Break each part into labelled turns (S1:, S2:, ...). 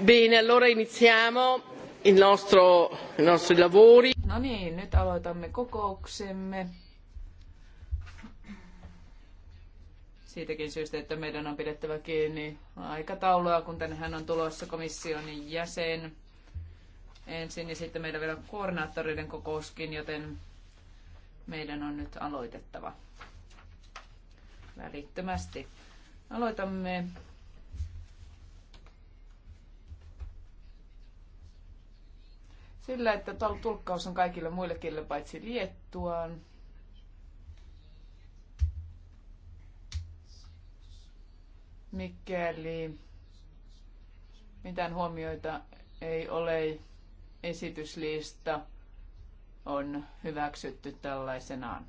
S1: Bene, allora iniziamo il nostro, i nostri lavori. No
S2: niin, nyt aloitamme kokouksemme. Siitäkin syystä, että meidän on pidettävä kiinni aikataulua, kun tänne hän on tulossa komission jäsen ensin ja sitten meillä vielä koordinaattoreiden kokouskin, joten meidän on nyt aloitettava välittömästi. Aloitamme sillä, että tulkkaus on kaikille muille kielille paitsi liettuaan. Mikäli mitään huomioita ei ole, esityslista on hyväksytty tällaisenaan.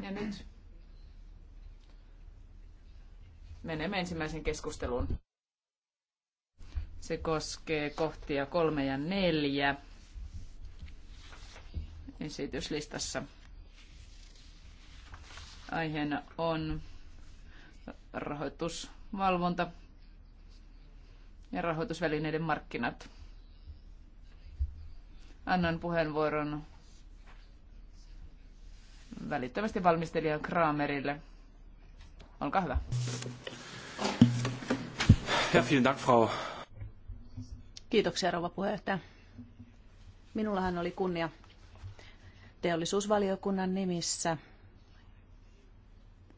S2: Ja nyt menemme ensimmäisen keskusteluun. Se koskee kohtia kolme ja neljä esityslistassa. Aiheena on rahoitusvalvonta ja rahoitusvälineiden markkinat. Annan puheenvuoron välittömästi valmistelija Kramerille. Olkaa hyvä.
S1: Ja, vielen Dank, Frau
S3: Kiitoksia, rouva puheenjohtaja. Minullahan oli kunnia teollisuusvaliokunnan nimissä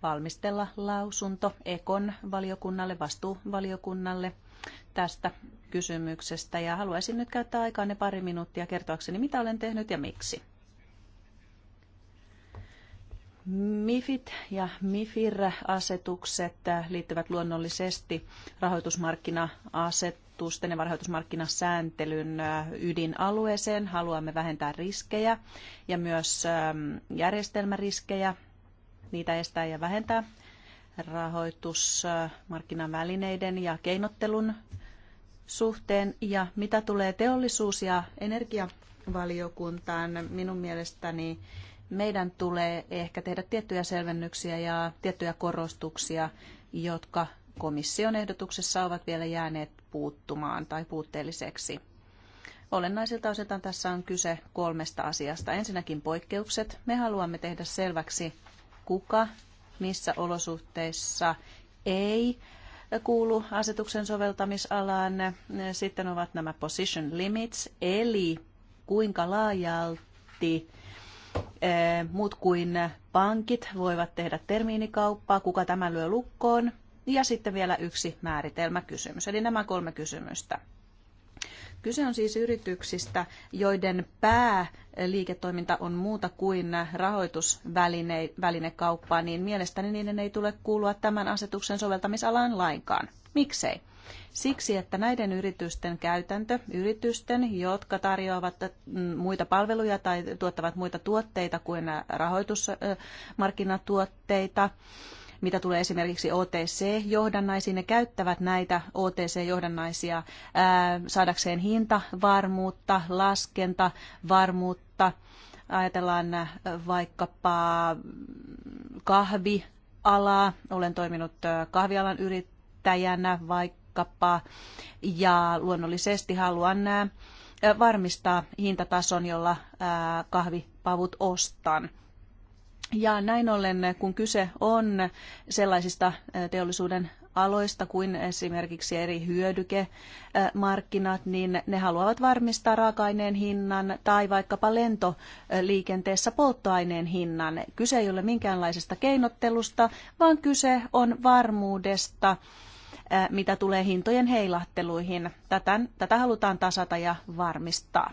S3: valmistella lausunto Ekon valiokunnalle, vastuuvaliokunnalle tästä kysymyksestä. Ja haluaisin nyt käyttää aikaa ne pari minuuttia kertoakseni, mitä olen tehnyt ja miksi. MIFIT ja MIFIR-asetukset liittyvät luonnollisesti rahoitusmarkkina-asetusten ja rahoitusmarkkinasääntelyn ydinalueeseen. Haluamme vähentää riskejä ja myös järjestelmäriskejä, niitä estää ja vähentää rahoitusmarkkinavälineiden ja keinottelun suhteen. Ja mitä tulee teollisuus- ja energiavaliokuntaan, minun mielestäni meidän tulee ehkä tehdä tiettyjä selvennyksiä ja tiettyjä korostuksia, jotka komission ehdotuksessa ovat vielä jääneet puuttumaan tai puutteelliseksi. Olennaisilta osiltaan tässä on kyse kolmesta asiasta. Ensinnäkin poikkeukset. Me haluamme tehdä selväksi, kuka missä olosuhteissa ei kuulu asetuksen soveltamisalaan. Sitten ovat nämä position limits, eli kuinka laajalti Eh, muut kuin pankit voivat tehdä termiinikauppaa, kuka tämän lyö lukkoon. Ja sitten vielä yksi määritelmäkysymys, eli nämä kolme kysymystä. Kyse on siis yrityksistä, joiden pääliiketoiminta on muuta kuin rahoitusvälinekauppaa, niin mielestäni niiden ei tule kuulua tämän asetuksen soveltamisalaan lainkaan. Miksei? Siksi, että näiden yritysten käytäntö, yritysten, jotka tarjoavat mm, muita palveluja tai tuottavat muita tuotteita kuin rahoitusmarkkinatuotteita, mitä tulee esimerkiksi OTC-johdannaisiin. Ne käyttävät näitä OTC-johdannaisia saadakseen hintavarmuutta, laskentavarmuutta. Ajatellaan vaikkapa kahvialaa. Olen toiminut kahvialan yrittäjänä vaikkapa ja luonnollisesti haluan varmistaa hintatason, jolla kahvipavut ostan. Ja näin ollen, kun kyse on sellaisista teollisuuden aloista kuin esimerkiksi eri hyödykemarkkinat, niin ne haluavat varmistaa raaka-aineen hinnan tai vaikkapa lentoliikenteessä polttoaineen hinnan. Kyse ei ole minkäänlaisesta keinottelusta, vaan kyse on varmuudesta mitä tulee hintojen heilahteluihin. Tätä, tätä halutaan tasata ja varmistaa.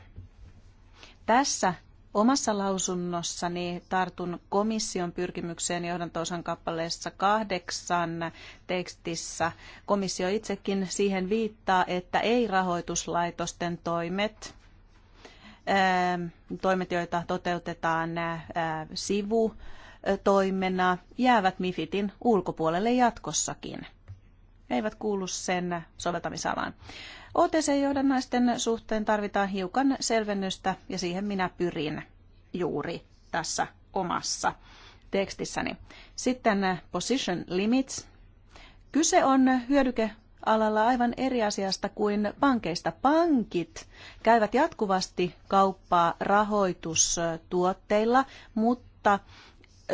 S3: Tässä Omassa lausunnossani tartun komission pyrkimykseen johdantoosan kappaleessa kahdeksan tekstissä. Komissio itsekin siihen viittaa, että ei-rahoituslaitosten toimet, ähm, toimet, joita toteutetaan äh, sivu, toimena jäävät MIFITin ulkopuolelle jatkossakin. Eivät kuulu sen soveltamisalaan. OTC-johdannaisten suhteen tarvitaan hiukan selvennystä ja siihen minä pyrin juuri tässä omassa tekstissäni. Sitten eh, position limits. Kyse on hyödyke alalla aivan eri asiasta kuin pankeista. Pankit käyvät jatkuvasti kauppaa rahoitustuotteilla, mutta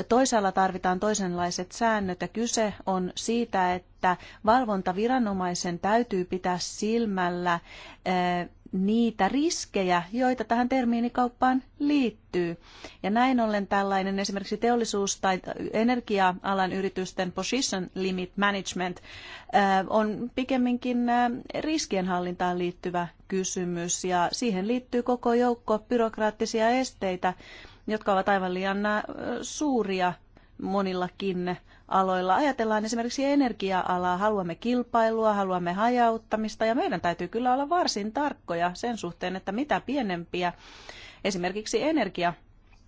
S3: toisaalla tarvitaan toisenlaiset säännöt ja kyse on siitä, että valvontaviranomaisen täytyy pitää silmällä eh, niitä riskejä, joita tähän termiinikauppaan liittyy. Ja näin ollen tällainen esimerkiksi teollisuus- tai energia-alan yritysten position limit management eh, on pikemminkin eh, riskienhallintaan liittyvä kysymys ja siihen liittyy koko joukko byrokraattisia esteitä, jotka ovat aivan liian suuria monillakin aloilla. Ajatellaan esimerkiksi energia-alaa, haluamme kilpailua, haluamme hajauttamista ja meidän täytyy kyllä olla varsin tarkkoja sen suhteen, että mitä pienempiä esimerkiksi energia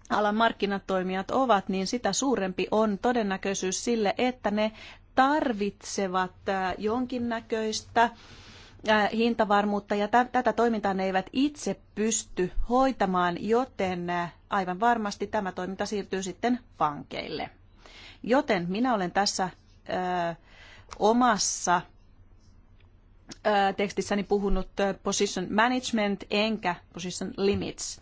S3: alan markkinatoimijat ovat, niin sitä suurempi on todennäköisyys sille, että ne tarvitsevat jonkinnäköistä näköistä hintavarmuutta ja tätä toimintaa ne eivät itse pysty hoitamaan, joten äh, aivan varmasti tämä toiminta siirtyy sitten pankeille. Joten minä olen tässä ö, äh, omassa ö, äh, tekstissäni puhunut position management enkä position limits.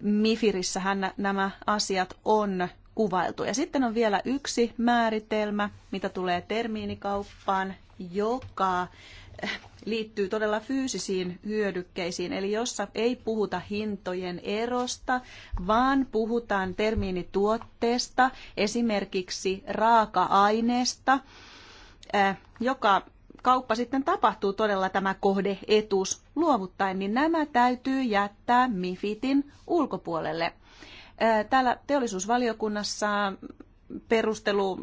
S3: Mifirissähän nämä asiat on kuvailtu. Ja sitten on vielä yksi määritelmä, mitä tulee termiinikauppaan joka eh, liittyy todella fyysisiin hyödykkeisiin, eli jossa ei puhuta hintojen erosta, vaan puhutaan termiinituotteesta, esimerkiksi raaka-aineesta, eh, joka kauppa sitten tapahtuu todella tämä kohde luovuttaen, niin nämä täytyy jättää MIFITin ulkopuolelle. Eh, täällä teollisuusvaliokunnassa perustelu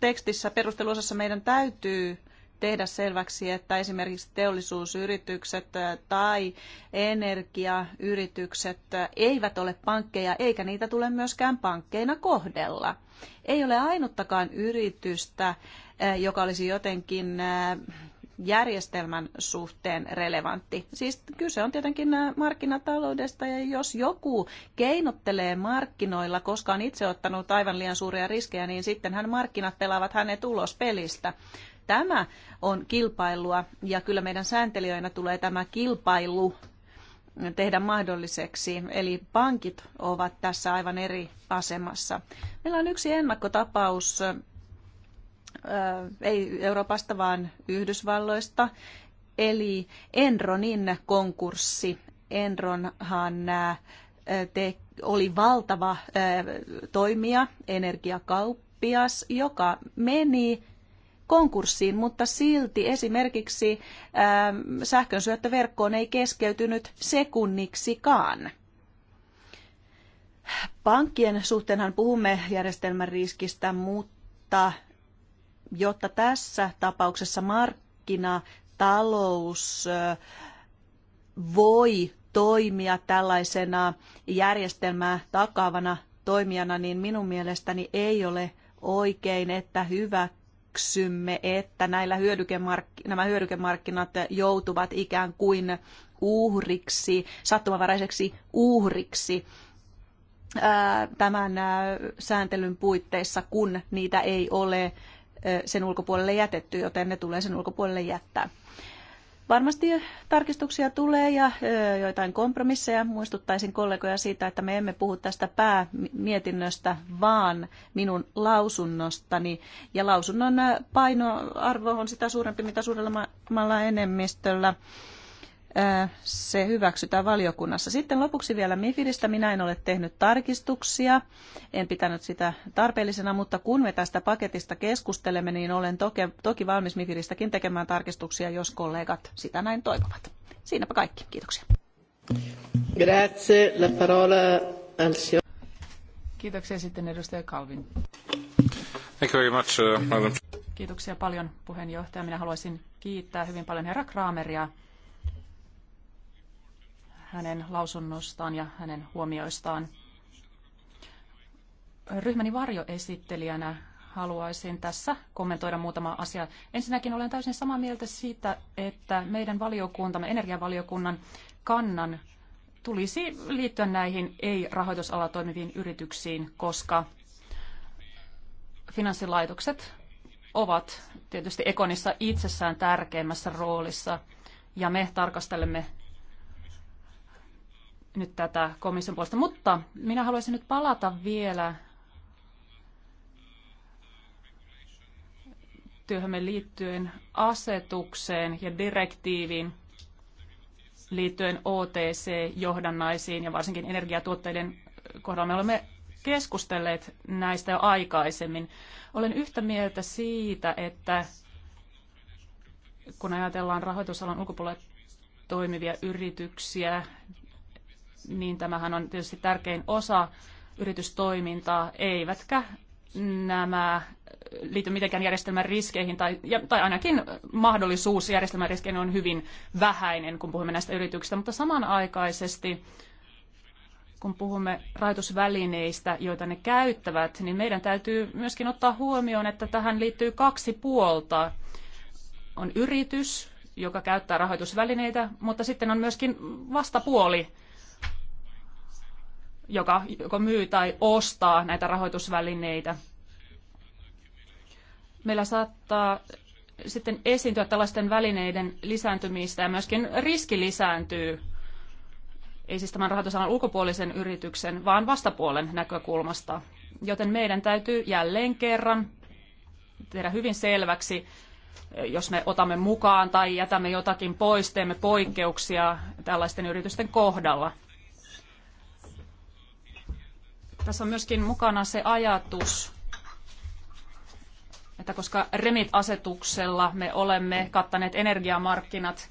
S3: tekstissä perusteluosassa meidän täytyy tehdä selväksi, että esimerkiksi teollisuusyritykset tai energiayritykset eivät ole pankkeja, eikä niitä tule myöskään pankkeina kohdella. Ei ole ainuttakaan yritystä, joka olisi jotenkin järjestelmän suhteen relevantti. Siis kyse on tietenkin äh, markkinataloudesta ja jos joku keinottelee markkinoilla, koska on itse ottanut aivan liian suuria riskejä, niin sitten hän markkinat pelaavat hänet ulos pelistä. Tämä on kilpailua ja kyllä meidän sääntelijöinä tulee tämä kilpailu tehdä mahdolliseksi. Eli pankit ovat tässä aivan eri asemassa. Meillä on yksi ennakkotapaus ei Euroopasta, vaan Yhdysvalloista. Eli Enronin konkurssi. Enronhan te, oli valtava toimija, energiakauppias, joka meni konkurssiin, mutta silti esimerkiksi syöttöverkkoon ei keskeytynyt sekunniksikaan. Pankkien suhteenhan puhumme järjestelmän riskistä, mutta jotta tässä tapauksessa markkinatalous voi toimia tällaisena järjestelmää takaavana toimijana, niin minun mielestäni ei ole oikein, että hyvä hyväksymme, että näillä hyödykemark- nämä hyödykemarkkinat joutuvat ikään kuin uhriksi, sattumavaraiseksi uhriksi tämän sääntelyn puitteissa, kun niitä ei ole sen ulkopuolelle jätetty, joten ne tulee sen ulkopuolelle jättää. Varmasti tarkistuksia tulee ja joitain kompromisseja. Muistuttaisin kollegoja siitä, että me emme puhu tästä päämietinnöstä, vaan minun lausunnostani. Ja lausunnon painoarvo on sitä suurempi, mitä suuremmalla enemmistöllä se hyväksytään valiokunnassa. Sitten lopuksi vielä MIFIDistä. Minä en ole tehnyt tarkistuksia, en pitänyt sitä tarpeellisena, mutta kun me tästä paketista keskustelemme, niin olen toki, toki valmis MIFIDistäkin tekemään tarkistuksia, jos kollegat sitä näin toivovat. Siinäpä kaikki. Kiitoksia.
S1: Grazie. La parola al Kiitoksia sitten edustaja Kalvin. Thank you very much, uh,
S4: Kiitoksia paljon puheenjohtaja. Minä haluaisin kiittää hyvin paljon herra Krameria hänen lausunnostaan ja hänen huomioistaan. Ryhmäni varjoesittelijänä haluaisin tässä kommentoida muutama asia. Ensinnäkin olen täysin samaa mieltä siitä, että meidän valiokuntamme, energiavaliokunnan kannan tulisi liittyä näihin ei-rahoitusalalla toimiviin yrityksiin, koska finanssilaitokset ovat tietysti Ekonissa itsessään tärkeimmässä roolissa ja me tarkastelemme nyt tätä komission puolesta. Mutta minä haluaisin nyt palata vielä työhömme liittyen asetukseen ja direktiiviin liittyen OTC-johdannaisiin ja varsinkin energiatuotteiden kohdalla. Me olemme keskustelleet näistä jo aikaisemmin. Olen yhtä mieltä siitä, että kun ajatellaan rahoitusalan ulkopuolella toimivia yrityksiä, niin tämähän on tietysti tärkein osa yritystoimintaa, eivätkä nämä liity mitenkään järjestelmän riskeihin, tai, tai ainakin mahdollisuus järjestelmän riskeihin on hyvin vähäinen, kun puhumme näistä yrityksistä, mutta samanaikaisesti kun puhumme rahoitusvälineistä, joita ne käyttävät, niin meidän täytyy myöskin ottaa huomioon, että tähän liittyy kaksi puolta. On yritys, joka käyttää rahoitusvälineitä, mutta sitten on myöskin vastapuoli, joka joko myy tai ostaa näitä rahoitusvälineitä. Meillä saattaa sitten esiintyä tällaisten välineiden lisääntymistä ja myöskin riski lisääntyy, ei siis tämän rahoitusalan ulkopuolisen yrityksen, vaan vastapuolen näkökulmasta. Joten meidän täytyy jälleen kerran tehdä hyvin selväksi, jos me otamme mukaan tai jätämme jotakin pois, teemme poikkeuksia tällaisten yritysten kohdalla – tässä on myöskin mukana se ajatus, että koska REMIT-asetuksella me olemme kattaneet energiamarkkinat,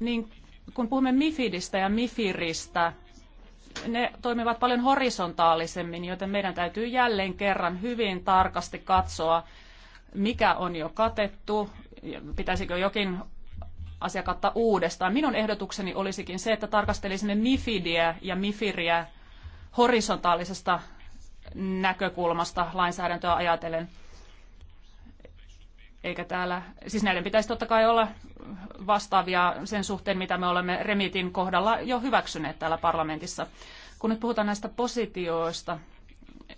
S4: niin kun puhumme MIFIDistä ja MIFIRistä, ne toimivat paljon horisontaalisemmin, joten meidän täytyy jälleen kerran hyvin tarkasti katsoa, mikä on jo katettu, pitäisikö jokin asia kattaa uudestaan. Minun ehdotukseni olisikin se, että tarkastelisimme MIFIDiä ja MIFIRiä horisontaalisesta näkökulmasta lainsäädäntöä ajatellen. Eikä täällä, siis näiden pitäisi totta kai olla vastaavia sen suhteen, mitä me olemme Remitin kohdalla jo hyväksyneet täällä parlamentissa. Kun nyt puhutaan näistä positioista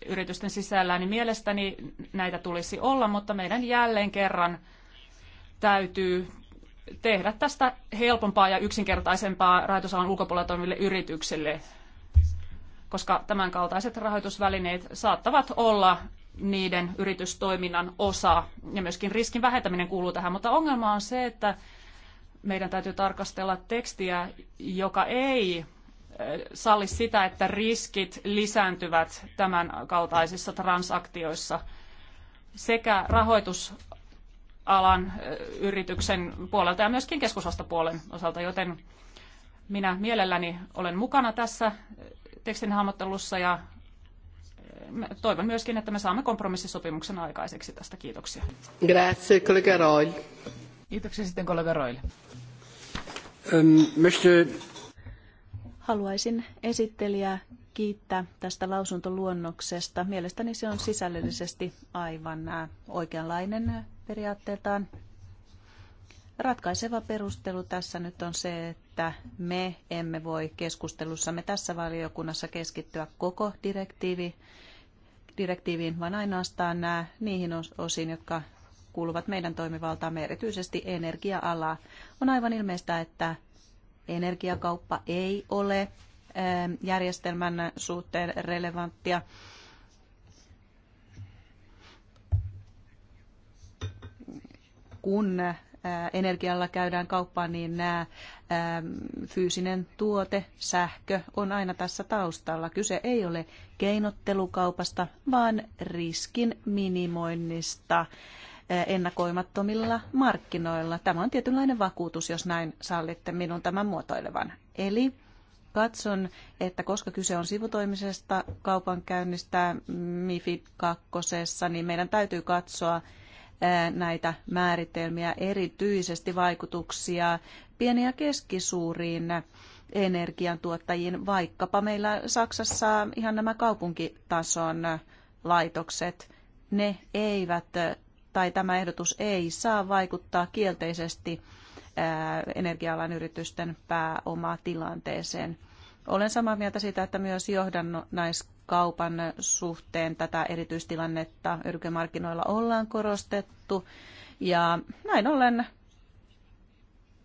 S4: yritysten sisällä, niin mielestäni näitä tulisi olla, mutta meidän jälleen kerran täytyy tehdä tästä helpompaa ja yksinkertaisempaa rahoitusalan ulkopuolella toimiville yrityksille koska tämänkaltaiset rahoitusvälineet saattavat olla niiden yritystoiminnan osa ja myöskin riskin vähentäminen kuuluu tähän, mutta ongelma on se, että meidän täytyy tarkastella tekstiä, joka ei salli sitä, että riskit lisääntyvät tämän kaltaisissa transaktioissa sekä rahoitusalan yrityksen puolelta ja myöskin keskusvastapuolen osalta, joten minä mielelläni olen mukana tässä tekstin hahmottelussa ja eh, toivon myöskin, että me saamme kompromissisopimuksen aikaiseksi tästä. Kiitoksia. Grazie, kollega Roil. Kiitoksia sitten kollega Roil.
S1: Ehm,
S3: Haluaisin esittelijää kiittää tästä lausuntoluonnoksesta. Mielestäni se on sisällöllisesti aivan oikeanlainen periaatteeltaan Ratkaiseva perustelu tässä nyt on se, että me emme voi keskustelussamme tässä valiokunnassa keskittyä koko direktiivi, direktiiviin, vaan ainoastaan nämä, niihin osiin, jotka kuuluvat meidän toimivaltaamme, erityisesti energia-alaa. On aivan ilmeistä, että energiakauppa ei ole ähm, järjestelmän suhteen relevanttia. Kun Äh, energialla käydään kauppaan, niin nämä ähm, fyysinen tuote, sähkö on aina tässä taustalla. Kyse ei ole keinottelukaupasta, vaan riskin minimoinnista äh, ennakoimattomilla markkinoilla. Tämä on tietynlainen vakuutus, jos näin sallitte minun tämän muotoilevan. Eli katson, että koska kyse on sivutoimisesta kaupankäynnistä MIFID 2, niin meidän täytyy katsoa näitä määritelmiä, erityisesti vaikutuksia pieniä ja keskisuuriin energiantuottajiin, vaikkapa meillä Saksassa ihan nämä kaupunkitason laitokset, ne eivät tai tämä ehdotus ei saa vaikuttaa kielteisesti energia-alan yritysten pääomatilanteeseen. Olen samaa mieltä siitä, että myös johdannaiskaupat kaupan suhteen tätä erityistilannetta öljymarkkinoilla ollaan korostettu. Ja näin ollen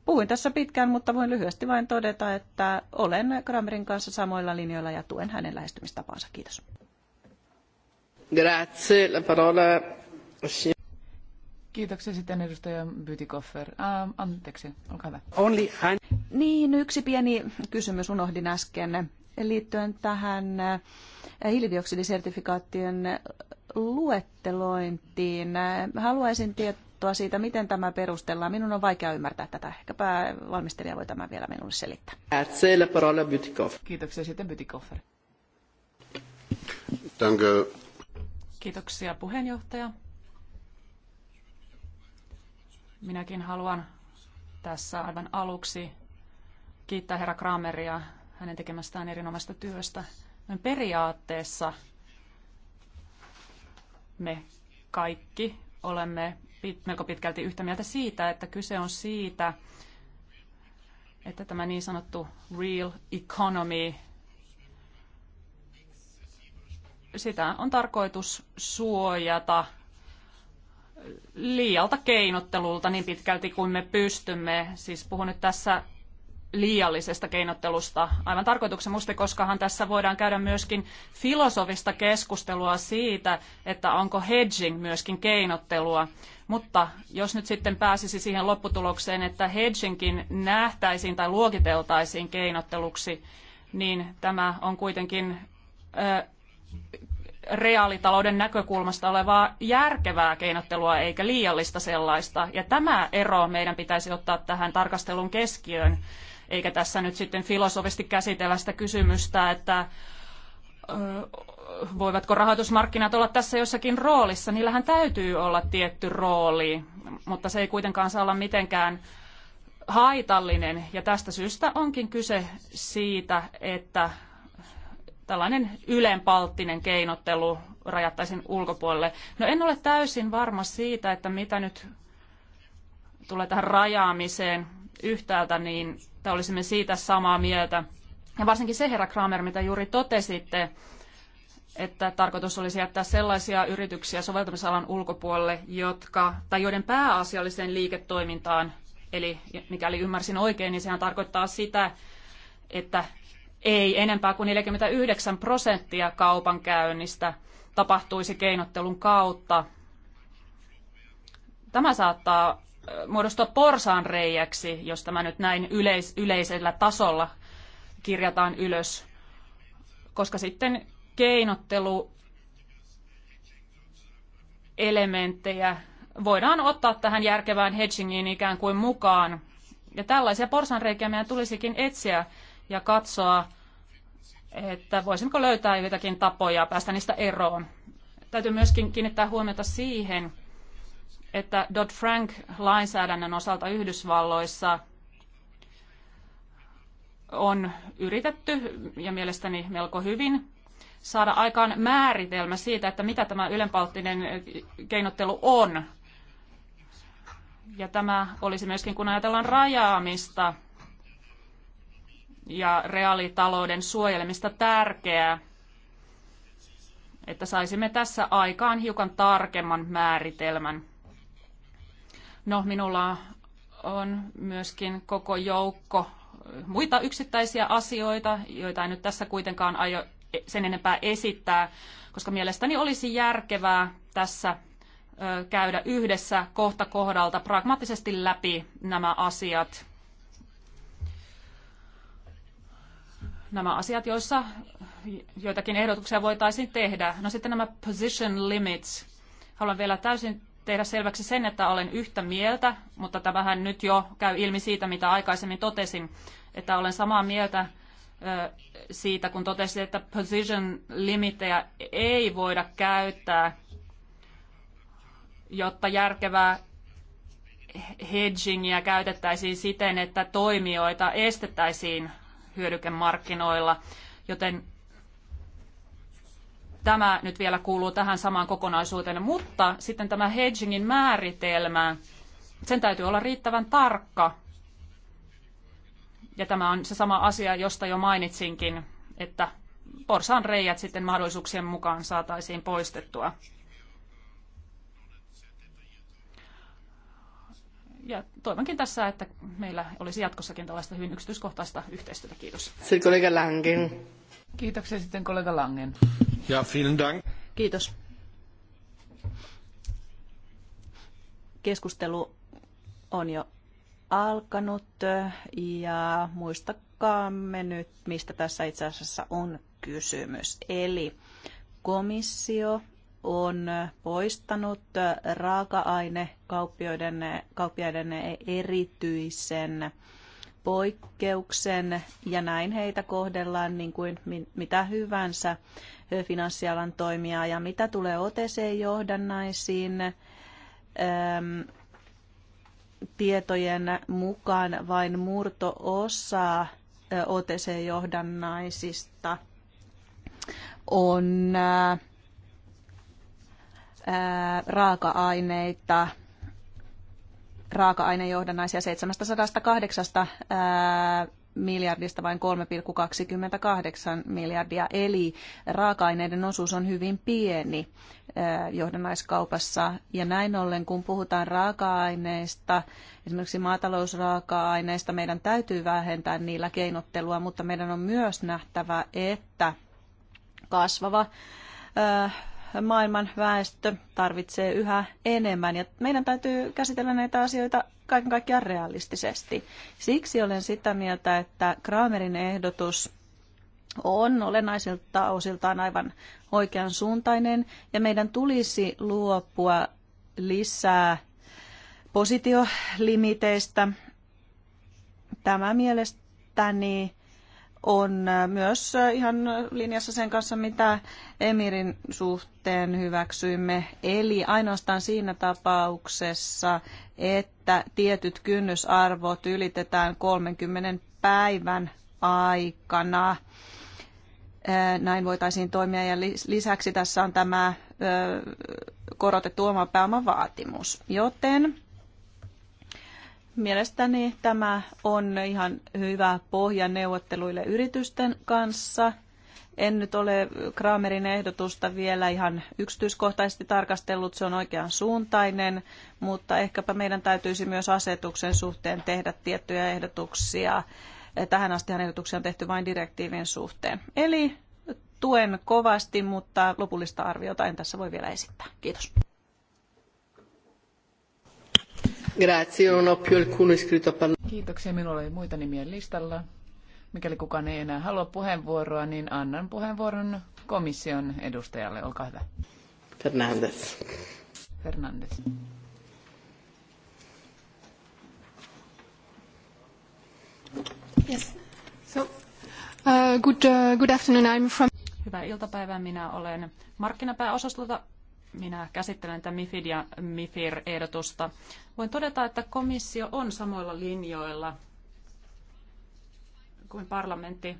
S3: puhuin tässä pitkään, mutta voin lyhyesti vain todeta, että olen Kramerin kanssa samoilla linjoilla ja tuen hänen lähestymistapaansa. Kiitos.
S1: Grazie. La parola... Kiitoksia
S3: sitten edustaja Bytikoffer. Uh, ähm, anteeksi, olkaa hyvä. Only Niin, yksi pieni kysymys unohdin äsken liittyen tähän hiilidioksidisertifikaattien luettelointiin. Haluaisin tietoa siitä, miten tämä perustellaan. Minun on vaikea ymmärtää tätä. Ehkäpä valmistelija voi tämän vielä minulle selittää.
S1: Kiitoksia sitten Bytikoffer. Kiitoksia
S4: puheenjohtaja. Minäkin haluan tässä aivan aluksi kiittää herra Krameria hänen tekemästään erinomaista työstä. Periaatteessa me kaikki olemme melko pitkälti yhtä mieltä siitä, että kyse on siitä, että tämä niin sanottu real economy, sitä on tarkoitus suojata liialta keinottelulta niin pitkälti kuin me pystymme. Siis puhun nyt tässä liiallisesta keinottelusta aivan tarkoituksenmusta, koskahan tässä voidaan käydä myöskin filosofista keskustelua siitä, että onko hedging myöskin keinottelua. Mutta jos nyt sitten pääsisi siihen lopputulokseen, että hedgingkin nähtäisiin tai luokiteltaisiin keinotteluksi, niin tämä on kuitenkin ö, reaalitalouden näkökulmasta olevaa järkevää keinottelua eikä liiallista sellaista. Ja tämä ero meidän pitäisi ottaa tähän tarkastelun keskiöön eikä tässä nyt sitten filosofisesti käsitellä sitä kysymystä, että voivatko rahoitusmarkkinat olla tässä jossakin roolissa. Niillähän täytyy olla tietty rooli, mutta se ei kuitenkaan saa olla mitenkään haitallinen. Ja tästä syystä onkin kyse siitä, että tällainen ylenpalttinen keinottelu rajattaisiin ulkopuolelle. No en ole täysin varma siitä, että mitä nyt tulee tähän rajaamiseen yhtäältä, niin että olisimme siitä samaa mieltä. Ja varsinkin se, herra Kramer, mitä juuri totesitte, että tarkoitus olisi jättää sellaisia yrityksiä soveltamisalan ulkopuolelle, jotka, tai joiden pääasialliseen liiketoimintaan, eli mikäli ymmärsin oikein, niin sehän tarkoittaa sitä, että ei enempää kuin 49 prosenttia kaupankäynnistä tapahtuisi keinottelun kautta. Tämä saattaa muodostua porsaanreijäksi, jos tämä nyt näin yleis- yleisellä tasolla kirjataan ylös, koska sitten keinottelu elementtejä voidaan ottaa tähän järkevään hedgingiin ikään kuin mukaan. Ja tällaisia porsanreikiä meidän tulisikin etsiä ja katsoa, että voisimmeko löytää joitakin tapoja päästä niistä eroon. Täytyy myöskin kiinnittää huomiota siihen, että Dodd-Frank-lainsäädännön osalta Yhdysvalloissa on yritetty, ja mielestäni melko hyvin, saada aikaan määritelmä siitä, että mitä tämä ylenpalttinen keinottelu on. Ja tämä olisi myöskin, kun ajatellaan rajaamista ja reaalitalouden suojelemista tärkeää, että saisimme tässä aikaan hiukan tarkemman määritelmän. No, minulla on myöskin koko joukko muita yksittäisiä asioita, joita en nyt tässä kuitenkaan aio sen enempää esittää, koska mielestäni olisi järkevää tässä käydä yhdessä kohta kohdalta pragmaattisesti läpi nämä asiat. Nämä asiat, joissa joitakin ehdotuksia voitaisiin tehdä. No sitten nämä position limits. Haluan vielä täysin tehdä selväksi sen, että olen yhtä mieltä, mutta tämähän nyt jo käy ilmi siitä, mitä aikaisemmin totesin, että olen samaa mieltä siitä, kun totesin, että position limitejä ei voida käyttää, jotta järkevää hedgingiä käytettäisiin siten, että toimijoita estettäisiin hyödykemarkkinoilla, joten tämä nyt vielä kuuluu tähän samaan kokonaisuuteen, mutta sitten tämä hedgingin määritelmä, sen täytyy olla riittävän tarkka. Ja tämä on se sama asia, josta jo mainitsinkin, että porsaan reijät sitten mahdollisuuksien mukaan saataisiin poistettua. ja toivonkin tässä, että meillä olisi jatkossakin tällaista hyvin yksityiskohtaista yhteistyötä. Kiitos. Se Kiitoksia sitten kollega Langen.
S1: Ja vielen
S3: dank. Kiitos. Keskustelu on jo alkanut ja muistakaamme nyt, mistä tässä itse asiassa on kysymys. Eli komissio on poistanut raaka-ainekauppiaiden kauppiaiden erityisen poikkeuksen ja näin heitä kohdellaan niin kuin mitä hyvänsä finanssialan toimijaa. Ja mitä tulee oteseen johdannaisiin tietojen mukaan vain murto-osa oteseen johdannaisista on raaka-aineita, raaka-ainejohdannaisia 708 miljardista vain 3,28 miljardia, eli raaka-aineiden osuus on hyvin pieni johdannaiskaupassa. Ja näin ollen, kun puhutaan raaka-aineista, esimerkiksi maatalousraaka-aineista, meidän täytyy vähentää niillä keinottelua, mutta meidän on myös nähtävä, että kasvava maailman väestö tarvitsee yhä enemmän ja meidän täytyy käsitellä näitä asioita kaiken kaikkiaan realistisesti. Siksi olen sitä mieltä, että Kramerin ehdotus on olennaisilta osiltaan aivan oikean suuntainen ja meidän tulisi luopua lisää positiolimiteistä. Tämä mielestäni on äh, myös äh, ihan linjassa sen kanssa, mitä Emirin suhteen hyväksyimme. Eli ainoastaan siinä tapauksessa, että tietyt kynnysarvot ylitetään 30 päivän aikana. Äh, näin voitaisiin toimia ja lisäksi tässä on tämä korotettu oma vaatimus, Joten Mielestäni tämä on ihan hyvä pohja neuvotteluille yritysten kanssa. En nyt ole Kramerin ehdotusta vielä ihan yksityiskohtaisesti tarkastellut, se on oikean suuntainen, mutta ehkäpä meidän täytyisi myös asetuksen suhteen tehdä tiettyjä ehdotuksia. Tähän astihan ehdotuksia on tehty vain direktiivin suhteen. Eli tuen kovasti, mutta lopullista arviota en tässä voi vielä esittää. Kiitos.
S2: Kiitoksia, minulla oli muita nimiä listalla. Mikäli kukaan ei enää halua puheenvuoroa, niin annan puheenvuoron komission edustajalle. Olkaa hyvä.
S1: Fernandes. Fernandes. Yes. So, uh, good, uh, good afternoon. I'm from...
S4: Hyvää iltapäivää. Minä olen markkinapääosastolta minä käsittelen tätä MIFID ja MIFIR-ehdotusta. Voin todeta, että komissio on samoilla linjoilla kuin parlamentti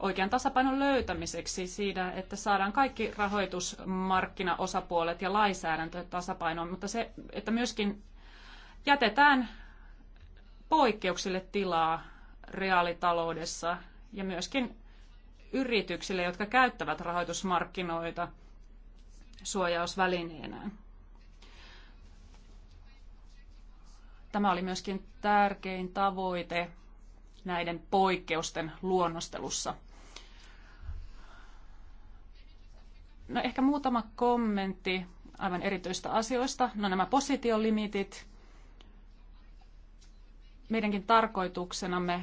S4: oikean tasapainon löytämiseksi siitä, että saadaan kaikki rahoitusmarkkinaosapuolet ja lainsäädäntö tasapainoon, mutta se, että myöskin jätetään poikkeuksille tilaa reaalitaloudessa ja myöskin yrityksille, jotka käyttävät rahoitusmarkkinoita – suojausvälineenään. Tämä oli myöskin tärkein tavoite näiden poikkeusten luonnostelussa. No ehkä muutama kommentti aivan erityistä asioista. No nämä positiolimitit. Meidänkin tarkoituksenamme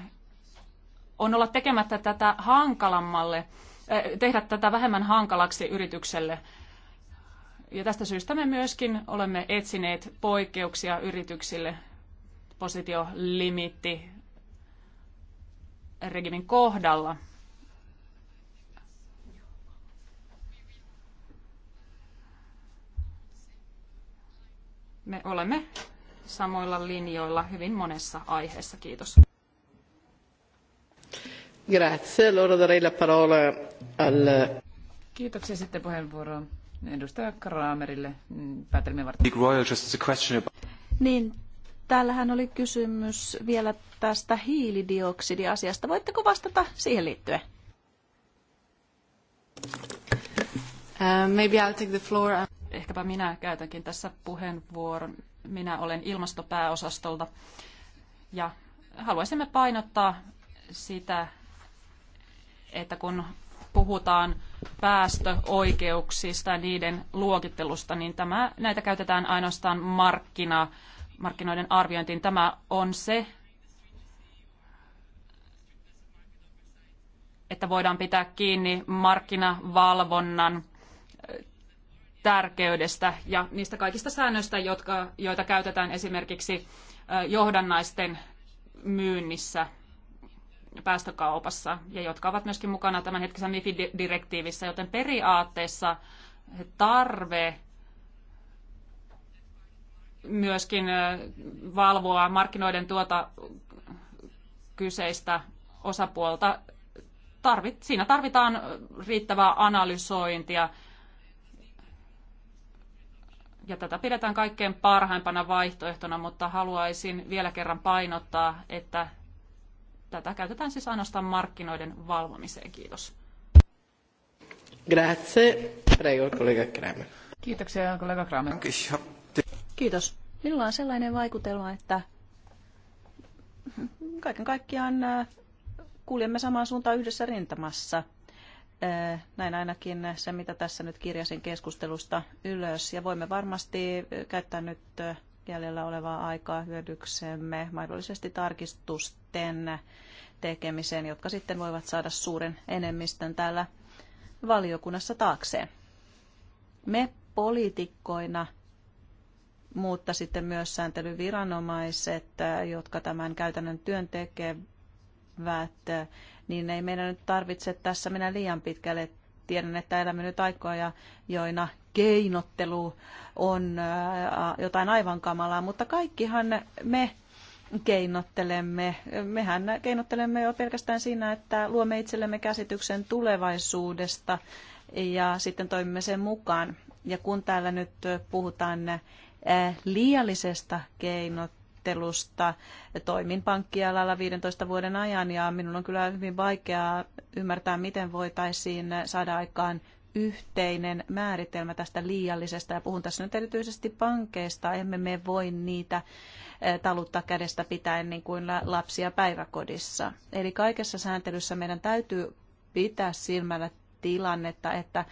S4: on olla tekemättä tätä hankalammalle, eh, tehdä tätä vähemmän hankalaksi yritykselle ja tästä syystä me myöskin olemme etsineet poikkeuksia yrityksille positiolimitti regimin kohdalla. Me olemme samoilla linjoilla hyvin monessa aiheessa. Kiitos.
S1: Grazie. Allora darei la parola al... Kiitoksia sitten
S4: puheenvuoroon
S2: edustaja Kramerille mm, päätelmien
S4: varten.
S3: Niin, täällähän oli kysymys vielä tästä hiilidioksidiasiasta. Voitteko vastata siihen liittyen? Uh,
S4: maybe I'll take the floor. Ehkäpä minä käytänkin tässä puheenvuoron. Minä olen ilmastopääosastolta ja haluaisimme painottaa sitä, että kun puhutaan päästöoikeuksista ja niiden luokittelusta, niin tämä, näitä käytetään ainoastaan markkina, markkinoiden arviointiin. Tämä on se, että voidaan pitää kiinni markkinavalvonnan tärkeydestä ja niistä kaikista säännöistä, jotka, joita käytetään esimerkiksi johdannaisten myynnissä – päästökaupassa ja jotka ovat myöskin mukana tämän hetkisen mifid direktiivissä joten periaatteessa tarve myöskin valvoa markkinoiden tuota kyseistä osapuolta. Tarvit, siinä tarvitaan riittävää analysointia ja tätä pidetään kaikkein parhaimpana vaihtoehtona, mutta haluaisin vielä kerran painottaa, että tätä käytetään siis ainoastaan markkinoiden valvomiseen. Kiitos.
S1: Grazie. Prego, kollega Kramer. Kiitoksia, kollega Kramer.
S3: Kiitos. Minulla on sellainen vaikutelma, että kaiken kaikkiaan äh, kuljemme samaan suuntaan yhdessä rintamassa. Äh, näin ainakin se, mitä tässä nyt kirjasin keskustelusta ylös. Ja voimme varmasti äh, käyttää nyt jäljellä olevaa aikaa hyödyksemme mahdollisesti tarkistusten tekemiseen, jotka sitten voivat saada suuren enemmistön täällä valiokunnassa taakseen. Me poliitikkoina, mutta sitten myös sääntelyviranomaiset, jotka tämän käytännön työn tekevät, niin ei meidän nyt tarvitse tässä mennä liian pitkälle. Tiedän, että elämme nyt aikoja, joina keinottelu on äh, jotain aivan kamalaa, mutta kaikkihan me keinottelemme. Mehän keinottelemme jo pelkästään siinä, että luomme itsellemme käsityksen tulevaisuudesta ja sitten toimimme sen mukaan. Ja kun täällä nyt puhutaan äh, liiallisesta keinottelusta, toimin pankkialalla 15 vuoden ajan ja minun on kyllä hyvin vaikeaa ymmärtää, miten voitaisiin saada aikaan yhteinen määritelmä tästä liiallisesta, ja puhun tässä nyt erityisesti pankeista, emme me voi niitä eh, taluttaa kädestä pitäen niin kuin lapsia päiväkodissa. Eli kaikessa sääntelyssä meidän täytyy pitää silmällä tilannetta, että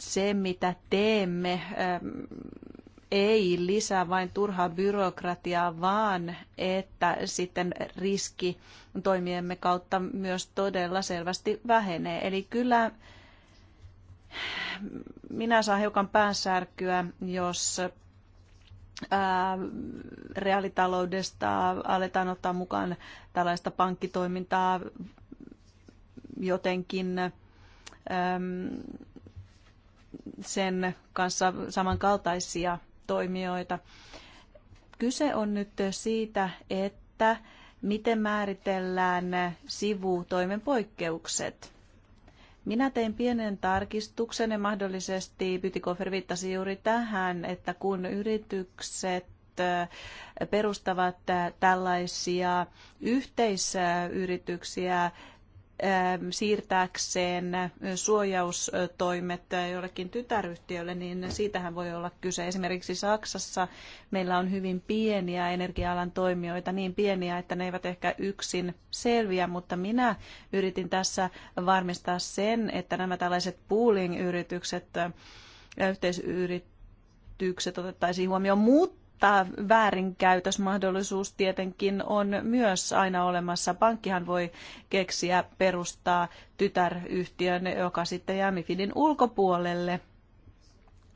S3: se, mitä teemme, eh, ei lisää vain turhaa byrokratiaa, vaan että sitten riski toimiemme kautta myös todella selvästi vähenee. Eli kyllä minä saan hiukan päänsärkyä, jos ää, reaalitaloudesta aletaan ottaa mukaan tällaista pankkitoimintaa jotenkin äm, sen kanssa samankaltaisia toimijoita. Kyse on nyt siitä, että miten määritellään sivutoimen poikkeukset. Minä tein pienen tarkistuksen ja mahdollisesti Bytikofer viittasi juuri tähän, että kun yritykset äh, perustavat äh, tällaisia yhteisyrityksiä, Ähm, siirtääkseen suojaustoimet jollekin tytäryhtiölle, niin siitähän voi olla kyse. Esimerkiksi Saksassa meillä on hyvin pieniä energia-alan toimijoita, niin pieniä, että ne eivät ehkä yksin selviä, mutta minä yritin tässä varmistaa sen, että nämä tällaiset pooling-yritykset, äh, yhteisyritykset otettaisiin huomioon, mutta tämä väärinkäytösmahdollisuus tietenkin on myös aina olemassa. Pankkihan voi keksiä perustaa tytäryhtiön, joka sitten jää MIFIDin ulkopuolelle.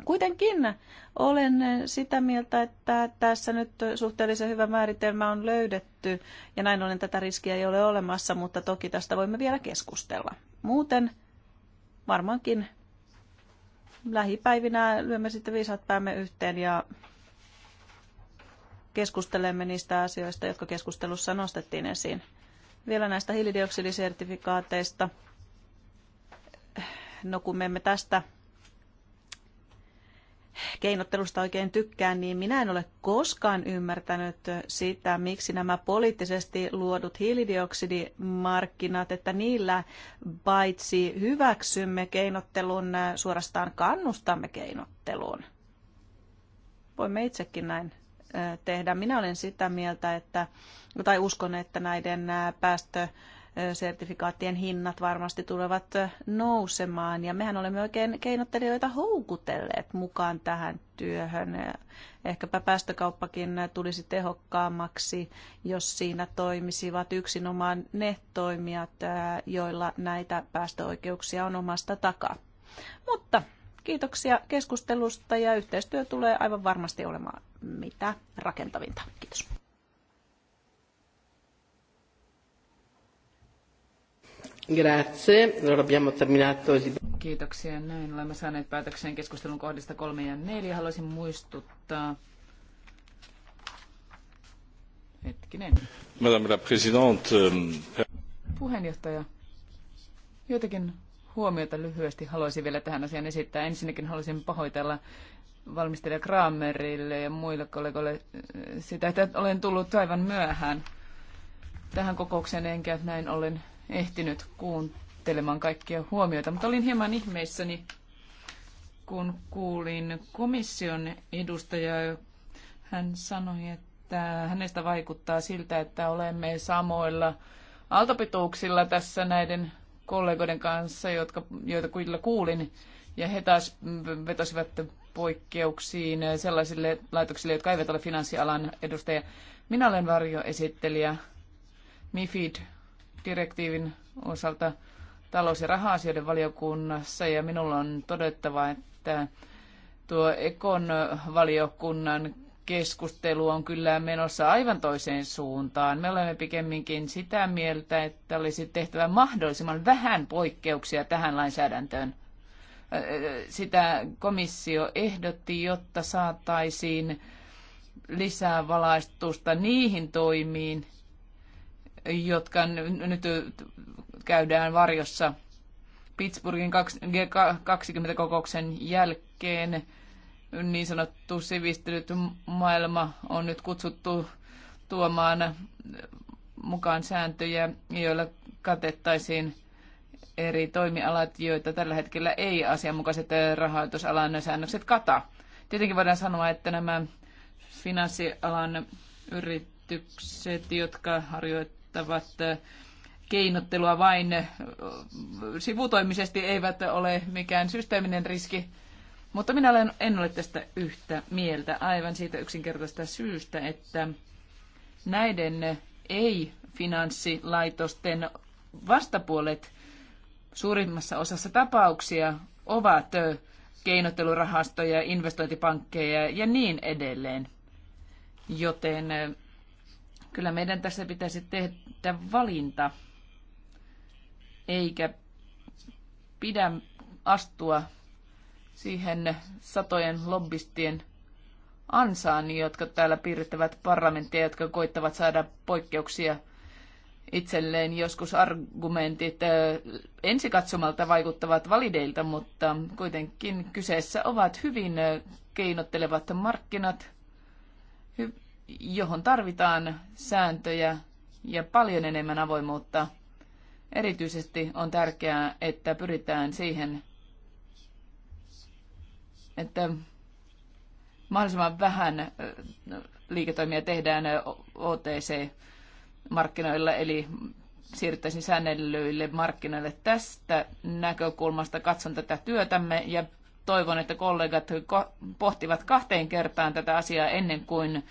S3: Kuitenkin olen sitä mieltä, että tässä nyt suhteellisen hyvä määritelmä on löydetty ja näin ollen tätä riskiä ei ole olemassa, mutta toki tästä voimme vielä keskustella. Muuten varmaankin lähipäivinä lyömme sitten viisat päämme yhteen ja keskustelemme niistä asioista, jotka keskustelussa nostettiin esiin. Vielä näistä hiilidioksidisertifikaateista. No kun me emme tästä keinottelusta oikein tykkään, niin minä en ole koskaan ymmärtänyt sitä, miksi nämä poliittisesti luodut hiilidioksidimarkkinat, että niillä paitsi hyväksymme keinottelun, suorastaan kannustamme keinotteluun. Voimme itsekin näin tehdä. Minä olen sitä mieltä, että, tai uskon, että näiden päästö sertifikaattien hinnat varmasti tulevat nousemaan. Ja mehän olemme oikein keinottelijoita houkutelleet mukaan tähän työhön. Ehkäpä päästökauppakin tulisi tehokkaammaksi, jos siinä toimisivat yksinomaan ne toimijat, joilla näitä päästöoikeuksia on omasta takaa. Mutta Kiitoksia keskustelusta ja yhteistyö tulee aivan varmasti olemaan mitä rakentavinta. Kiitos.
S1: Grazie. Allora abbiamo terminato
S2: Kiitoksia. Näin olemme saaneet päätökseen keskustelun kohdista 3 ja 4. Haluaisin muistuttaa. Hetkinen.
S1: Madame la Présidente. Euh,
S2: Puheenjohtaja. Joitakin huomiota lyhyesti haluaisin vielä tähän asiaan esittää. Ensinnäkin haluaisin pahoitella valmistelija Kramerille ja muille kollegoille eh, sitä, että olen tullut aivan myöhään tähän kokoukseen, enkä näin ollen ehtinyt kuuntelemaan kaikkia huomioita. Mutta olin hieman ihmeissäni, kun kuulin komission edustajaa. Hän sanoi, että hänestä vaikuttaa siltä, että olemme samoilla aaltopituuksilla tässä näiden kollegoiden kanssa, jotka, joita kyllä kuulin, ja he taas vetosivat poikkeuksiin sellaisille laitoksille, jotka eivät ole finanssialan edustajia. Minä olen varjoesittelijä MIFID-direktiivin osalta talous- ja raha-asioiden valiokunnassa, ja minulla on todettava, että tuo Ekon valiokunnan keskustelu on kyllä menossa aivan toiseen suuntaan. Me olemme pikemminkin sitä mieltä, että olisi tehtävä mahdollisimman vähän poikkeuksia tähän lainsäädäntöön. Sitä komissio ehdotti, jotta saataisiin lisää valaistusta niihin toimiin, jotka nyt käydään varjossa Pittsburghin 20 kokouksen jälkeen niin sanottu sivistynyt maailma on nyt kutsuttu tuomaan mukaan sääntöjä, joilla katettaisiin eri toimialat, joita tällä hetkellä ei asianmukaiset rahoitusalan säännökset kata. Tietenkin voidaan sanoa, että nämä finanssialan yritykset, jotka harjoittavat keinottelua vain sivutoimisesti, eivät ole mikään systeeminen riski mutta minä olen, en ole tästä yhtä mieltä aivan siitä yksinkertaista syystä, että näiden ei-finanssilaitosten vastapuolet suurimmassa osassa tapauksia ovat keinottelurahastoja, investointipankkeja ja niin edelleen. Joten kyllä meidän tässä pitäisi tehdä valinta, eikä pidä astua siihen satojen lobbistien ansaan, jotka täällä piirittävät parlamenttia, jotka koittavat saada poikkeuksia itselleen. Joskus argumentit ensikatsomalta vaikuttavat valideilta, mutta kuitenkin kyseessä ovat hyvin keinottelevat markkinat, johon tarvitaan sääntöjä ja paljon enemmän avoimuutta. Erityisesti on tärkeää, että pyritään siihen, että mahdollisimman vähän liiketoimia tehdään OTC-markkinoilla, eli siirryttäisiin säännellyille markkinoille. Tästä näkökulmasta katson tätä työtämme ja toivon, että kollegat pohtivat kahteen kertaan tätä asiaa ennen kuin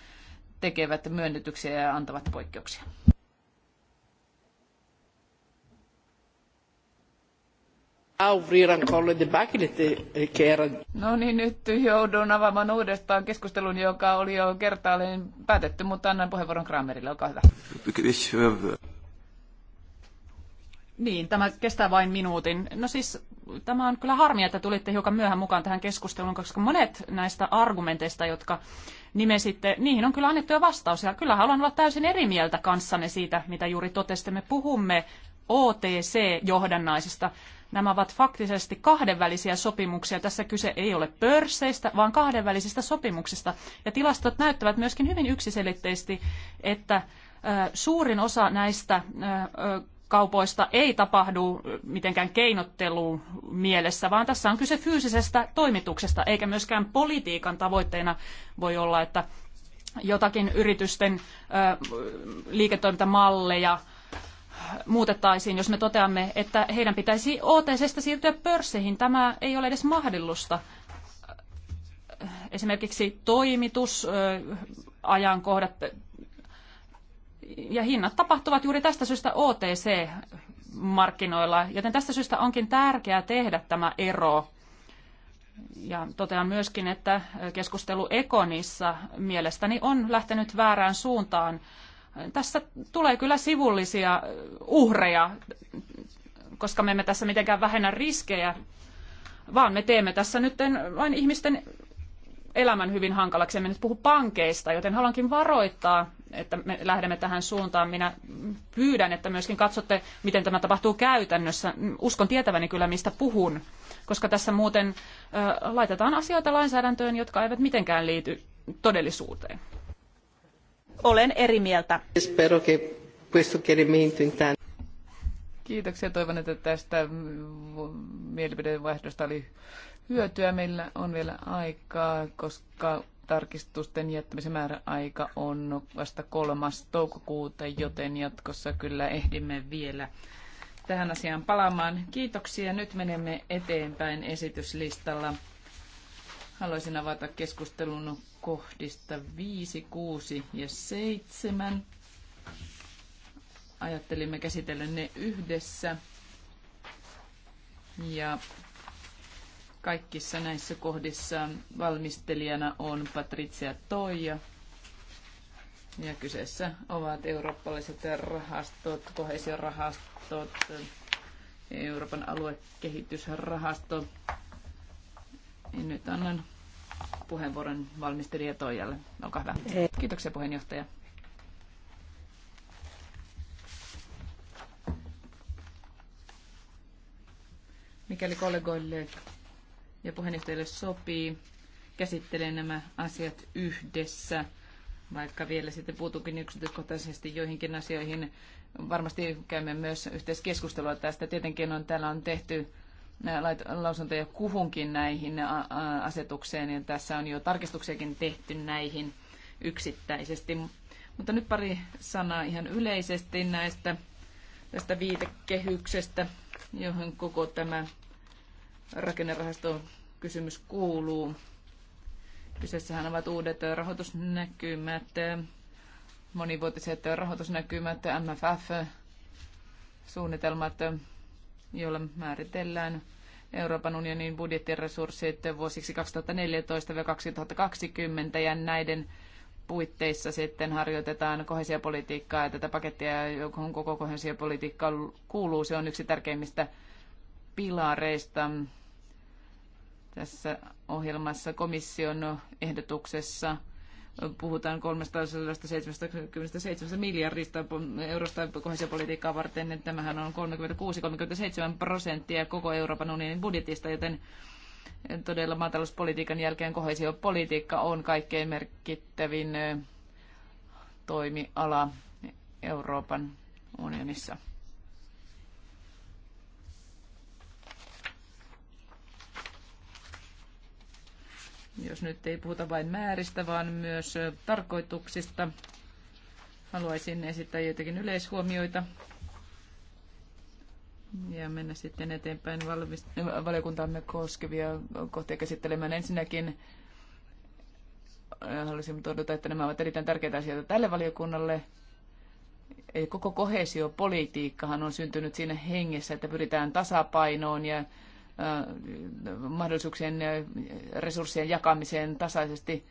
S2: tekevät myönnytyksiä ja antavat poikkeuksia.
S1: Eh, eh,
S2: no niin, nyt joudun avaamaan uudestaan keskustelun, joka oli jo kertaalleen päätetty, mutta annan puheenvuoron Kramerille, olkaa hyvä.
S3: Äh,
S4: niin, tämä kestää vain minuutin. No siis tämä on kyllä harmi, että tulitte hiukan myöhään mukaan tähän keskusteluun, koska monet näistä argumenteista, jotka nimesitte, niihin on kyllä annettu jo vastaus. Ja kyllä haluan olla täysin eri mieltä kanssanne siitä, mitä juuri totesitte. Me puhumme OTC-johdannaisista. Nämä ovat faktisesti kahdenvälisiä sopimuksia. Tässä kyse ei ole pörsseistä, vaan kahdenvälisistä sopimuksista. Ja tilastot näyttävät myöskin hyvin yksiselitteisesti, että suurin osa näistä kaupoista ei tapahdu mitenkään keinottelu mielessä, vaan tässä on kyse fyysisestä toimituksesta, eikä myöskään politiikan tavoitteena voi olla, että jotakin yritysten liiketoimintamalleja muutettaisiin, jos me toteamme, että heidän pitäisi OTCstä siirtyä pörsseihin. Tämä ei ole edes mahdollista. Esimerkiksi toimitus, ajankohdat ja hinnat tapahtuvat juuri tästä syystä OTC-markkinoilla, joten tästä syystä onkin tärkeää tehdä tämä ero. Ja totean myöskin, että keskustelu Ekonissa mielestäni on lähtenyt väärään suuntaan tässä tulee kyllä sivullisia uhreja, koska me emme tässä mitenkään vähennä riskejä, vaan me teemme tässä nyt vain ihmisten elämän hyvin hankalaksi. Emme nyt puhu pankeista, joten haluankin varoittaa, että me lähdemme tähän suuntaan. Minä pyydän, että myöskin katsotte, miten tämä tapahtuu käytännössä. Uskon tietäväni kyllä, mistä puhun, koska tässä muuten laitetaan asioita lainsäädäntöön, jotka eivät mitenkään liity todellisuuteen olen eri
S1: mieltä.
S2: Kiitoksia. Toivon, että tästä mielipidevaihdosta oli hyötyä. Meillä on vielä aikaa, koska tarkistusten jättämisen määräaika on vasta kolmas toukokuuta, joten jatkossa kyllä ehdimme vielä tähän asiaan palaamaan. Kiitoksia. Nyt menemme eteenpäin esityslistalla. Haluaisin avata keskustelun kohdista 5, 6 ja 7. Ajattelimme käsitellä ne yhdessä. Ja kaikissa näissä kohdissa valmistelijana on Patricia Toija. Ja kyseessä ovat eurooppalaiset rahastot, kohesiorahastot, Euroopan aluekehitysrahasto niin nyt annan puheenvuoron valmistelija Toijalle. Olkaa hyvä. Kiitoksia puheenjohtaja. Mikäli kollegoille ja puheenjohtajille sopii, käsittelen nämä asiat yhdessä, vaikka vielä sitten puutukin yksityiskohtaisesti joihinkin asioihin. Varmasti käymme myös yhteiskeskustelua tästä. Tietenkin on, täällä on tehty Äh, lausuntoja kuhunkin näihin äh, äh, asetukseen, ja tässä on jo tarkistuksiakin tehty näihin yksittäisesti. Mutta nyt pari sanaa ihan yleisesti näistä tästä viitekehyksestä, johon koko tämä rakennerahasto kysymys kuuluu. Kyseessähän ovat uudet rahoitusnäkymät, monivuotiset rahoitusnäkymät, MFF, suunnitelmat, jolla määritellään Euroopan unionin budjettiresurssit vuosiksi 2014-2020 ja näiden puitteissa sitten harjoitetaan kohesiopolitiikkaa ja tätä pakettia, johon koko kohesiopolitiikka kuuluu. Se on yksi tärkeimmistä pilareista tässä ohjelmassa komission ehdotuksessa – puhutaan 377 miljardista eurosta kohesiopolitiikkaa varten, niin tämähän on 36-37 prosenttia koko Euroopan unionin budjetista, joten todella maatalouspolitiikan jälkeen kohesiopolitiikka on kaikkein merkittävin toimiala Euroopan unionissa. jos nyt ei puhuta vain määristä, vaan myös tarkoituksista. Haluaisin esittää joitakin yleishuomioita ja mennä sitten eteenpäin valmist- valiokuntaamme koskevia kohtia käsittelemään. Ensinnäkin haluaisin todeta, että nämä ovat erittäin tärkeitä asioita tälle valiokunnalle. Koko kohesiopolitiikkahan on syntynyt siinä hengessä, että pyritään tasapainoon ja Äh, mahdollisuuksien resurssien jakamiseen tasaisesti.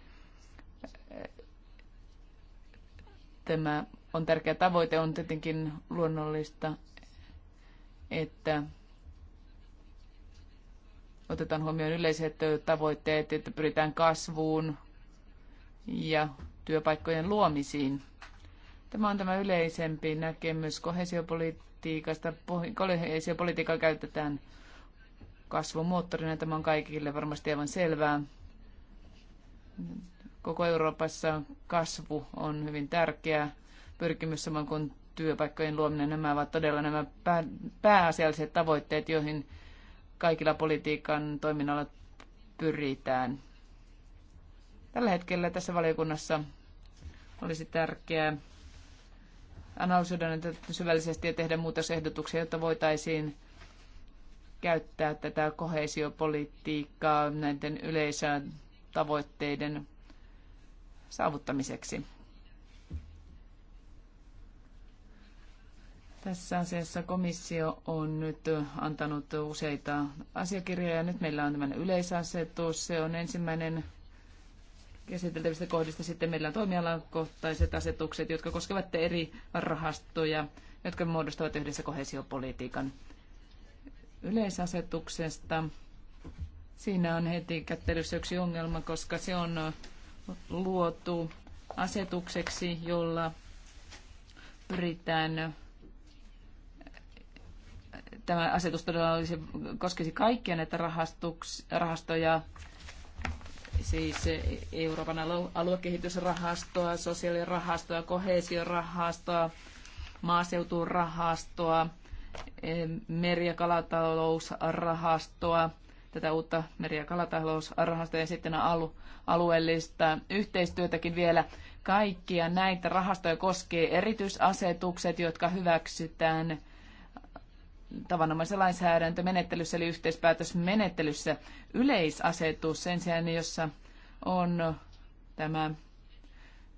S2: Tämä on tärkeä tavoite. On tietenkin luonnollista, että otetaan huomioon yleiset tavoitteet, että pyritään kasvuun ja työpaikkojen luomisiin. Tämä on tämä yleisempi näkemys kohesiopolitiikasta. Kohesiopolitiikkaa käytetään kasvumoottorina. Tämä on kaikille varmasti aivan selvää. Koko Euroopassa kasvu on hyvin tärkeä pyrkimys samoin kuin työpaikkojen luominen. Nämä ovat todella nämä pääasialliset tavoitteet, joihin kaikilla politiikan toiminnalla pyritään. Tällä hetkellä tässä valiokunnassa olisi tärkeää analysoida näitä syvällisesti ja tehdä muutosehdotuksia, jotta voitaisiin käyttää tätä kohesiopolitiikkaa näiden tavoitteiden saavuttamiseksi. Tässä asiassa komissio on nyt antanut useita asiakirjoja. Nyt meillä on tämän yleisasetus. Se on ensimmäinen käsiteltävistä kohdista. Sitten meillä on toimialakohtaiset asetukset, jotka koskevat eri rahastoja, jotka muodostavat yhdessä kohesiopolitiikan yleisasetuksesta. Siinä on heti kättelyssä yksi ongelma, koska se on luotu asetukseksi, jolla pyritään tämä asetus todella olisi, koskisi kaikkia näitä rahastoja, siis Euroopan aluekehitysrahastoa, sosiaalirahastoa, kohesiorahastoa, maaseuturahastoa, meri- ja kalatalousrahastoa, tätä uutta meri- ja kalatalousrahastoa ja sitten alu, alueellista yhteistyötäkin vielä. Kaikkia näitä rahastoja koskee erityisasetukset, jotka hyväksytään tavanomaisen lainsäädäntömenettelyssä eli yhteispäätösmenettelyssä. Yleisasetus sen sijaan, jossa on tämä,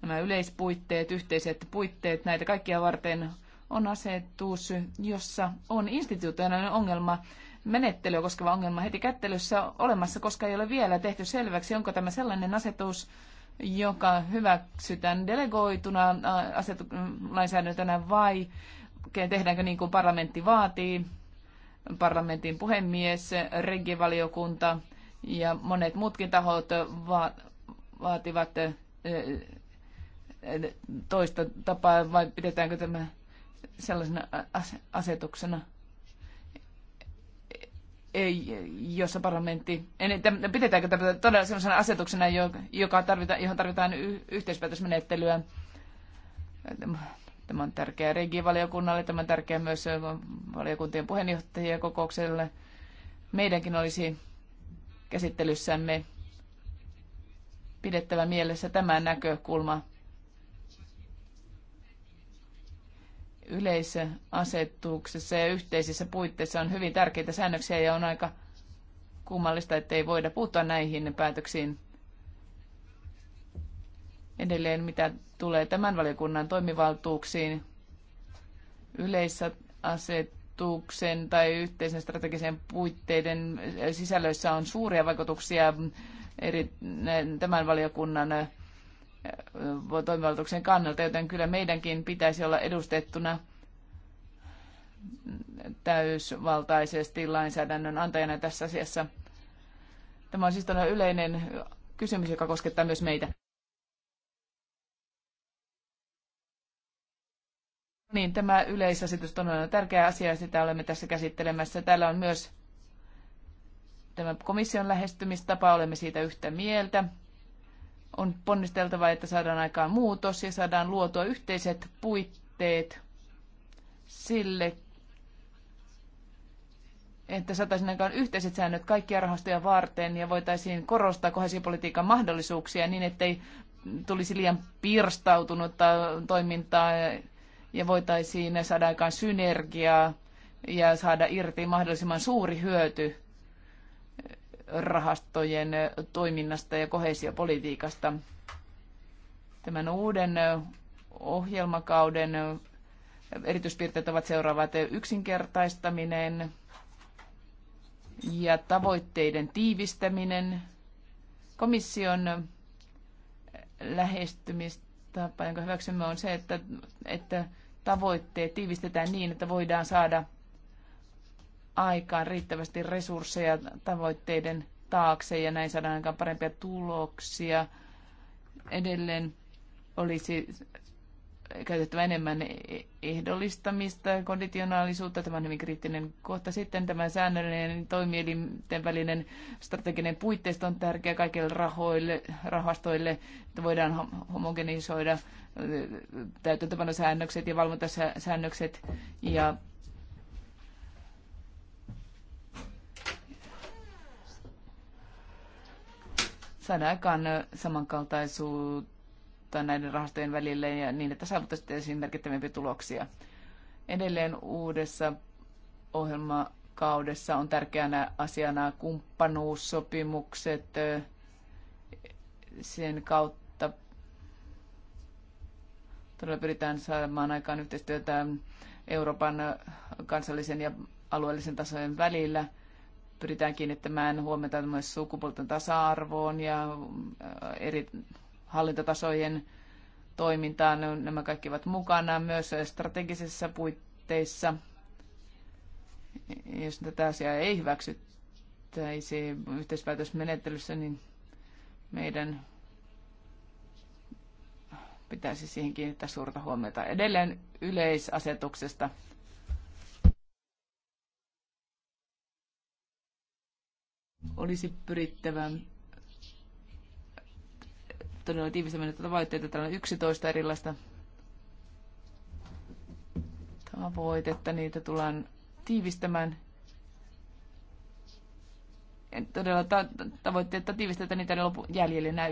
S2: nämä yleispuitteet, yhteiset puitteet, näitä kaikkia varten on asetus, jossa on instituutioiden ongelma, menettelyä koskeva ongelma heti kättelyssä olemassa, koska ei ole vielä tehty selväksi, onko tämä sellainen asetus, joka hyväksytään delegoituna asetu- lainsäädäntönä vai tehdäänkö niin kuin parlamentti vaatii, parlamentin puhemies, regivaliokunta ja monet muutkin tahot va- vaativat toista tapaa vai pidetäänkö tämä sellaisena asetuksena, e, jossa parlamentti, pidetäänkö tämä todella sellaisena asetuksena, joka tarvitaan, johon tarvitaan yhteispäätösmenettelyä. Tämä on tärkeää regivaliokunnalle, tämä on tärkeää myös valiokuntien puheenjohtajien kokoukselle. Meidänkin olisi käsittelyssämme pidettävä mielessä tämä näkökulma yleisasetuksessa ja yhteisissä puitteissa on hyvin tärkeitä säännöksiä ja on aika kummallista, että ei voida puuttua näihin päätöksiin edelleen, mitä tulee tämän valiokunnan toimivaltuuksiin yleisasetuksen tai yhteisen strategisen puitteiden sisällöissä on suuria vaikutuksia eri, tämän valiokunnan toimivaltuuksien kannalta, joten kyllä meidänkin pitäisi olla edustettuna täysvaltaisesti lainsäädännön antajana tässä asiassa. Tämä on siis todella yleinen kysymys, joka koskettaa myös meitä. No niin, tämä yleisasetus on tärkeä asia ja sitä olemme tässä käsittelemässä. Täällä on myös tämä komission lähestymistapa, olemme siitä yhtä mieltä. On ponnisteltava, että saadaan aikaan muutos ja saadaan luotua yhteiset puitteet sille, että saataisiin aikaan yhteiset säännöt kaikkia rahastoja varten ja voitaisiin korostaa kohesiopolitiikan mahdollisuuksia niin, ettei tulisi liian pirstautunutta toimintaa ja voitaisiin saada aikaan synergiaa ja saada irti mahdollisimman suuri hyöty rahastojen toiminnasta ja kohesiopolitiikasta. Tämän uuden ohjelmakauden erityispiirteet ovat seuraavat yksinkertaistaminen ja tavoitteiden tiivistäminen, komission lähestymistapa, jonka hyväksymme, on se, että, että tavoitteet tiivistetään niin, että voidaan saada – aikaan riittävästi resursseja tavoitteiden taakse ja näin saadaan aikaan parempia tuloksia. Edelleen olisi käytettävä enemmän ehdollistamista, konditionaalisuutta, tämä on hyvin kriittinen kohta. Sitten tämä säännöllinen toimielinten välinen strateginen puitteisto on tärkeä kaikille rahoille, rahastoille, että voidaan homogenisoida täytäntöpanosäännökset ja valvontasäännökset ja saada aikaan samankaltaisuutta näiden rahastojen välille ja niin, että saavutettaisiin merkittävämpiä tuloksia. Edelleen uudessa ohjelmakaudessa on tärkeänä asiana kumppanuussopimukset. Sen kautta todella pyritään saamaan aikaan yhteistyötä Euroopan kansallisen ja alueellisen tasojen välillä – pyritään kiinnittämään huomiota myös sukupuolten tasa-arvoon ja äh, eri hallintotasojen toimintaan. Nämä kaikki ovat mukana myös strategisissa puitteissa. Jos tätä asiaa ei hyväksyttäisi yhteispäätösmenettelyssä, niin meidän pitäisi siihen kiinnittää suurta huomiota. Edelleen yleisasetuksesta olisi pyrittävä todella tiivistämään näitä tavoitteita. Täällä on 11 erilaista tavoitetta. Niitä tullaan tiivistämään. En todella ta- tavoitteita tiivistetään niitä lopu jäljellä nämä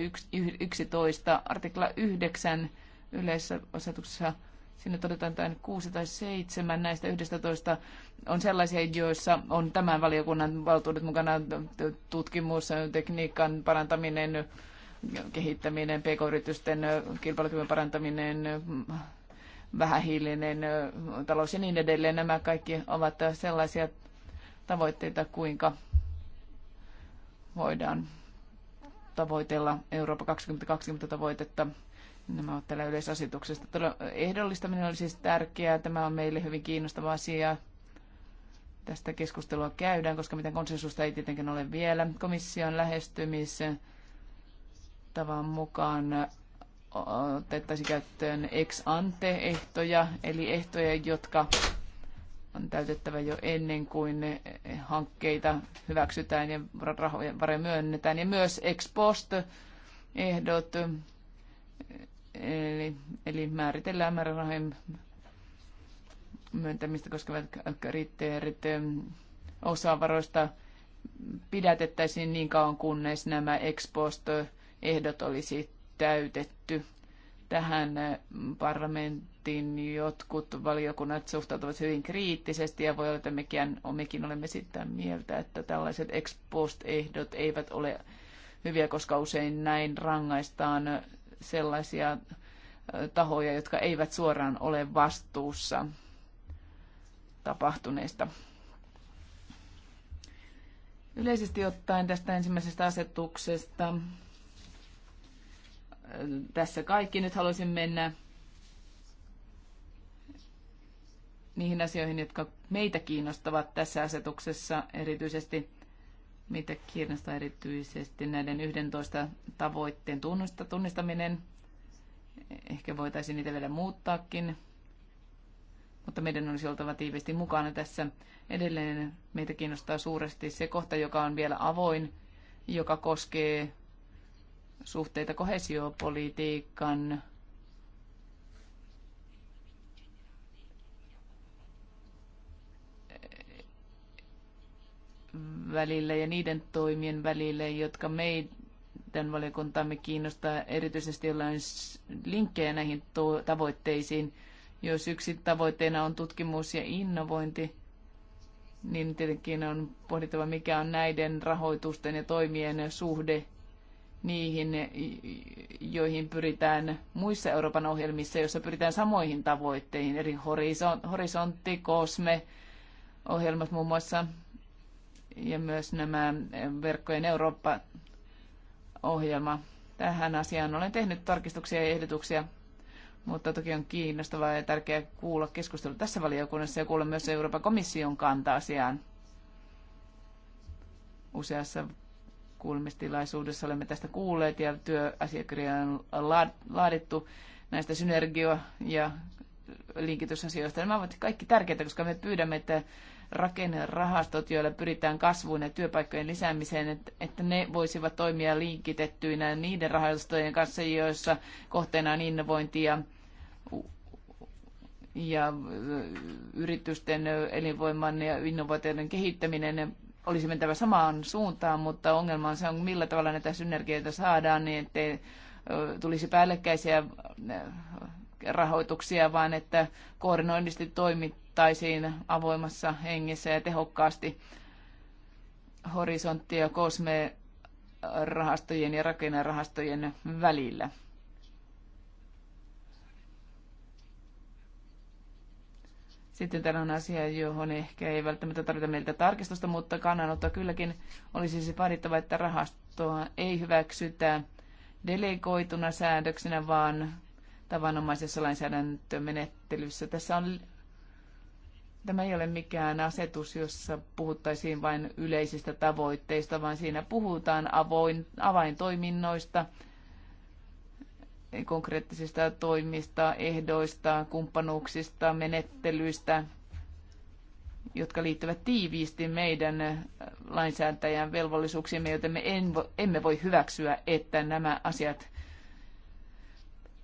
S2: 11. Artikla 9 yleisessä asetuksessa Sinne todetaan, että kuusi tai seitsemän näistä 11 on sellaisia, joissa on tämän valiokunnan valtuudet mukana tutkimus, tekniikan parantaminen, kehittäminen, pk-yritysten kilpailukyvyn parantaminen, vähähiilinen talous ja niin edelleen. Nämä kaikki ovat sellaisia tavoitteita, kuinka voidaan tavoitella Eurooppa 2020 tavoitetta Nämä ovat täällä yleisasetuksesta. Ehdollistaminen oli siis tärkeää. Tämä on meille hyvin kiinnostava asia. Tästä keskustelua käydään, koska mitään konsensusta ei tietenkään ole vielä. Komission lähestymisen tavan mukaan otettaisiin käyttöön ex ante-ehtoja, eli ehtoja, jotka on täytettävä jo ennen kuin hankkeita hyväksytään ja rahoja varoja myönnetään. Ja myös ex post ehdot, Eli, eli määritellään määrärahojen myöntämistä koskevat kriteerit. Osavaroista pidätettäisiin niin kauan, kunnes nämä ex ehdot olisi täytetty. Tähän parlamentin jotkut valiokunnat suhtautuvat hyvin kriittisesti ja voi olla, että mekin, mekin olemme sitä mieltä, että tällaiset ex ehdot eivät ole hyviä, koska usein näin rangaistaan sellaisia tahoja, jotka eivät suoraan ole vastuussa tapahtuneista. Yleisesti ottaen tästä ensimmäisestä asetuksesta tässä kaikki. Nyt haluaisin mennä niihin asioihin, jotka meitä kiinnostavat tässä asetuksessa erityisesti mitä kiinnostaa erityisesti näiden 11 tavoitteen tunnusta, tunnistaminen. Ehkä voitaisiin niitä vielä muuttaakin, mutta meidän olisi oltava tiiviisti mukana tässä. Edelleen meitä kiinnostaa suuresti se kohta, joka on vielä avoin, joka koskee suhteita kohesiopolitiikan välillä ja niiden toimien välillä, jotka meidän valiokuntamme kiinnostaa erityisesti jollain linkkejä näihin tavoitteisiin. Jos yksi tavoitteena on tutkimus ja innovointi, niin tietenkin on pohdittava, mikä on näiden rahoitusten ja toimien suhde niihin, joihin pyritään muissa Euroopan ohjelmissa, joissa pyritään samoihin tavoitteihin, eri horisontti, kosme, ohjelmat muun muassa ja myös nämä verkkojen Eurooppa-ohjelma. Tähän asiaan olen tehnyt tarkistuksia ja ehdotuksia, mutta toki on kiinnostavaa ja tärkeää kuulla keskustelu tässä valiokunnassa ja kuulla myös Euroopan komission kanta asiaan. Useassa kuulemistilaisuudessa olemme tästä kuulleet ja työasiakirja on laadittu näistä synergio- ja linkitysasioista. Nämä ovat kaikki tärkeitä, koska me pyydämme, että rakennerahastot, joilla pyritään kasvuun ja työpaikkojen lisäämiseen, että, että ne voisivat toimia linkitettyinä niiden rahastojen kanssa, joissa kohteena on innovointi ja, ja yritysten elinvoiman ja innovaatioiden kehittäminen olisi mentävä samaan suuntaan, mutta ongelma on se, on, millä tavalla näitä synergioita saadaan niin, ettei tulisi päällekkäisiä rahoituksia, vaan että koordinoinnisti toimit, tutkittaisiin avoimassa hengessä ja tehokkaasti horisonttia ja kosme-rahastojen ja rakennerahastojen välillä. Sitten täällä on asia, johon ehkä ei välttämättä tarvita meiltä tarkistusta, mutta kannanotto kylläkin olisi siis parittava että rahastoa ei hyväksytä delegoituna säädöksenä, vaan tavanomaisessa lainsäädäntömenettelyssä. Tässä on Tämä ei ole mikään asetus, jossa puhuttaisiin vain yleisistä tavoitteista, vaan siinä puhutaan avoin, avaintoiminnoista, konkreettisista toimista, ehdoista, kumppanuuksista, menettelyistä, jotka liittyvät tiiviisti meidän lainsäätäjän velvollisuuksiimme, joten me emme voi hyväksyä, että nämä asiat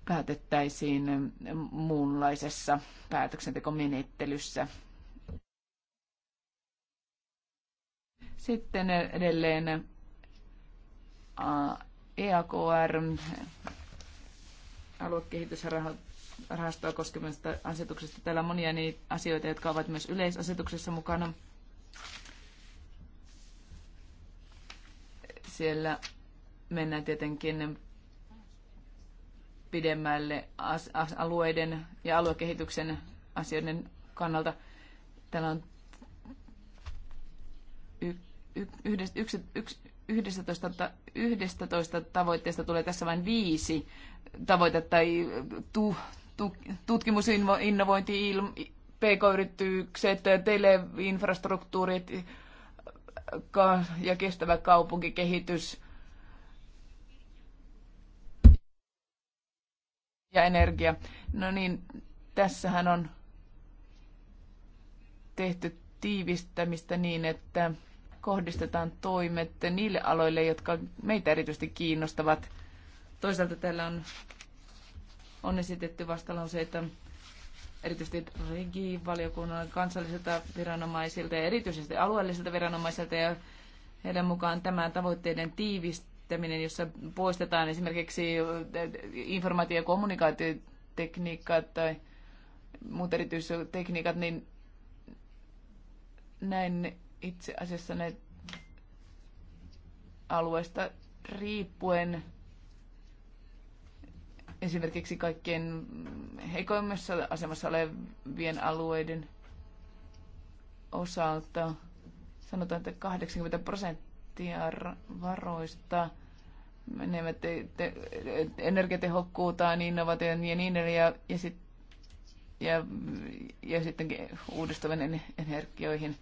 S2: päätettäisiin muunlaisessa päätöksentekomenettelyssä. Sitten edelleen EAKR, aluekehitysrahastoa koskevasta asetuksesta. Täällä on monia niitä asioita, jotka ovat myös yleisasetuksessa mukana. Siellä mennään tietenkin pidemmälle alueiden ja aluekehityksen asioiden kannalta. Täällä on yksi 11, 11 tavoitteesta tulee tässä vain viisi tavoitetta tai tu, tu, tutkimusinnovointi, pk-yritykset, teleinfrastruktuurit ja kestävä kaupunkikehitys ja energia. No niin, tässähän on tehty tiivistämistä niin, että kohdistetaan toimet niille aloille, jotka meitä erityisesti kiinnostavat. Toisaalta täällä on, on esitetty vastalauseita erityisesti regivaliokunnan kansallisilta viranomaisilta ja erityisesti alueellisilta viranomaisilta ja heidän mukaan tämän tavoitteiden tiivistäminen, jossa poistetaan esimerkiksi informaatio- ja kommunikaatiotekniikat tai muut erityistekniikat, niin näin itse asiassa ne alueesta riippuen esimerkiksi kaikkein heikoimmassa asemassa olevien alueiden osalta sanotaan, että 80 prosenttia varoista menevät te- niin innovaatioon ja niin edelleen. Ja, ja, sit, ja, ja sitten uudistuvien energioihin –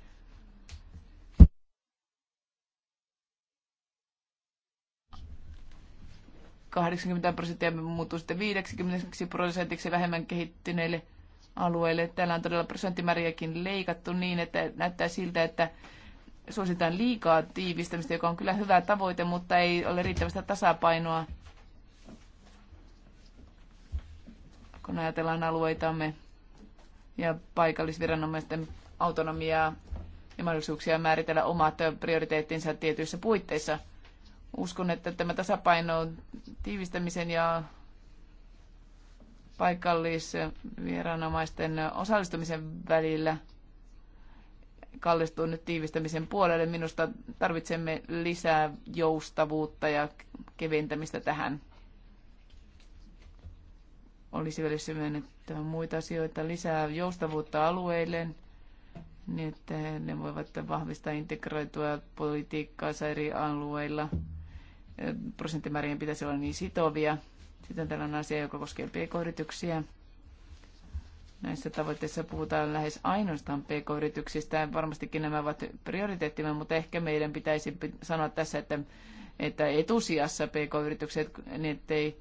S2: 80 prosenttia muuttuu sitten 50 prosentiksi vähemmän kehittyneille alueille. Täällä on todella prosenttimäriäkin leikattu niin, että näyttää siltä, että suositaan liikaa tiivistämistä, joka on kyllä hyvä tavoite, mutta ei ole riittävästä tasapainoa, kun ajatellaan alueitamme ja paikallisviranomaisten autonomiaa ja mahdollisuuksia määritellä omat prioriteettinsa tietyissä puitteissa – Uskon, että tämä tasapaino tiivistämisen ja paikallisviranomaisten osallistumisen välillä kallistuu nyt tiivistämisen puolelle. Minusta tarvitsemme lisää joustavuutta ja keventämistä tähän. Olisi vielä myönnettävä muita asioita, lisää joustavuutta alueille, niin että ne voivat vahvistaa integroitua politiikkaa eri alueilla – prosenttimäärien pitäisi olla niin sitovia. Sitten tällainen on asia, joka koskee pk-yrityksiä. Näissä tavoitteissa puhutaan lähes ainoastaan pk-yrityksistä. Varmastikin nämä ovat prioriteettimme, mutta ehkä meidän pitäisi sanoa tässä, että, että etusijassa pk-yritykset, niin ettei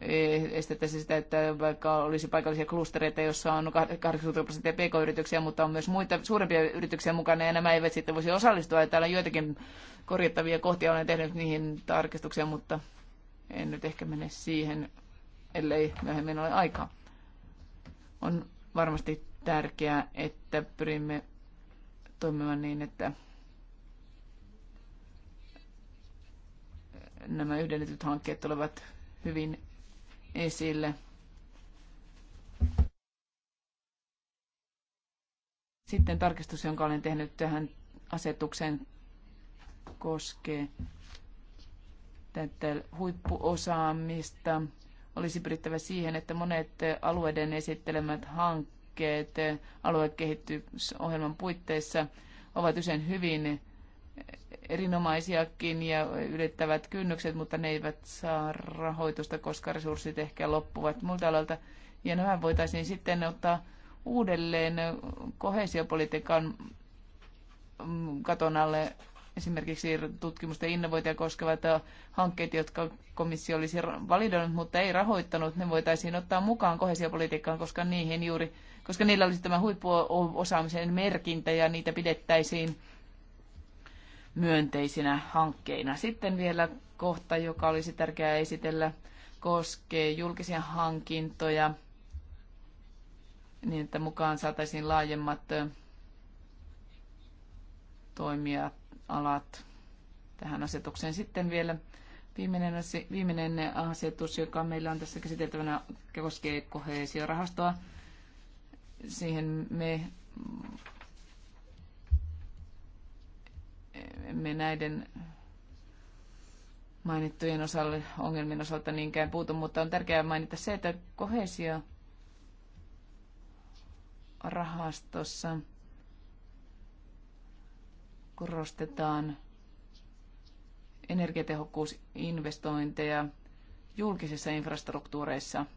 S2: Eh, estettäisiin sitä, että vaikka olisi paikallisia klustereita, jossa on 80 prosenttia pk-yrityksiä, mutta on myös muita suurempia yrityksiä mukana, ja nämä eivät sitten voisi osallistua. Ja täällä on joitakin korjattavia kohtia, olen tehnyt niihin tarkistuksia, mutta en nyt ehkä mene siihen, ellei myöhemmin ole aikaa. On varmasti tärkeää, että pyrimme toimimaan niin, että nämä yhdennetyt hankkeet tulevat hyvin esille. Sitten tarkistus, jonka olen tehnyt tähän asetukseen, koskee tätä huippuosaamista. Olisi pyrittävä siihen, että monet alueiden esittelemät hankkeet, ohjelman puitteissa, ovat usein hyvin erinomaisiakin ja ylittävät kynnykset, mutta ne eivät saa rahoitusta, koska resurssit ehkä loppuvat muilta alalta. Ja nämä voitaisiin sitten ottaa uudelleen kohesiopolitiikan katon alle esimerkiksi tutkimusta ja innovointia koskevat hankkeet, jotka komissio olisi validoinut, mutta ei rahoittanut, ne voitaisiin ottaa mukaan kohesiopolitiikkaan, koska niihin juuri, koska niillä olisi tämä huippuosaamisen merkintä ja niitä pidettäisiin myönteisinä hankkeina. Sitten vielä kohta, joka olisi tärkeää esitellä, koskee julkisia hankintoja, niin että mukaan saataisiin laajemmat toimialat tähän asetukseen. Sitten vielä viimeinen, viimeinen asetus, joka meillä on tässä käsiteltävänä, koskee koheesiorahastoa. Siihen me me näiden mainittujen osalle, ongelmien osalta niinkään puutu, mutta on tärkeää mainita se, että kohesio rahastossa korostetaan energiatehokkuusinvestointeja julkisissa infrastruktuureissa –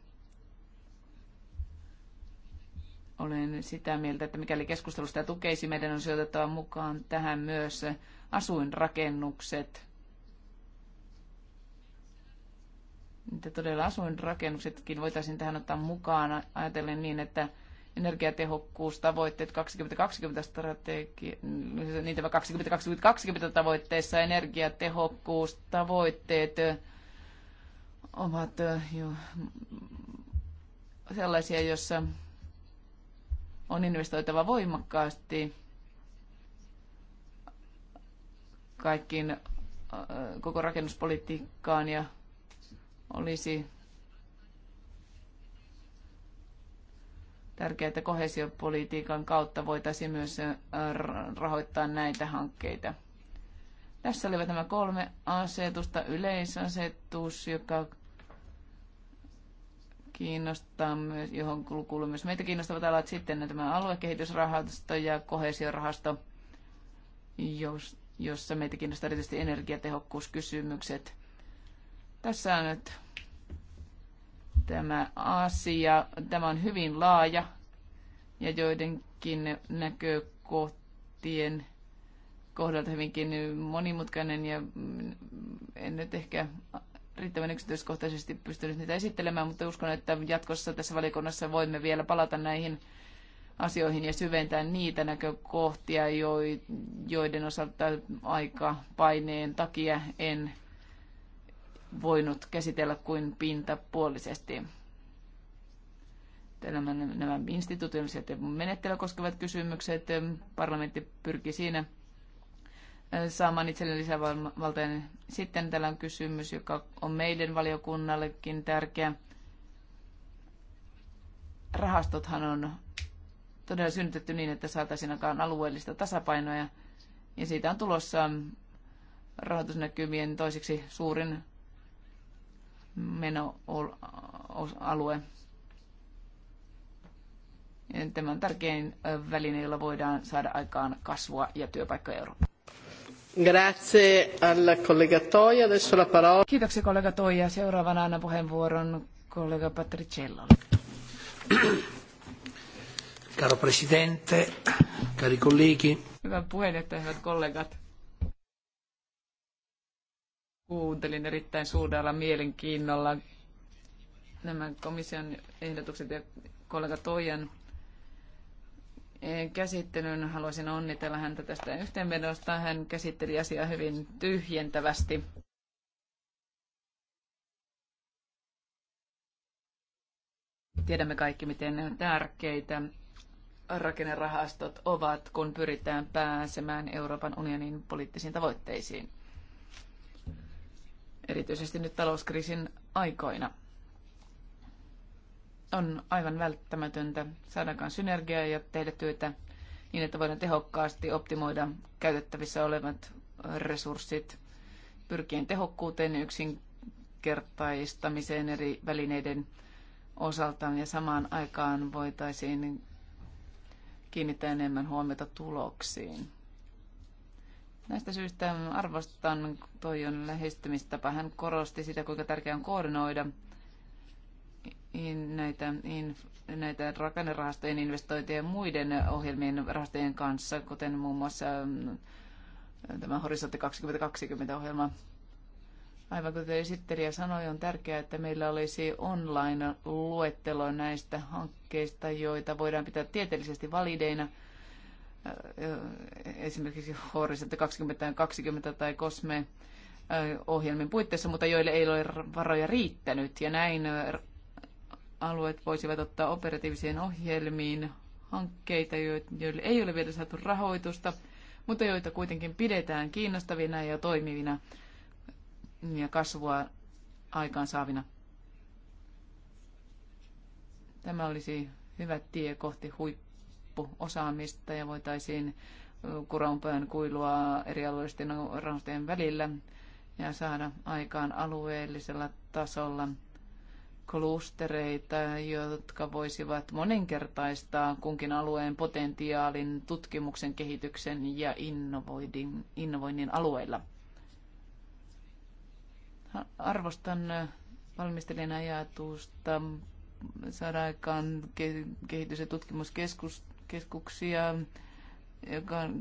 S2: Olen sitä mieltä, että mikäli keskustelu sitä tukeisi, meidän on sijoitettava mukaan tähän myös asuinrakennukset. Että todella asuinrakennuksetkin voitaisiin tähän ottaa mukaan ajatellen niin, että energiatehokkuustavoitteet 2020 strategia, niitä 2020, 2020 tavoitteissa energiatehokkuustavoitteet ovat jo sellaisia, joissa on investoitava voimakkaasti kaikkiin koko rakennuspolitiikkaan ja olisi tärkeää, että kohesiopolitiikan kautta voitaisiin myös rahoittaa näitä hankkeita. Tässä olivat nämä kolme asetusta. Yleisasetus, joka kiinnostaa myös, johon kuuluu myös meitä kiinnostavat alat sitten tämä aluekehitysrahasto ja kohesiorahasto, jos, jossa meitä kiinnostaa erityisesti energiatehokkuuskysymykset. Tässä on nyt tämä asia. Tämä on hyvin laaja ja joidenkin näkökohtien kohdalta hyvinkin monimutkainen ja en nyt ehkä riittävän yksityiskohtaisesti pystynyt niitä esittelemään, mutta uskon, että jatkossa tässä valikonnassa voimme vielä palata näihin asioihin ja syventää niitä näkökohtia, joiden osalta aika paineen takia en voinut käsitellä kuin pintapuolisesti. Nämä, institutionaaliset ja menettelyä koskevat kysymykset, parlamentti pyrkii siinä – saamaan itselleen lisävaltaa. Sitten täällä on kysymys, joka on meidän valiokunnallekin tärkeä. Rahastothan on todella synnytetty niin, että saataisiin aikaan alueellista tasapainoa ja, ja siitä on tulossa rahoitusnäkymien toiseksi suurin menoalue. Tämä on tärkein väline, jolla voidaan saada aikaan kasvua ja työpaikkoja Eurooppaan.
S1: Grazie
S2: collega Toia. Adesso la parola. Kiitoksia kollega Toia. Seuraavana annan puheenvuoron kollega Patricellolle.
S1: Caro Presidente, cari colleghi.
S2: Hyvä puheenjohtaja, hyvät kollegat. Kuuntelin erittäin suurella mielenkiinnolla nämä komission ehdotukset ja kollega Toijan käsittelyn. Haluaisin onnitella häntä tästä yhteenvedosta. Hän käsitteli asiaa hyvin tyhjentävästi. Tiedämme kaikki, miten tärkeitä rakennerahastot ovat, kun pyritään pääsemään Euroopan unionin poliittisiin tavoitteisiin, erityisesti nyt talouskriisin aikoina on aivan välttämätöntä aikaan synergiaa ja tehdä työtä niin, että voidaan tehokkaasti optimoida käytettävissä olevat resurssit pyrkien tehokkuuteen yksinkertaistamiseen eri välineiden osalta ja samaan aikaan voitaisiin kiinnittää enemmän huomiota tuloksiin. Näistä syistä arvostan Toijon lähestymistapa. Hän korosti sitä, kuinka tärkeää on koordinoida näitä, in, näitä rakennerahastojen investointien ja muiden ohjelmien rahastojen kanssa, kuten muun muassa mm, tämä Horisontti 2020-ohjelma. Aivan kuten esittelijä sanoi, on tärkeää, että meillä olisi online-luettelo näistä hankkeista, joita voidaan pitää tieteellisesti valideina. Äh, esimerkiksi Horisontti 2020 tai Kosme äh, ohjelmien puitteissa, mutta joille ei ole varoja riittänyt. Ja näin alueet voisivat ottaa operatiivisiin ohjelmiin hankkeita, joille ei ole vielä saatu rahoitusta, mutta joita kuitenkin pidetään kiinnostavina ja toimivina ja kasvua aikaansaavina. Tämä olisi hyvä tie kohti huippuosaamista ja voitaisiin kuronpään kuilua eri alueellisten rahastojen välillä ja saada aikaan alueellisella tasolla klustereita, jotka voisivat moninkertaistaa kunkin alueen potentiaalin tutkimuksen, kehityksen ja innovoinnin, innovoinnin alueilla. Arvostan valmistelijan ajatusta saada aikaan kehitys- ja tutkimuskeskuksia,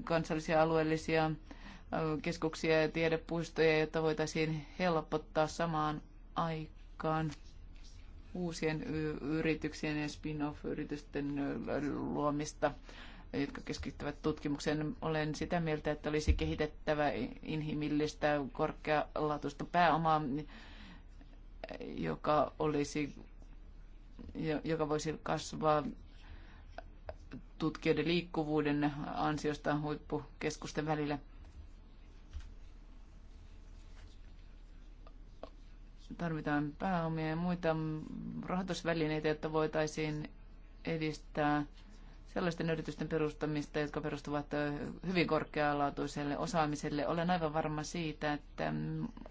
S2: kansallisia alueellisia keskuksia ja tiedepuistoja, jotta voitaisiin helpottaa samaan aikaan uusien yrityksien ja spin-off-yritysten luomista, jotka keskittyvät tutkimukseen. Olen sitä mieltä, että olisi kehitettävä inhimillistä korkealaatuista pääomaa, joka, olisi, joka voisi kasvaa tutkijoiden liikkuvuuden ansiosta huippukeskusten välillä – tarvitaan pääomia ja muita rahoitusvälineitä, jotta voitaisiin edistää sellaisten yritysten perustamista, jotka perustuvat hyvin korkealaatuiselle osaamiselle. Olen aivan varma siitä, että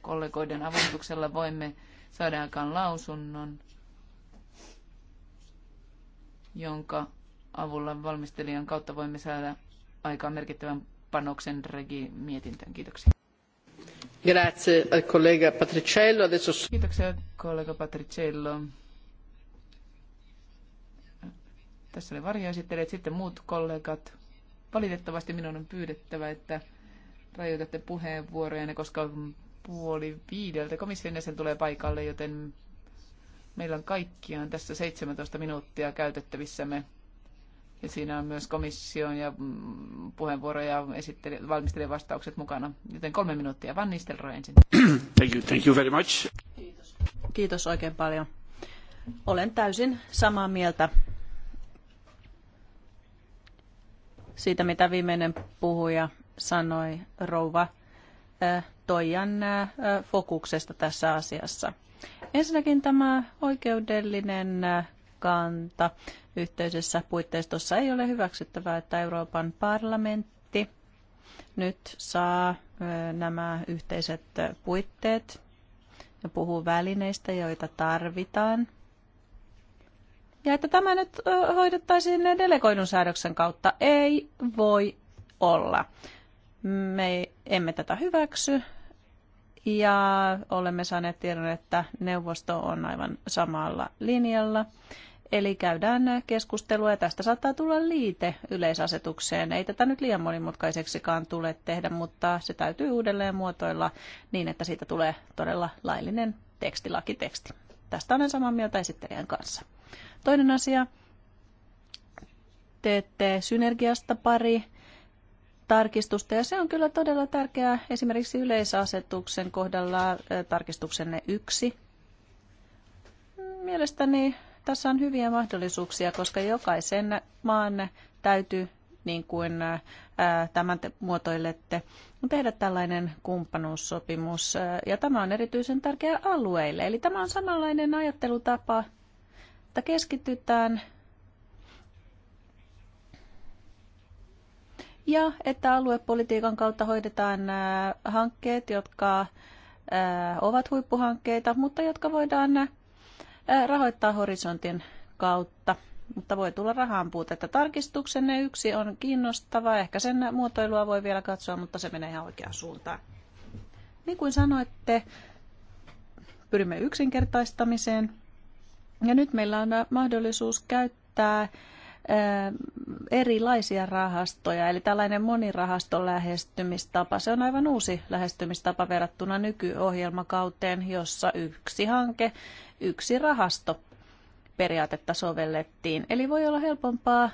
S2: kollegoiden avustuksella voimme saada aikaan lausunnon, jonka avulla valmistelijan kautta voimme saada aikaan merkittävän panoksen regi Kiitoksia.
S1: Grazie collega Patriciello. Adesso... Kiitoksia kollega Patriciello.
S2: Tässä oli varjoesittelijät, sitten muut kollegat. Valitettavasti minun on pyydettävä, että rajoitatte puheenvuoroja, koska puoli viideltä komission jäsen tulee paikalle, joten meillä on kaikkiaan tässä 17 minuuttia käytettävissämme. Ja siinä on myös komission ja mm, puheenvuoroja valmistelijan vastaukset mukana. Joten kolme minuuttia. Van Nistelrooy
S3: ensin.
S4: Thank you, thank you very much. Kiitos.
S3: Kiitos oikein paljon. Olen täysin samaa mieltä siitä, mitä viimeinen puhuja sanoi, rouva äh, Toijan äh, fokuksesta tässä asiassa. Ensinnäkin tämä oikeudellinen äh, kanta yhteisessä puitteistossa ei ole hyväksyttävää, että Euroopan parlamentti nyt saa nämä yhteiset puitteet ja puhuu välineistä, joita tarvitaan. Ja että tämä nyt hoidettaisiin delegoidun säädöksen kautta ei voi olla. Me emme tätä hyväksy ja olemme saaneet tiedon, että neuvosto on aivan samalla linjalla. Eli käydään keskustelua ja tästä saattaa tulla liite yleisasetukseen. Ei tätä nyt liian monimutkaiseksikaan tule tehdä, mutta se täytyy uudelleen muotoilla niin, että siitä tulee todella laillinen tekstilakiteksti. Tästä olen samaa mieltä esittelijän kanssa. Toinen asia, teette synergiasta pari tarkistusta ja se on kyllä todella tärkeää esimerkiksi yleisasetuksen kohdalla tarkistuksenne yksi. Mielestäni tässä on hyviä mahdollisuuksia, koska jokaisen maan täytyy, niin kuin tämän te muotoilette, tehdä tällainen kumppanuussopimus. Ja tämä on erityisen tärkeä alueille. Eli tämä on samanlainen ajattelutapa, että keskitytään ja että aluepolitiikan kautta hoidetaan hankkeet, jotka ovat huippuhankkeita, mutta jotka voidaan rahoittaa horisontin kautta, mutta voi tulla rahan puutetta. Tarkistuksenne yksi on kiinnostava, ehkä sen muotoilua voi vielä katsoa, mutta se menee ihan oikeaan suuntaan. Niin kuin sanoitte, pyrimme yksinkertaistamiseen ja nyt meillä on mahdollisuus käyttää erilaisia rahastoja, eli tällainen monirahaston lähestymistapa. Se on aivan uusi lähestymistapa verrattuna nykyohjelmakauteen, jossa yksi hanke, yksi rahasto periaatetta sovellettiin. Eli voi olla helpompaa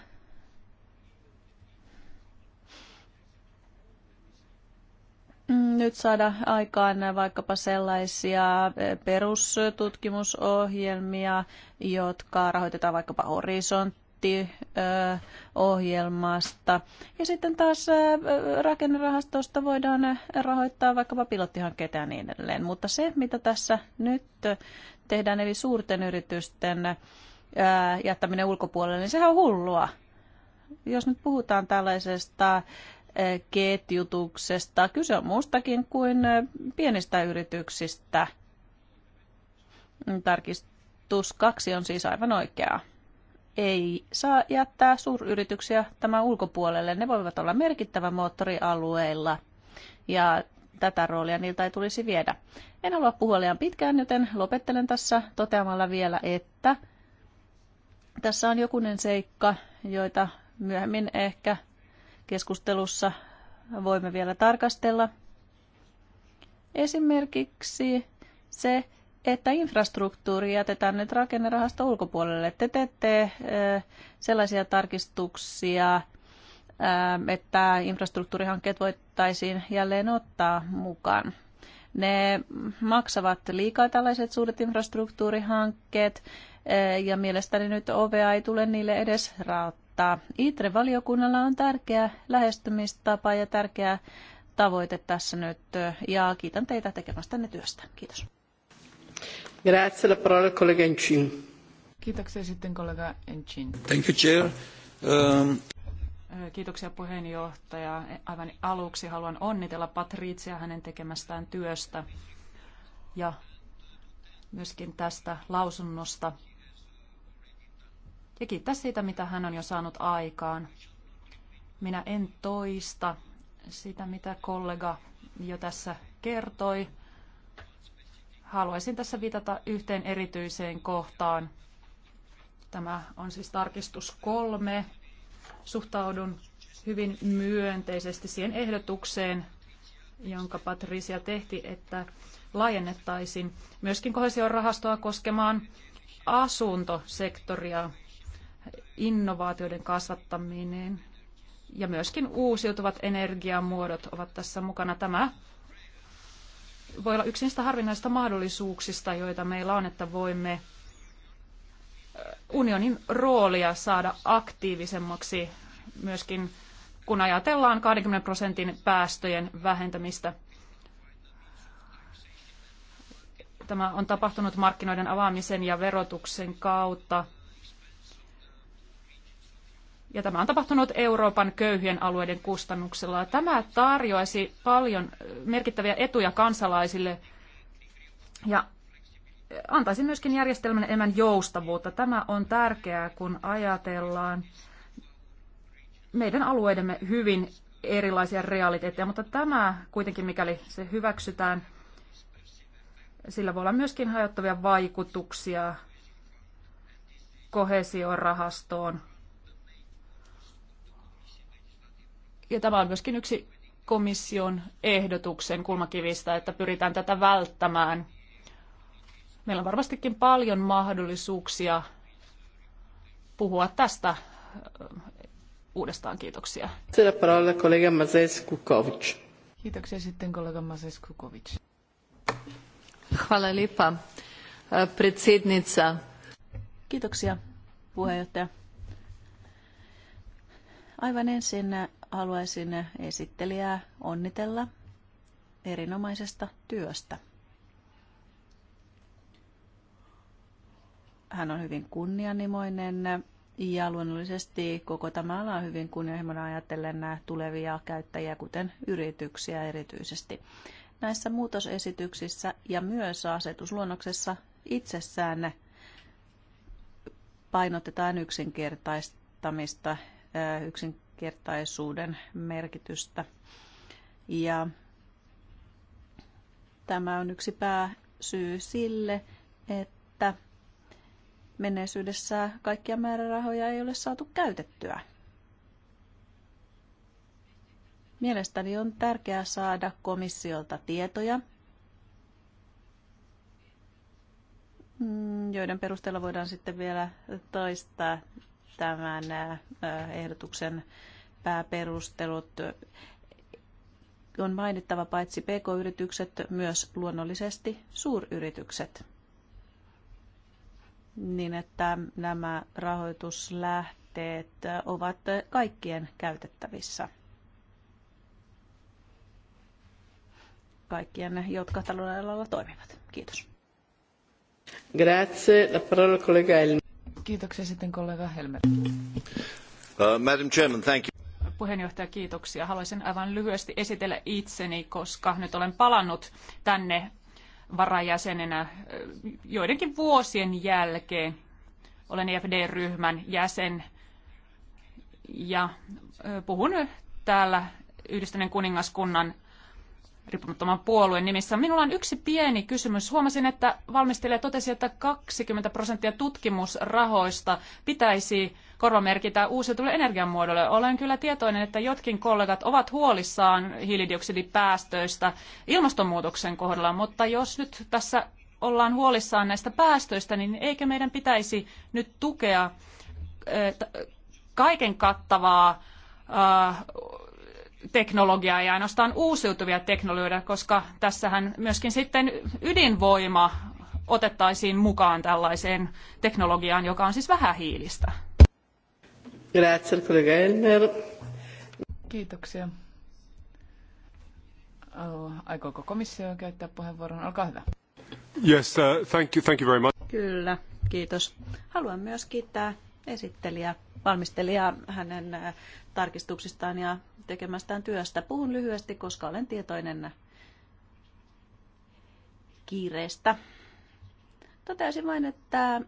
S3: nyt saada aikaan vaikkapa sellaisia perustutkimusohjelmia, jotka rahoitetaan vaikkapa Horisontti budjettiohjelmasta. Ja sitten taas rakennerahastosta voidaan rahoittaa vaikkapa pilottihankkeita ja niin edelleen. Mutta se, mitä tässä nyt tehdään, eli suurten yritysten jättäminen ulkopuolelle, niin sehän on hullua. Jos nyt puhutaan tällaisesta ketjutuksesta, kyse on muustakin kuin pienistä yrityksistä. Tarkistus kaksi on siis aivan oikeaa ei saa jättää suuryrityksiä tämän ulkopuolelle. Ne voivat olla merkittävä moottorialueilla ja tätä roolia niiltä ei tulisi viedä. En halua puhua liian pitkään, joten lopettelen tässä toteamalla vielä, että tässä on jokunen seikka, joita myöhemmin ehkä keskustelussa voimme vielä tarkastella. Esimerkiksi se, että infrastruktuuri jätetään nyt rakennerahasta ulkopuolelle. Te teette sellaisia tarkistuksia, että infrastruktuurihankkeet voitaisiin jälleen ottaa mukaan. Ne maksavat liikaa tällaiset suuret infrastruktuurihankkeet ja mielestäni nyt OVA ei tule niille edes raottaa. ITRE-valiokunnalla on tärkeä lähestymistapa ja tärkeä tavoite tässä nyt ja kiitän teitä tekemästänne työstä. Kiitos.
S1: Grazie, la parola collega Encin.
S4: Kiitoksia sitten kollega Encin. Thank
S1: you, Chair. Um...
S4: Kiitoksia puheenjohtaja. Aivan aluksi haluan onnitella Patricia hänen tekemästään työstä ja myöskin tästä lausunnosta. Ja kiittää siitä, mitä hän on jo saanut aikaan. Minä en toista sitä, mitä kollega jo tässä kertoi haluaisin tässä viitata yhteen erityiseen kohtaan. Tämä on siis tarkistus kolme. Suhtaudun hyvin myönteisesti siihen ehdotukseen, jonka Patricia tehti, että laajennettaisiin myöskin rahastoa koskemaan asuntosektoria, innovaatioiden kasvattaminen ja myöskin uusiutuvat energiamuodot ovat tässä mukana. Tämä voi olla yksi niistä harvinaisista mahdollisuuksista, joita meillä on, että voimme unionin roolia saada aktiivisemmaksi myöskin, kun ajatellaan 20 prosentin päästöjen vähentämistä. Tämä on tapahtunut markkinoiden avaamisen ja verotuksen kautta ja tämä on tapahtunut Euroopan köyhien alueiden kustannuksella. Tämä tarjoaisi paljon merkittäviä etuja kansalaisille ja antaisi myöskin järjestelmän enemmän joustavuutta. Tämä on tärkeää, kun ajatellaan meidän alueidemme hyvin erilaisia realiteetteja, mutta tämä kuitenkin, mikäli se hyväksytään, sillä voi olla myöskin hajottavia vaikutuksia kohesiorahastoon rahastoon ja tämä on myöskin yksi komission ehdotuksen kulmakivistä, että pyritään tätä välttämään. Meillä on varmastikin paljon mahdollisuuksia puhua tästä uudestaan. Kiitoksia.
S2: Kiitoksia sitten kollega Mazes Kukovic.
S3: Hvala lipa, e, Kiitoksia, puheenjohtaja. Aivan ensin haluaisin esittelijää onnitella erinomaisesta työstä. Hän on hyvin kunnianhimoinen ja luonnollisesti koko tämä ala on hyvin kunnianhimoinen ajatellen tulevia käyttäjiä, kuten yrityksiä erityisesti. Näissä muutosesityksissä ja myös asetusluonnoksessa itsessään painotetaan yksinkertaistamista, yksin, tasavertaisuuden merkitystä. Ja tämä on yksi pääsyy sille, että menneisyydessä kaikkia määrärahoja ei ole saatu käytettyä. Mielestäni on tärkeää saada komissiolta tietoja, mm, joiden perusteella voidaan sitten vielä toistaa tämän ehdotuksen pääperustelut. On mainittava paitsi pk-yritykset, myös luonnollisesti suuryritykset, niin että nämä rahoituslähteet ovat kaikkien käytettävissä. kaikkien, jotka talouden alalla toimivat. Kiitos.
S1: Grazie. La parola collega Elmi.
S4: Kiitoksia sitten kollega Helmer.
S1: Uh, Madam Chairman, thank you.
S4: Puheenjohtaja, kiitoksia. Haluaisin aivan lyhyesti esitellä itseni, koska nyt olen palannut tänne varajäsenenä joidenkin vuosien jälkeen. Olen EFD-ryhmän jäsen ja puhun täällä Yhdistyneen kuningaskunnan riippumattoman puolueen nimissä. Minulla on yksi pieni kysymys. Huomasin, että valmistelija totesi, että 20 prosenttia tutkimusrahoista pitäisi korvamerkitä uusiutuville energiamuodolle. Olen kyllä tietoinen, että jotkin kollegat ovat huolissaan hiilidioksidipäästöistä ilmastonmuutoksen kohdalla, mutta jos nyt tässä ollaan huolissaan näistä päästöistä, niin eikö meidän pitäisi nyt tukea kaiken kattavaa teknologiaa ja ainoastaan uusiutuvia teknologioita, koska tässähän myöskin sitten ydinvoima otettaisiin mukaan tällaiseen teknologiaan, joka on siis vähähiilistä.
S1: Grazie, kollega Elmer.
S2: Kiitoksia. Aikooko komissio käyttää puheenvuoron?
S3: Olkaa hyvä.
S4: Yes, uh, thank you, thank you very much.
S3: Kyllä, kiitos. Haluan myös kiittää esittelijä, valmistelija hänen äh, tarkistuksistaan ja tekemästään työstä. Puhun lyhyesti, koska olen tietoinen kiireestä. Toteaisin vain, että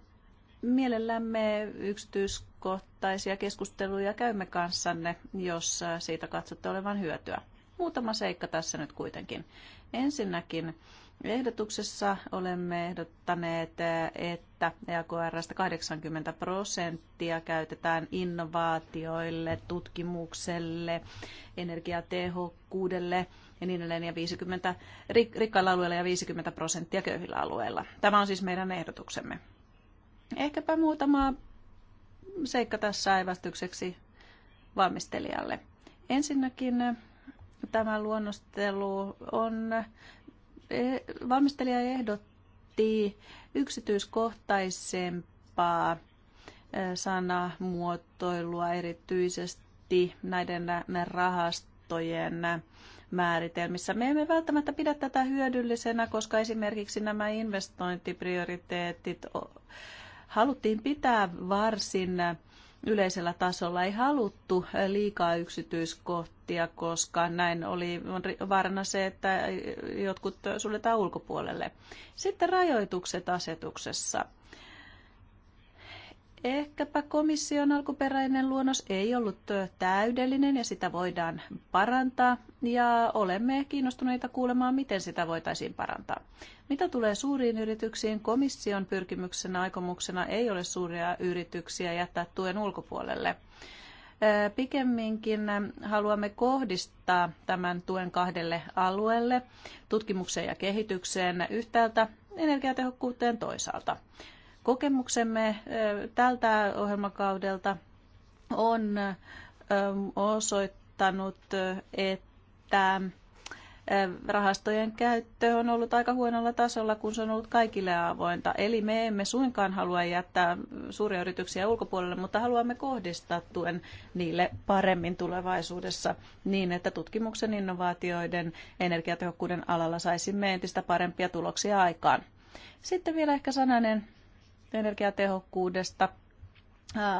S3: mielellämme yksityiskohtaisia keskusteluja käymme kanssanne, jos äh, siitä katsotte olevan hyötyä. Muutama seikka tässä nyt kuitenkin. Ensinnäkin Ehdotuksessa olemme ehdottaneet, että EAKRstä 80 prosenttia käytetään innovaatioille, tutkimukselle, energiatehokkuudelle ja niin edelleen ja 50, rikkailla alueilla ja 50 prosenttia köyhillä alueilla. Tämä on siis meidän ehdotuksemme. Ehkäpä muutama seikka tässä aivastukseksi valmistelijalle. Ensinnäkin tämä luonnostelu on Eh, valmistelija ehdotti yksityiskohtaisempaa eh, sanamuotoilua erityisesti näiden rahastojen määritelmissä. Me emme välttämättä pidä tätä hyödyllisenä, koska esimerkiksi nämä investointiprioriteetit haluttiin pitää varsin yleisellä tasolla ei haluttu liikaa yksityiskohtia, koska näin oli varna se, että jotkut suljetaan ulkopuolelle. Sitten rajoitukset asetuksessa ehkäpä komission alkuperäinen luonnos ei ollut täydellinen ja sitä voidaan parantaa ja olemme kiinnostuneita kuulemaan, miten sitä voitaisiin parantaa. Mitä tulee suuriin yrityksiin, komission pyrkimyksenä aikomuksena ei ole suuria yrityksiä jättää tuen ulkopuolelle. Pikemminkin haluamme kohdistaa tämän tuen kahdelle alueelle, tutkimukseen ja kehitykseen yhtäältä energiatehokkuuteen toisaalta. Kokemuksemme tältä ohjelmakaudelta on osoittanut, että rahastojen käyttö on ollut aika huonolla tasolla, kun se on ollut kaikille avointa. Eli me emme suinkaan halua jättää suuria yrityksiä ulkopuolelle, mutta haluamme kohdistaa tuen niille paremmin tulevaisuudessa niin, että tutkimuksen innovaatioiden energiatehokkuuden alalla saisimme entistä parempia tuloksia aikaan. Sitten vielä ehkä sananen energiatehokkuudesta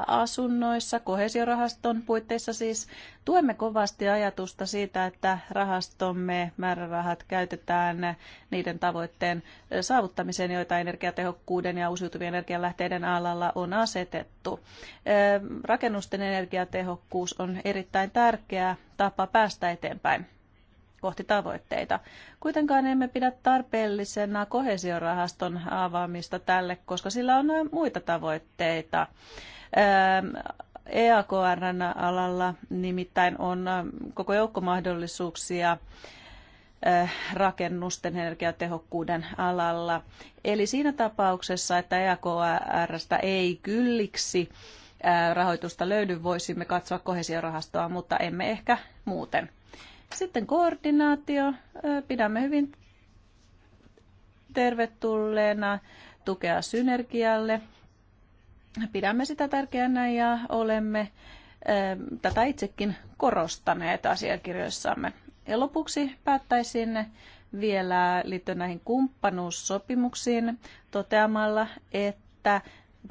S3: asunnoissa, kohesiorahaston puitteissa siis. Tuemme kovasti ajatusta siitä, että rahastomme määrärahat käytetään niiden tavoitteen saavuttamiseen, joita energiatehokkuuden ja uusiutuvien energialähteiden alalla on asetettu. Rakennusten energiatehokkuus on erittäin tärkeä tapa päästä eteenpäin kohti tavoitteita. Kuitenkaan emme pidä tarpeellisena kohesiorahaston avaamista tälle, koska sillä on muita tavoitteita. EAKRn ehm, e alalla nimittäin on ehm, koko joukko mahdollisuuksia eh, rakennusten energiatehokkuuden alalla. Eli siinä tapauksessa, että EAKRstä ei kylliksi eh, rahoitusta löydy, voisimme katsoa kohesiorahastoa, mutta emme ehkä muuten. Sitten koordinaatio. Pidämme hyvin tervetulleena tukea synergialle. Pidämme sitä tärkeänä ja olemme tätä itsekin korostaneet asiakirjoissamme. Ja lopuksi päättäisin vielä liittyen näihin kumppanuussopimuksiin toteamalla, että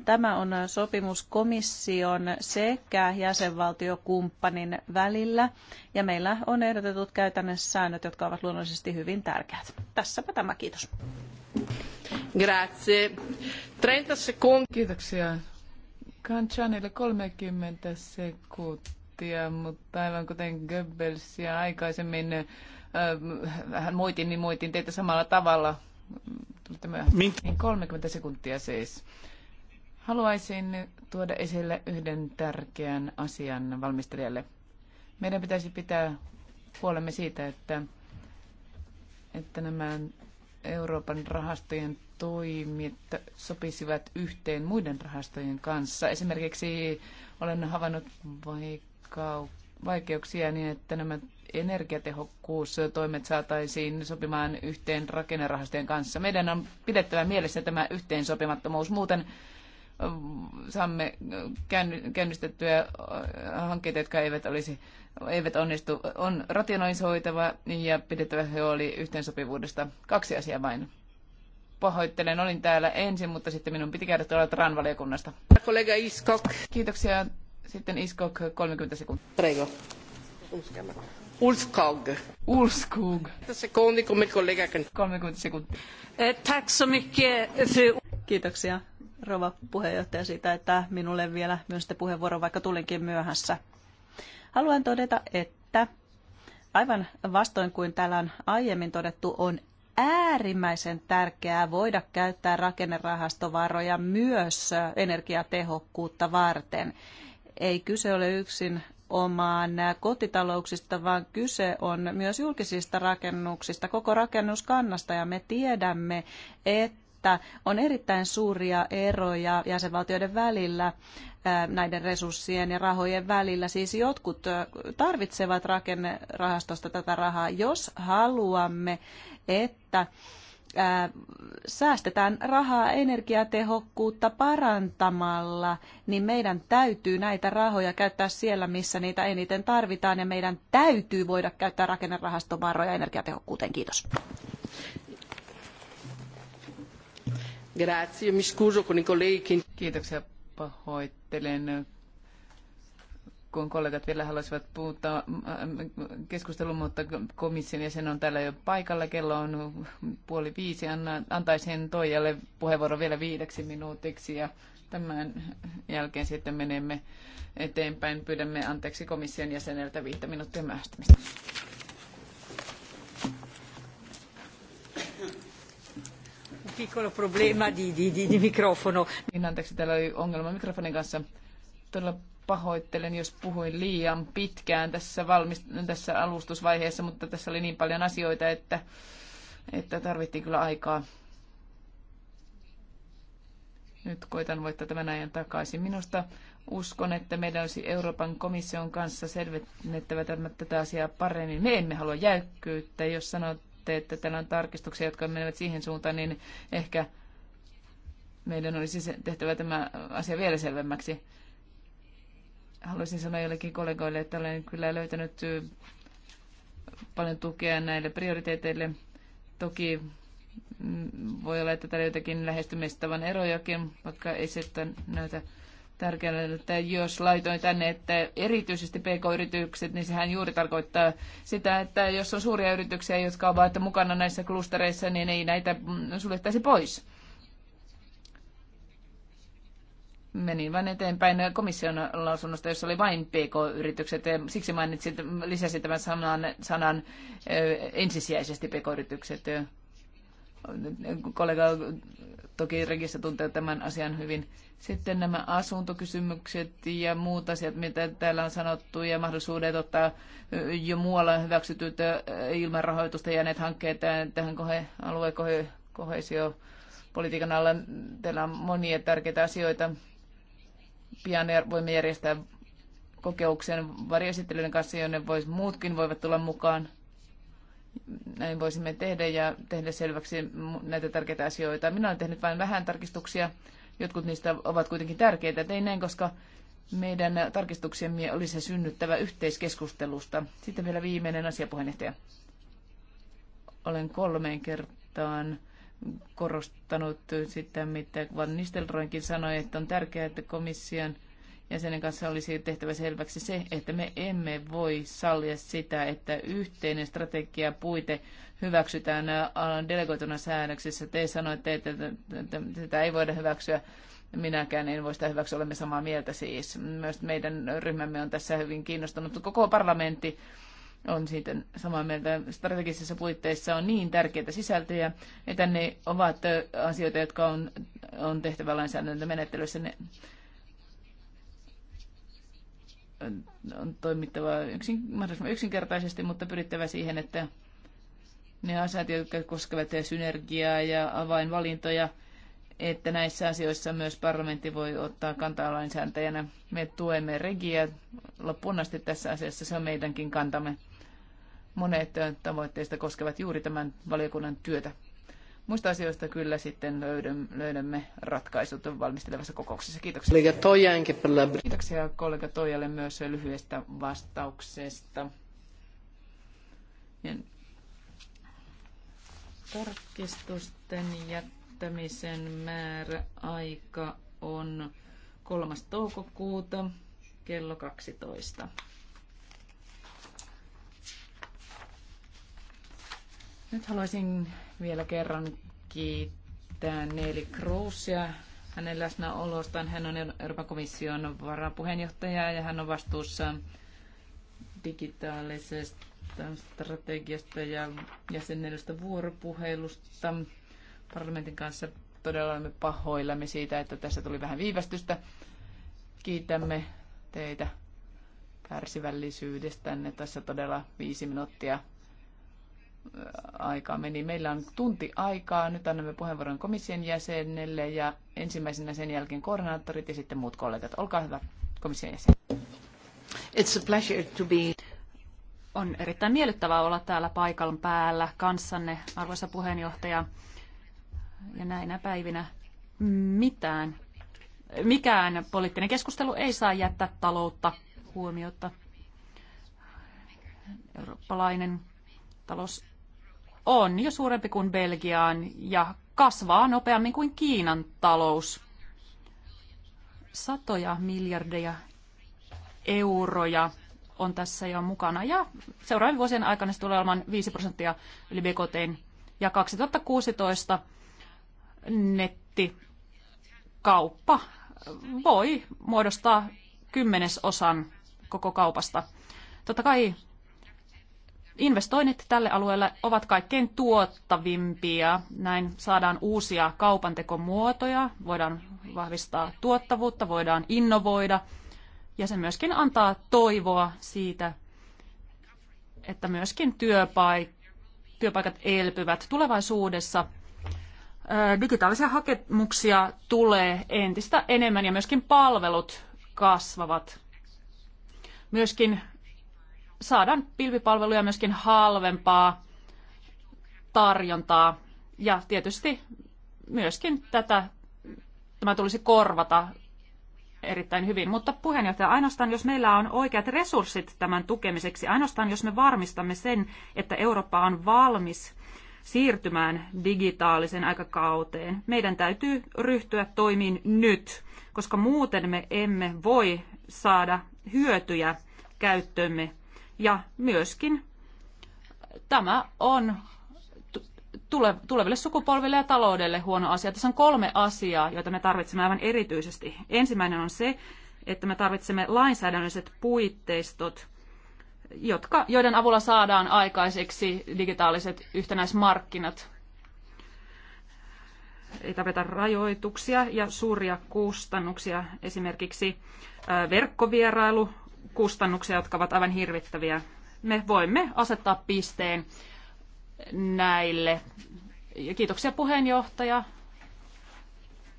S3: Tämä on sopimus komission sekä jäsenvaltiokumppanin välillä ja meillä on ehdotetut käytännössä säännöt, jotka ovat luonnollisesti hyvin tärkeät. Tässäpä tämä, kiitos.
S1: Grazie. 30 sekuntia. Kiitoksia.
S2: Kanchanille 30 sekuntia, mutta aivan kuten Goebbels aikaisemmin äh, vähän moitin, niin moitin teitä samalla tavalla. Tulitte myöhässä. Niin 30 sekuntia siis. Haluaisin tuoda esille yhden tärkeän asian valmistelijalle. Meidän pitäisi pitää huolemme siitä, että, että nämä Euroopan rahastojen toimit sopisivat yhteen muiden rahastojen kanssa. Esimerkiksi olen havainnut vaikeuksia niin, että nämä energiatehokkuustoimet saataisiin sopimaan yhteen rakennerahastojen kanssa. Meidän on pidettävä mielessä tämä yhteensopimattomuus. Muuten saamme käynnistettyä äh, hankkeita, jotka eivät, olisi, eivät onnistu, on rationalisoitava ja pidettävä huoli yhteensopivuudesta. Kaksi asiaa vain. Pahoittelen, olin täällä ensin, mutta sitten minun piti käydä tuolla TRAN-valiokunnasta. Kollega Iskok. Kiitoksia. Sitten Iskok, 30 sekuntia.
S1: Prego. Ulskog. Ulskog. Sekundi kommer kollega. 30 sekuntia.
S3: Eh, tack så mycket, fru. Kiitoksia rouva puheenjohtaja, siitä, että minulle vielä myös te puheenvuoro, vaikka tulinkin myöhässä. Haluan todeta, että aivan vastoin kuin täällä on aiemmin todettu, on äärimmäisen tärkeää voida käyttää rakennerahastovaroja myös energiatehokkuutta varten. Ei kyse ole yksin omaan kotitalouksista, vaan kyse on myös julkisista rakennuksista, koko rakennuskannasta, ja me tiedämme, että että on erittäin suuria eroja jäsenvaltioiden välillä näiden resurssien ja rahojen välillä. Siis jotkut tarvitsevat rakennerahastosta tätä rahaa, jos haluamme, että säästetään rahaa energiatehokkuutta parantamalla, niin meidän täytyy näitä rahoja käyttää siellä, missä niitä eniten tarvitaan, ja meidän täytyy voida käyttää rakennerahastovaroja energiatehokkuuteen. Kiitos. Grazie, mi scuso con i colleghi. Kiitoksia,
S2: pahoittelen kun kollegat vielä haluaisivat puuttua mm, mm, keskusteluun, mutta komission jäsen on täällä jo paikalla. Kello on puoli viisi. Anna, antaisin Toijalle puheenvuoron vielä viideksi minuutiksi ja tämän jälkeen sitten menemme eteenpäin. Pyydämme anteeksi komission jäseneltä viittä minuuttia myöhästymistä.
S1: piccolo problema di, di, di, di
S2: microfono. Niin, anteeksi, täällä oli ongelma mikrofonin kanssa. Todella pahoittelen, jos puhuin liian pitkään tässä, valmist- tässä alustusvaiheessa, mutta tässä oli niin paljon asioita, että, että tarvittiin kyllä aikaa. Nyt koitan voittaa tämän ajan takaisin. Minusta uskon, että meidän olisi Euroopan komission kanssa selvennettävä tätä asiaa paremmin. Me emme halua jäykkyyttä, jos sanot, sanoitte, että täällä on tarkistuksia, jotka menevät siihen suuntaan, niin ehkä meidän olisi tehtävä tämä asia vielä selvemmäksi. Haluaisin sanoa jollekin kollegoille, että olen kyllä löytänyt paljon tukea näille prioriteeteille. Toki mm, voi olla, että täällä jotakin lähestymistavan erojakin, vaikka ei se näytä tärkeänä, että jos laitoin tänne, että erityisesti pk-yritykset, niin sehän juuri tarkoittaa sitä, että jos on suuria yrityksiä, jotka ovat mukana näissä klustereissa, niin ei näitä mm, suljettaisi pois. Menin vain eteenpäin komission lausunnosta, jossa oli vain pk-yritykset, siksi mainitsin, lisäsin tämän sanan, sanan ensisijaisesti pk-yritykset kollega Toki rekissä tuntee tämän asian hyvin. Sitten nämä asuntokysymykset ja muut asiat, mitä täällä on sanottu, ja mahdollisuudet ottaa jo muualla hyväksytyt ilman rahoitusta jääneet hankkeet tähän kohe, alue kohe, kohesio politiikan alla. Teillä on monia tärkeitä asioita. Pian voimme järjestää kokeuksen varjoesittelyiden kanssa, jonne vois, muutkin voivat tulla mukaan näin voisimme tehdä ja tehdä selväksi näitä tärkeitä asioita. Minä olen tehnyt vain vähän tarkistuksia. Jotkut niistä ovat kuitenkin tärkeitä. Tein näin, koska meidän tarkistuksemme oli se synnyttävä yhteiskeskustelusta. Sitten vielä viimeinen asia, puheenjohtaja. Olen kolmeen kertaan korostanut sitä, mitä Van Nistelroinkin sanoi, että on tärkeää, että komission – jäsenen kanssa olisi tehtävä selväksi se, että me emme voi sallia sitä, että yhteinen strategia puite hyväksytään alan delegoituna säännöksissä. Te sanoitte, että sitä ei voida hyväksyä. Minäkään en voi sitä hyväksyä, olemme samaa mieltä siis. Myös meidän ryhmämme on tässä hyvin kiinnostunut. Koko parlamentti on siitä samaa mieltä. Strategisissa puitteissa on niin tärkeitä sisältöjä, että ne ovat asioita, jotka on, on tehtävä lainsäädäntömenettelyssä on toimittava yksin, mahdollisimman yksinkertaisesti, mutta pyrittävä siihen, että ne asiat, jotka koskevat synergiaa ja avainvalintoja, että näissä asioissa myös parlamentti voi ottaa kantaa lainsääntäjänä. Me tuemme regiä loppuun asti tässä asiassa, se on meidänkin kantamme. Monet tavoitteista koskevat juuri tämän valiokunnan työtä. Muista asioista kyllä sitten löydämme ratkaisut valmistelevassa kokouksessa. Kiitoksia.
S1: Kiitoksia
S2: kollega Toijalle myös lyhyestä vastauksesta. Ja tarkistusten jättämisen määrä aika on 3.
S4: toukokuuta kello 12.
S2: Nyt haluaisin vielä kerran kiittää Neeli Kruusia hänen läsnäolostaan. Hän on Euroopan komission varapuheenjohtaja ja hän on vastuussa digitaalisesta strategiasta ja jäsennellystä vuoropuhelusta parlamentin kanssa. Todella olemme pahoillamme siitä, että tässä tuli vähän viivästystä. Kiitämme teitä kärsivällisyydestänne. Tässä todella viisi minuuttia aikaa meni. Meillä on tunti aikaa. Nyt annamme puheenvuoron komission jäsenelle ja ensimmäisenä sen jälkeen koordinaattorit ja sitten muut kollegat.
S4: Olkaa hyvä, komission jäsen. It's a pleasure to be... On erittäin miellyttävää olla täällä paikan päällä kanssanne, arvoisa puheenjohtaja. Ja näinä päivinä mitään, mikään poliittinen keskustelu ei saa jättää taloutta huomiota. Eurooppalainen talous on jo suurempi kuin Belgiaan ja kasvaa nopeammin kuin Kiinan talous. Satoja miljardeja euroja on tässä jo mukana ja seuraavien vuosien aikana se tulee olemaan 5 prosenttia yli BKT. Ja 2016 nettikauppa voi muodostaa kymmenesosan koko kaupasta. Totta kai Investoinnit tälle alueelle ovat kaikkein tuottavimpia. Näin saadaan uusia kaupantekomuotoja, voidaan vahvistaa tuottavuutta, voidaan innovoida ja se myöskin antaa toivoa siitä, että myöskin työpaik- työpaikat elpyvät tulevaisuudessa. Digitaalisia hakemuksia tulee entistä enemmän ja myöskin palvelut kasvavat. Myöskin saadaan pilvipalveluja myöskin halvempaa tarjontaa. Ja tietysti myöskin tätä, tämä tulisi korvata erittäin hyvin. Mutta puheenjohtaja, ainoastaan jos meillä on oikeat resurssit tämän tukemiseksi, ainoastaan jos me varmistamme sen, että Eurooppa on valmis siirtymään digitaalisen aikakauteen, meidän täytyy ryhtyä toimiin nyt, koska muuten me emme voi saada hyötyjä käyttöömme ja myöskin tämä on tule, tuleville sukupolville ja taloudelle huono asia. Tässä on kolme asiaa, joita me tarvitsemme aivan erityisesti. Ensimmäinen on se, että me tarvitsemme lainsäädännölliset puitteistot, jotka, joiden avulla saadaan aikaiseksi digitaaliset yhtenäismarkkinat. Ei tarvita rajoituksia ja suuria kustannuksia. Esimerkiksi verkkovierailu kustannuksia, jotka ovat aivan hirvittäviä. Me voimme asettaa pisteen näille. Ja kiitoksia puheenjohtaja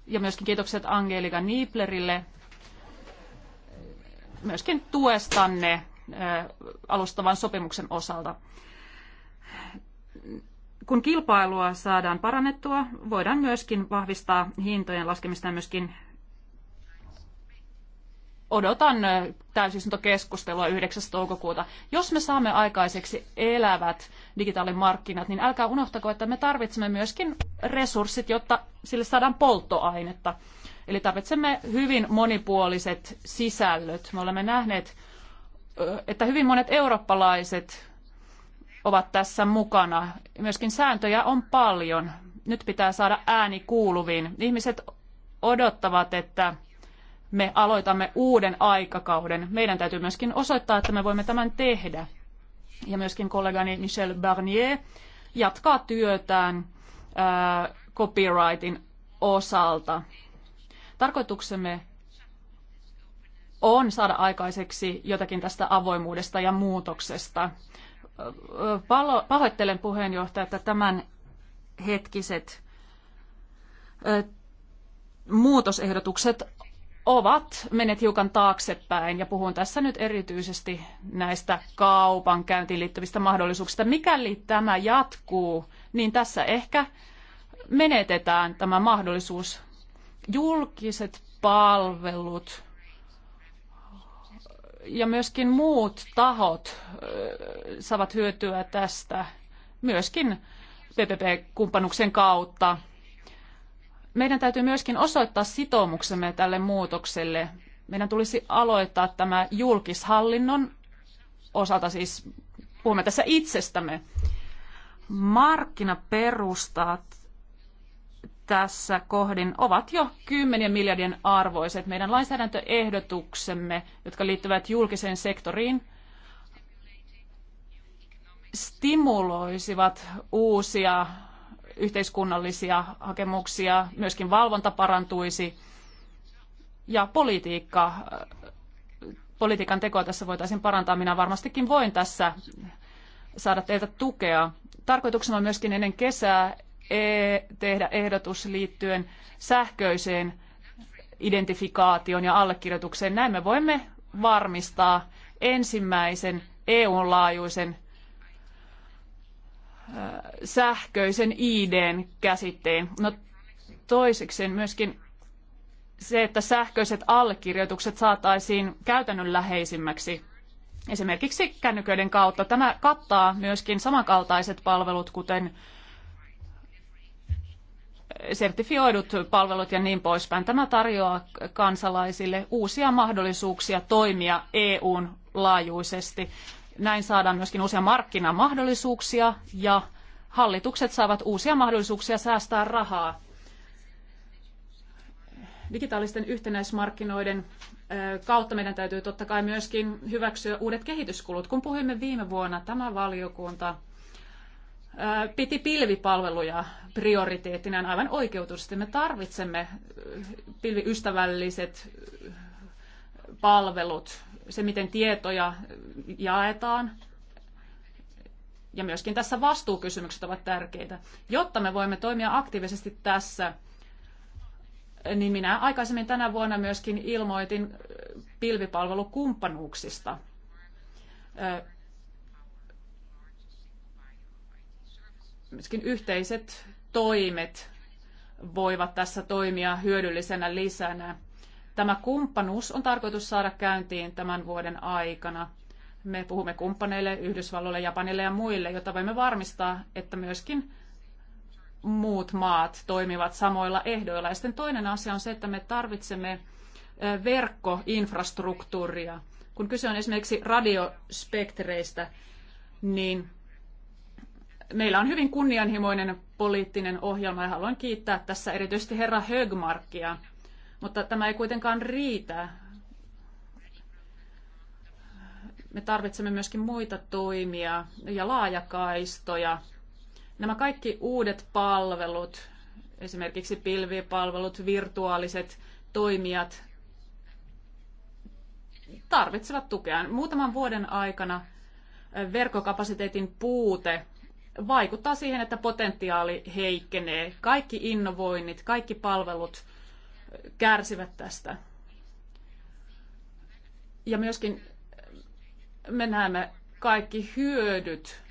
S4: ja myöskin kiitokset Angelika Niiplerille myöskin tuestanne alustavan sopimuksen osalta. Kun kilpailua saadaan parannettua, voidaan myöskin vahvistaa hintojen laskemista ja myöskin odotan äh, täysistuntokeskustelua 9. toukokuuta. Jos me saamme aikaiseksi elävät digitaalimarkkinat, niin älkää unohtako, että me tarvitsemme myöskin resurssit, jotta sille saadaan polttoainetta. Eli tarvitsemme hyvin monipuoliset sisällöt. Me olemme nähneet, että hyvin monet eurooppalaiset ovat tässä mukana. Myöskin sääntöjä on paljon. Nyt pitää saada ääni kuuluviin. Ihmiset odottavat, että me aloitamme uuden aikakauden. Meidän täytyy myöskin osoittaa, että me voimme tämän tehdä. Ja myöskin kollegani Michel Barnier jatkaa työtään ää, äh, copyrightin osalta. Tarkoituksemme on saada aikaiseksi jotakin tästä avoimuudesta ja muutoksesta. Äh, palo, pahoittelen puheenjohtaja, että tämän hetkiset äh, muutosehdotukset ovat menneet hiukan taaksepäin, ja puhun tässä nyt erityisesti näistä kaupankäyntiin liittyvistä mahdollisuuksista. Mikäli tämä jatkuu, niin tässä ehkä menetetään tämä mahdollisuus. Julkiset palvelut ja myöskin muut tahot äh, saavat hyötyä tästä myöskin PPP-kumppanuksen kautta meidän täytyy myöskin osoittaa sitoumuksemme tälle muutokselle. Meidän tulisi aloittaa tämä julkishallinnon osalta, siis puhumme tässä itsestämme. Markkinaperustat tässä kohdin ovat jo kymmenien miljardien arvoiset. Meidän lainsäädäntöehdotuksemme, jotka liittyvät julkiseen sektoriin, stimuloisivat uusia yhteiskunnallisia hakemuksia, myöskin valvonta parantuisi ja politiikka, politiikan tekoa tässä voitaisiin parantaa. Minä varmastikin voin tässä saada teiltä tukea. Tarkoituksena on myöskin ennen kesää e- tehdä ehdotus liittyen sähköiseen identifikaation ja allekirjoitukseen. Näin me voimme varmistaa ensimmäisen EUn laajuisen sähköisen IDn käsitteen. No toiseksi myöskin se, että sähköiset allekirjoitukset saataisiin käytännönläheisimmäksi esimerkiksi kännyköiden kautta. Tämä kattaa myöskin samankaltaiset palvelut, kuten sertifioidut palvelut ja niin poispäin. Tämä tarjoaa kansalaisille uusia mahdollisuuksia toimia EUn laajuisesti. Näin saadaan myöskin uusia markkinamahdollisuuksia ja hallitukset saavat uusia mahdollisuuksia säästää rahaa. Digitaalisten yhtenäismarkkinoiden kautta meidän täytyy totta kai myöskin hyväksyä uudet kehityskulut. Kun puhuimme viime vuonna, tämä valiokunta piti pilvipalveluja prioriteettina aivan oikeutusti. Me tarvitsemme pilviystävälliset palvelut se, miten tietoja jaetaan, ja myöskin tässä vastuukysymykset ovat tärkeitä. Jotta me voimme toimia aktiivisesti tässä, niin minä aikaisemmin tänä vuonna myöskin ilmoitin pilvipalvelukumppanuuksista. Myöskin yhteiset toimet voivat tässä toimia hyödyllisenä lisänä Tämä kumppanuus on tarkoitus saada käyntiin tämän vuoden aikana. Me puhumme kumppaneille, Yhdysvalloille, Japanille ja muille, jotta voimme varmistaa, että myöskin muut maat toimivat samoilla ehdoilla. Ja sitten toinen asia on se, että me tarvitsemme verkkoinfrastruktuuria. Kun kyse on esimerkiksi radiospektreistä, niin meillä on hyvin kunnianhimoinen poliittinen ohjelma ja haluan kiittää tässä erityisesti herra Högmarkia, mutta tämä ei kuitenkaan riitä. Me tarvitsemme myöskin muita toimia ja laajakaistoja. Nämä kaikki uudet palvelut, esimerkiksi pilvipalvelut, virtuaaliset toimijat, tarvitsevat tukea. Muutaman vuoden aikana verkkokapasiteetin puute vaikuttaa siihen, että potentiaali heikkenee. Kaikki innovoinnit, kaikki palvelut kärsivät tästä. Ja myöskin me näemme kaikki hyödyt,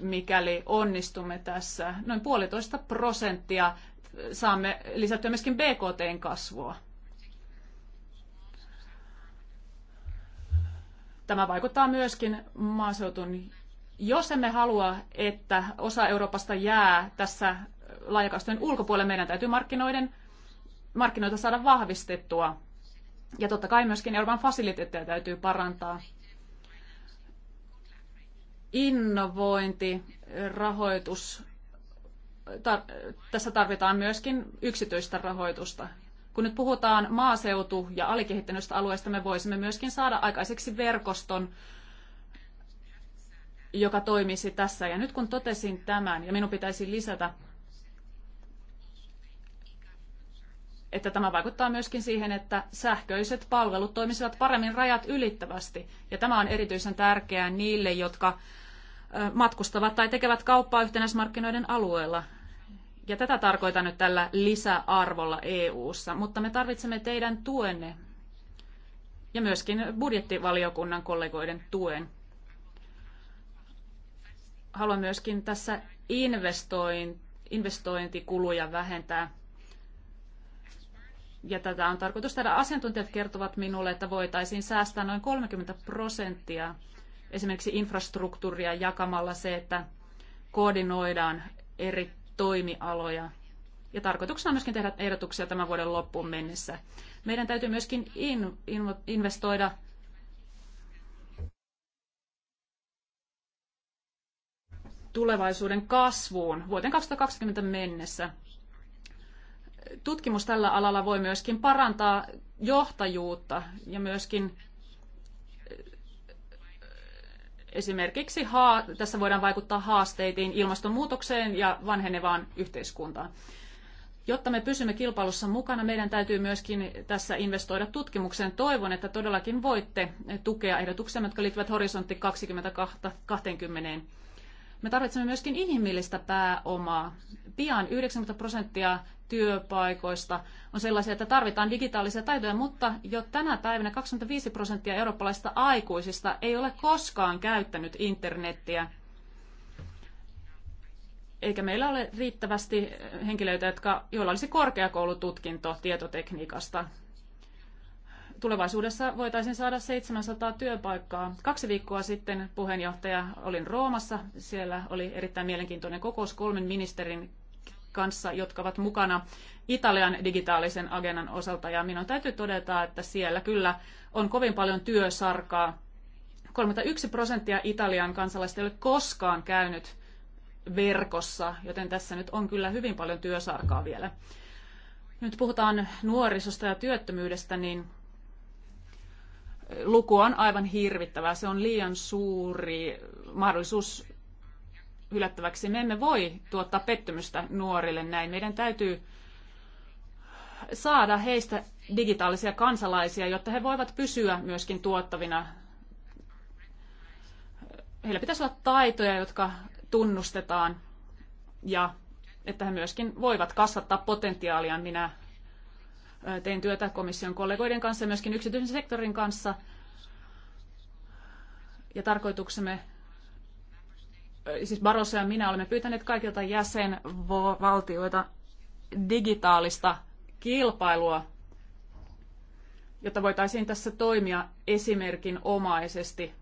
S4: mikäli onnistumme tässä. Noin puolitoista prosenttia saamme lisättyä myöskin BKTn kasvua. Tämä vaikuttaa myöskin maaseutun. Jos emme halua, että osa Euroopasta jää tässä laajakaistojen ulkopuolelle, meidän täytyy markkinoiden markkinoita saada vahvistettua. Ja totta kai myöskin Euroopan fasiliteetteja täytyy parantaa. Innovointi, rahoitus. Tar- tässä tarvitaan myöskin yksityistä rahoitusta. Kun nyt puhutaan maaseutu- ja alikehittyneistä alueista, me voisimme myöskin saada aikaiseksi verkoston, joka toimisi tässä. Ja nyt kun totesin tämän, ja minun pitäisi lisätä että tämä vaikuttaa myöskin siihen, että sähköiset palvelut toimisivat paremmin rajat ylittävästi. Ja tämä on erityisen tärkeää niille, jotka matkustavat tai tekevät kauppaa yhtenäismarkkinoiden alueella. Ja tätä tarkoitan nyt tällä lisäarvolla EU:ssa, mutta me tarvitsemme teidän tuenne ja myöskin budjettivaliokunnan kollegoiden tuen. Haluan myöskin tässä investointikuluja vähentää ja tätä on tarkoitus tehdä. Asiantuntijat kertovat minulle, että voitaisiin säästää noin 30 prosenttia esimerkiksi infrastruktuuria jakamalla se, että koordinoidaan eri toimialoja. Ja tarkoituksena on myöskin tehdä ehdotuksia tämän vuoden loppuun mennessä. Meidän täytyy myöskin in, in, investoida tulevaisuuden kasvuun vuoteen 2020 mennessä tutkimus tällä alalla voi myöskin parantaa johtajuutta ja myöskin eh, esimerkiksi haa, tässä voidaan vaikuttaa haasteisiin, ilmastonmuutokseen ja vanhenevaan yhteiskuntaan. Jotta me pysymme kilpailussa mukana, meidän täytyy myöskin tässä investoida tutkimukseen. Toivon, että todellakin voitte tukea ehdotuksia, jotka liittyvät horisontti 2020. Me tarvitsemme myöskin inhimillistä pääomaa. Pian 90 prosenttia työpaikoista on sellaisia, että tarvitaan digitaalisia taitoja, mutta jo tänä päivänä 25 prosenttia eurooppalaisista aikuisista ei ole koskaan käyttänyt internettiä. Eikä meillä ole riittävästi henkilöitä, jotka, joilla olisi korkeakoulututkinto tietotekniikasta. Tulevaisuudessa voitaisiin saada 700 työpaikkaa. Kaksi viikkoa sitten puheenjohtaja olin Roomassa. Siellä oli erittäin mielenkiintoinen kokous kolmen ministerin kanssa, jotka ovat mukana Italian digitaalisen agendan osalta. Ja minun täytyy todeta, että siellä kyllä on kovin paljon työsarkaa. 31 prosenttia Italian kansalaisista ei ole koskaan käynyt verkossa, joten tässä nyt on kyllä hyvin paljon työsarkaa vielä. Nyt puhutaan nuorisosta ja työttömyydestä, niin luku on aivan hirvittävää. Se on liian suuri mahdollisuus hylättäväksi. Me emme voi tuottaa pettymystä nuorille näin. Meidän täytyy saada heistä digitaalisia kansalaisia, jotta he voivat pysyä myöskin tuottavina. Heillä pitäisi olla taitoja, jotka tunnustetaan ja että he myöskin voivat kasvattaa potentiaalia. Minä tein työtä komission kollegoiden kanssa ja myöskin yksityisen sektorin kanssa. Ja tarkoituksemme siis Barossa ja minä olemme pyytäneet kaikilta jäsenvaltioita digitaalista kilpailua, jotta voitaisiin tässä toimia omaisesti.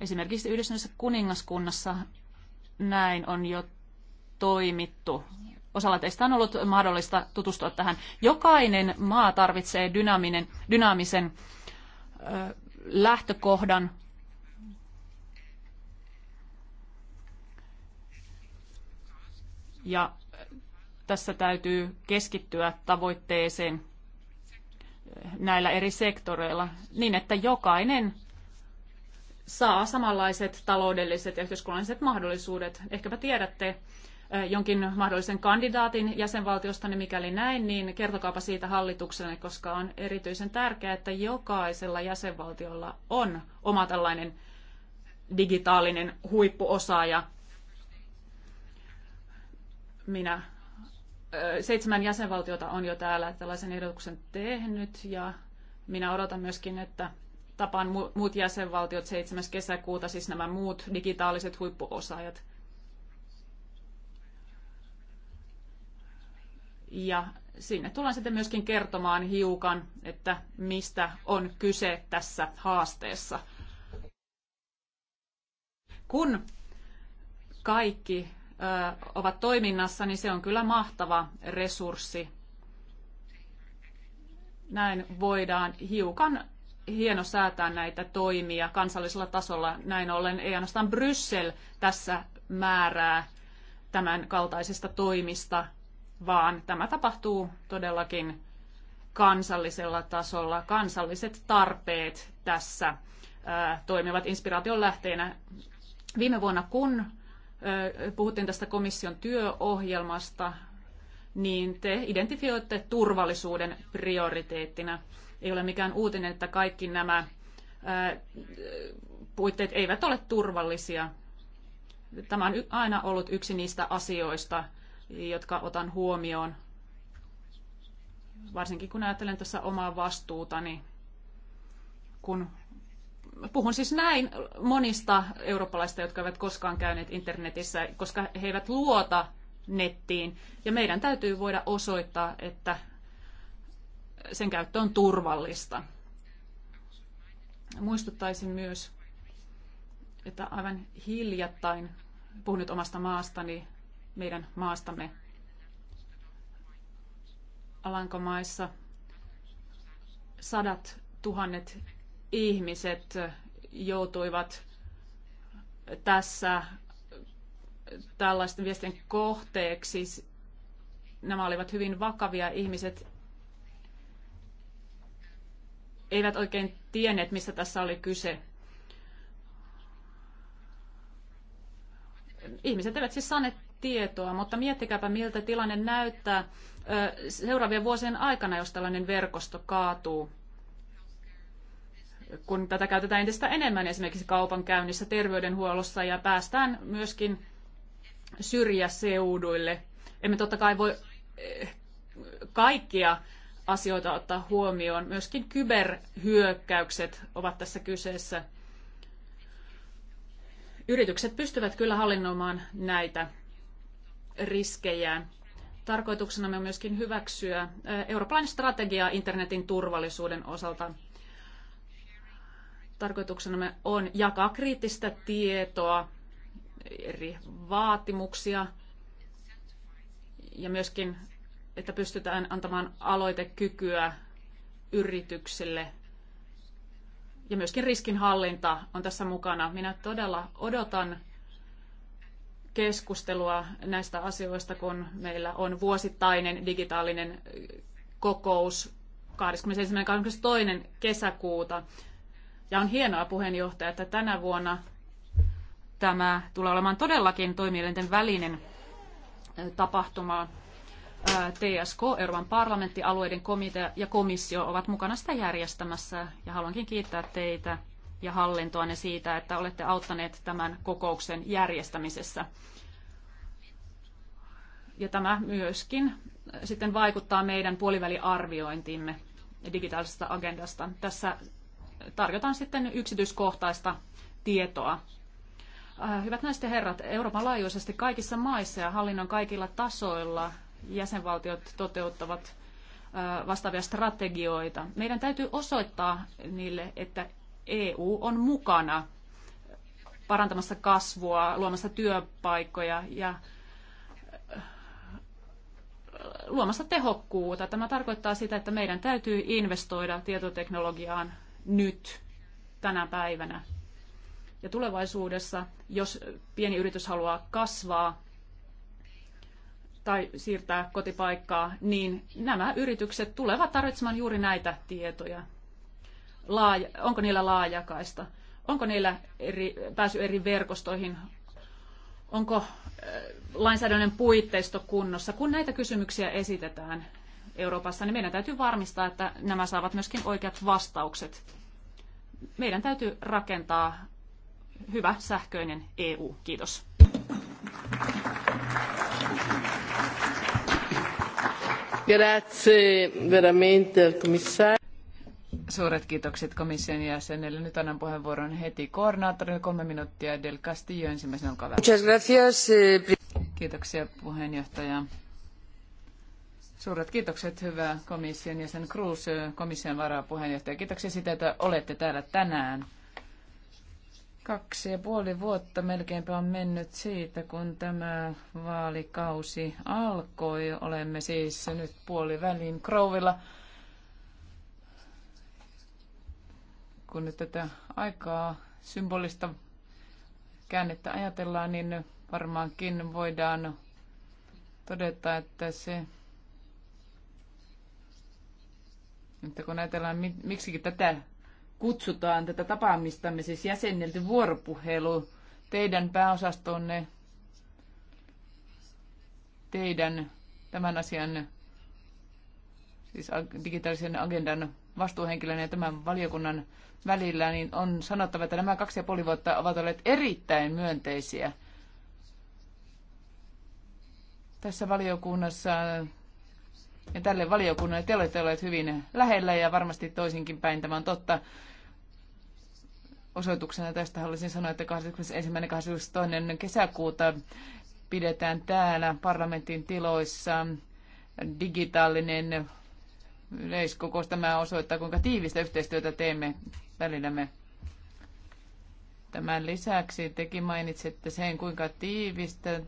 S4: Esimerkiksi yhdessä kuningaskunnassa näin on jo toimittu. Osalla teistä on ollut mahdollista tutustua tähän. Jokainen maa tarvitsee dynaaminen, dynaamisen lähtökohdan. Ja tässä täytyy keskittyä tavoitteeseen näillä eri sektoreilla niin, että jokainen saa samanlaiset taloudelliset ja yhteiskunnalliset mahdollisuudet. Ehkäpä tiedätte, jonkin mahdollisen kandidaatin jäsenvaltiosta, niin mikäli näin, niin kertokaapa siitä hallitukselle, koska on erityisen tärkeää, että jokaisella jäsenvaltiolla on oma tällainen digitaalinen huippuosaaja. Minä seitsemän jäsenvaltiota on jo täällä tällaisen ehdotuksen tehnyt ja minä odotan myöskin, että tapaan muut jäsenvaltiot 7. kesäkuuta, siis nämä muut digitaaliset huippuosaajat – Ja sinne tullaan sitten myöskin kertomaan hiukan, että mistä on kyse tässä haasteessa. Kun kaikki ö, ovat toiminnassa, niin se on kyllä mahtava resurssi. Näin voidaan hiukan hieno säätää näitä toimia kansallisella tasolla. Näin ollen ei ainoastaan Bryssel tässä määrää tämän kaltaisista toimista, vaan tämä tapahtuu todellakin kansallisella tasolla. Kansalliset tarpeet tässä äh, toimivat inspiraation lähteenä. Viime vuonna, kun äh, puhuttiin tästä komission työohjelmasta, niin te identifioitte turvallisuuden prioriteettina. Ei ole mikään uutinen, että kaikki nämä äh, puitteet eivät ole turvallisia. Tämä on aina ollut yksi niistä asioista, jotka otan huomioon, varsinkin kun ajattelen tässä omaa vastuutani, kun puhun siis näin monista eurooppalaista, jotka eivät koskaan käyneet internetissä, koska he eivät luota nettiin. Ja meidän täytyy voida osoittaa, että sen käyttö on turvallista. Muistuttaisin myös, että aivan hiljattain, puhun nyt omasta maastani, meidän maastamme. Alankomaissa sadat tuhannet ihmiset joutuivat tässä tällaisten viestien kohteeksi. Nämä olivat hyvin vakavia ihmiset, eivät oikein tienneet, mistä tässä oli kyse. Ihmiset eivät siis saaneet tietoa, mutta miettikääpä miltä tilanne näyttää seuraavien vuosien aikana, jos tällainen verkosto kaatuu kun tätä käytetään entistä enemmän esimerkiksi kaupankäynnissä, terveydenhuollossa ja päästään myöskin syrjäseuduille. Emme totta kai voi eh, kaikkia asioita ottaa huomioon. Myöskin kyberhyökkäykset ovat tässä kyseessä. Yritykset pystyvät kyllä hallinnoimaan näitä riskejään. Tarkoituksena on myöskin hyväksyä eh, eurooppalainen strategia internetin turvallisuuden osalta. Tarkoituksena on jakaa kriittistä tietoa, eri vaatimuksia ja myöskin, että pystytään antamaan aloitekykyä yrityksille ja myöskin riskinhallinta on tässä mukana. Minä todella odotan keskustelua näistä asioista, kun meillä on vuosittainen digitaalinen kokous 21.22. kesäkuuta. Ja on hienoa puheenjohtaja, että tänä vuonna tämä tulee olemaan todellakin toimielinten välinen tapahtuma. TSK, Euroopan parlamentti, alueiden komitea ja komissio ovat mukana sitä järjestämässä ja haluankin kiittää teitä ja hallintoanne siitä, että olette auttaneet tämän kokouksen järjestämisessä. Ja tämä myöskin sitten vaikuttaa meidän puoliväliarviointimme digitaalisesta agendasta. Tässä tarjotaan sitten yksityiskohtaista tietoa. Äh, hyvät naiset ja herrat, Euroopan laajuisesti kaikissa maissa ja hallinnon kaikilla tasoilla jäsenvaltiot toteuttavat äh, vastaavia strategioita. Meidän täytyy osoittaa niille, että EU on mukana parantamassa kasvua, luomassa työpaikkoja ja äh, luomassa tehokkuutta. Tämä tarkoittaa sitä, että meidän täytyy investoida tietoteknologiaan nyt, tänä päivänä. Ja tulevaisuudessa, jos pieni yritys haluaa kasvaa tai siirtää kotipaikkaa, niin nämä yritykset tulevat tarvitsemaan juuri näitä tietoja laaja, onko niillä laajakaista, onko niillä eri, pääsy eri verkostoihin, onko äh, lainsäädännön puitteisto kunnossa. Kun näitä kysymyksiä esitetään Euroopassa, niin meidän täytyy varmistaa, että nämä saavat myöskin oikeat vastaukset. Meidän täytyy rakentaa hyvä sähköinen EU. Kiitos.
S1: Grazie veramente al commissario.
S2: Suuret kiitokset komission jäsenelle. Nyt annan puheenvuoron heti koordinaattorille kolme minuuttia. Del Castillo ensimmäisenä, olkaa hyvä. Eh, Kiitoksia puheenjohtaja. Suuret kiitokset, hyvä komission jäsen Cruz, komission varapuheenjohtaja. Kiitoksia siitä, että olette täällä tänään. Kaksi ja puoli vuotta melkeinpä on mennyt siitä, kun tämä vaalikausi alkoi. Olemme siis nyt puolivälin Crowilla kun nyt tätä aikaa symbolista käännettä ajatellaan, niin varmaankin voidaan todeta, että se että kun ajatellaan, miksikin tätä kutsutaan, tätä tapaamistamme, siis jäsennelty vuoropuhelu, teidän pääosastonne, teidän tämän asian, siis digitaalisen agendan vastuuhenkilön ja tämän valiokunnan välillä, niin on sanottava, että nämä kaksi ja puoli vuotta ovat olleet erittäin myönteisiä. Tässä valiokunnassa ja tälle valiokunnalle te olette olleet hyvin lähellä ja varmasti toisinkin päin tämä on totta. Osoituksena tästä haluaisin sanoa, että 21.22. kesäkuuta pidetään täällä parlamentin tiloissa digitaalinen yleiskokous. Tämä osoittaa, kuinka tiivistä yhteistyötä teemme välillämme. Tämän lisäksi tekin mainitsette sen, kuinka tiivistä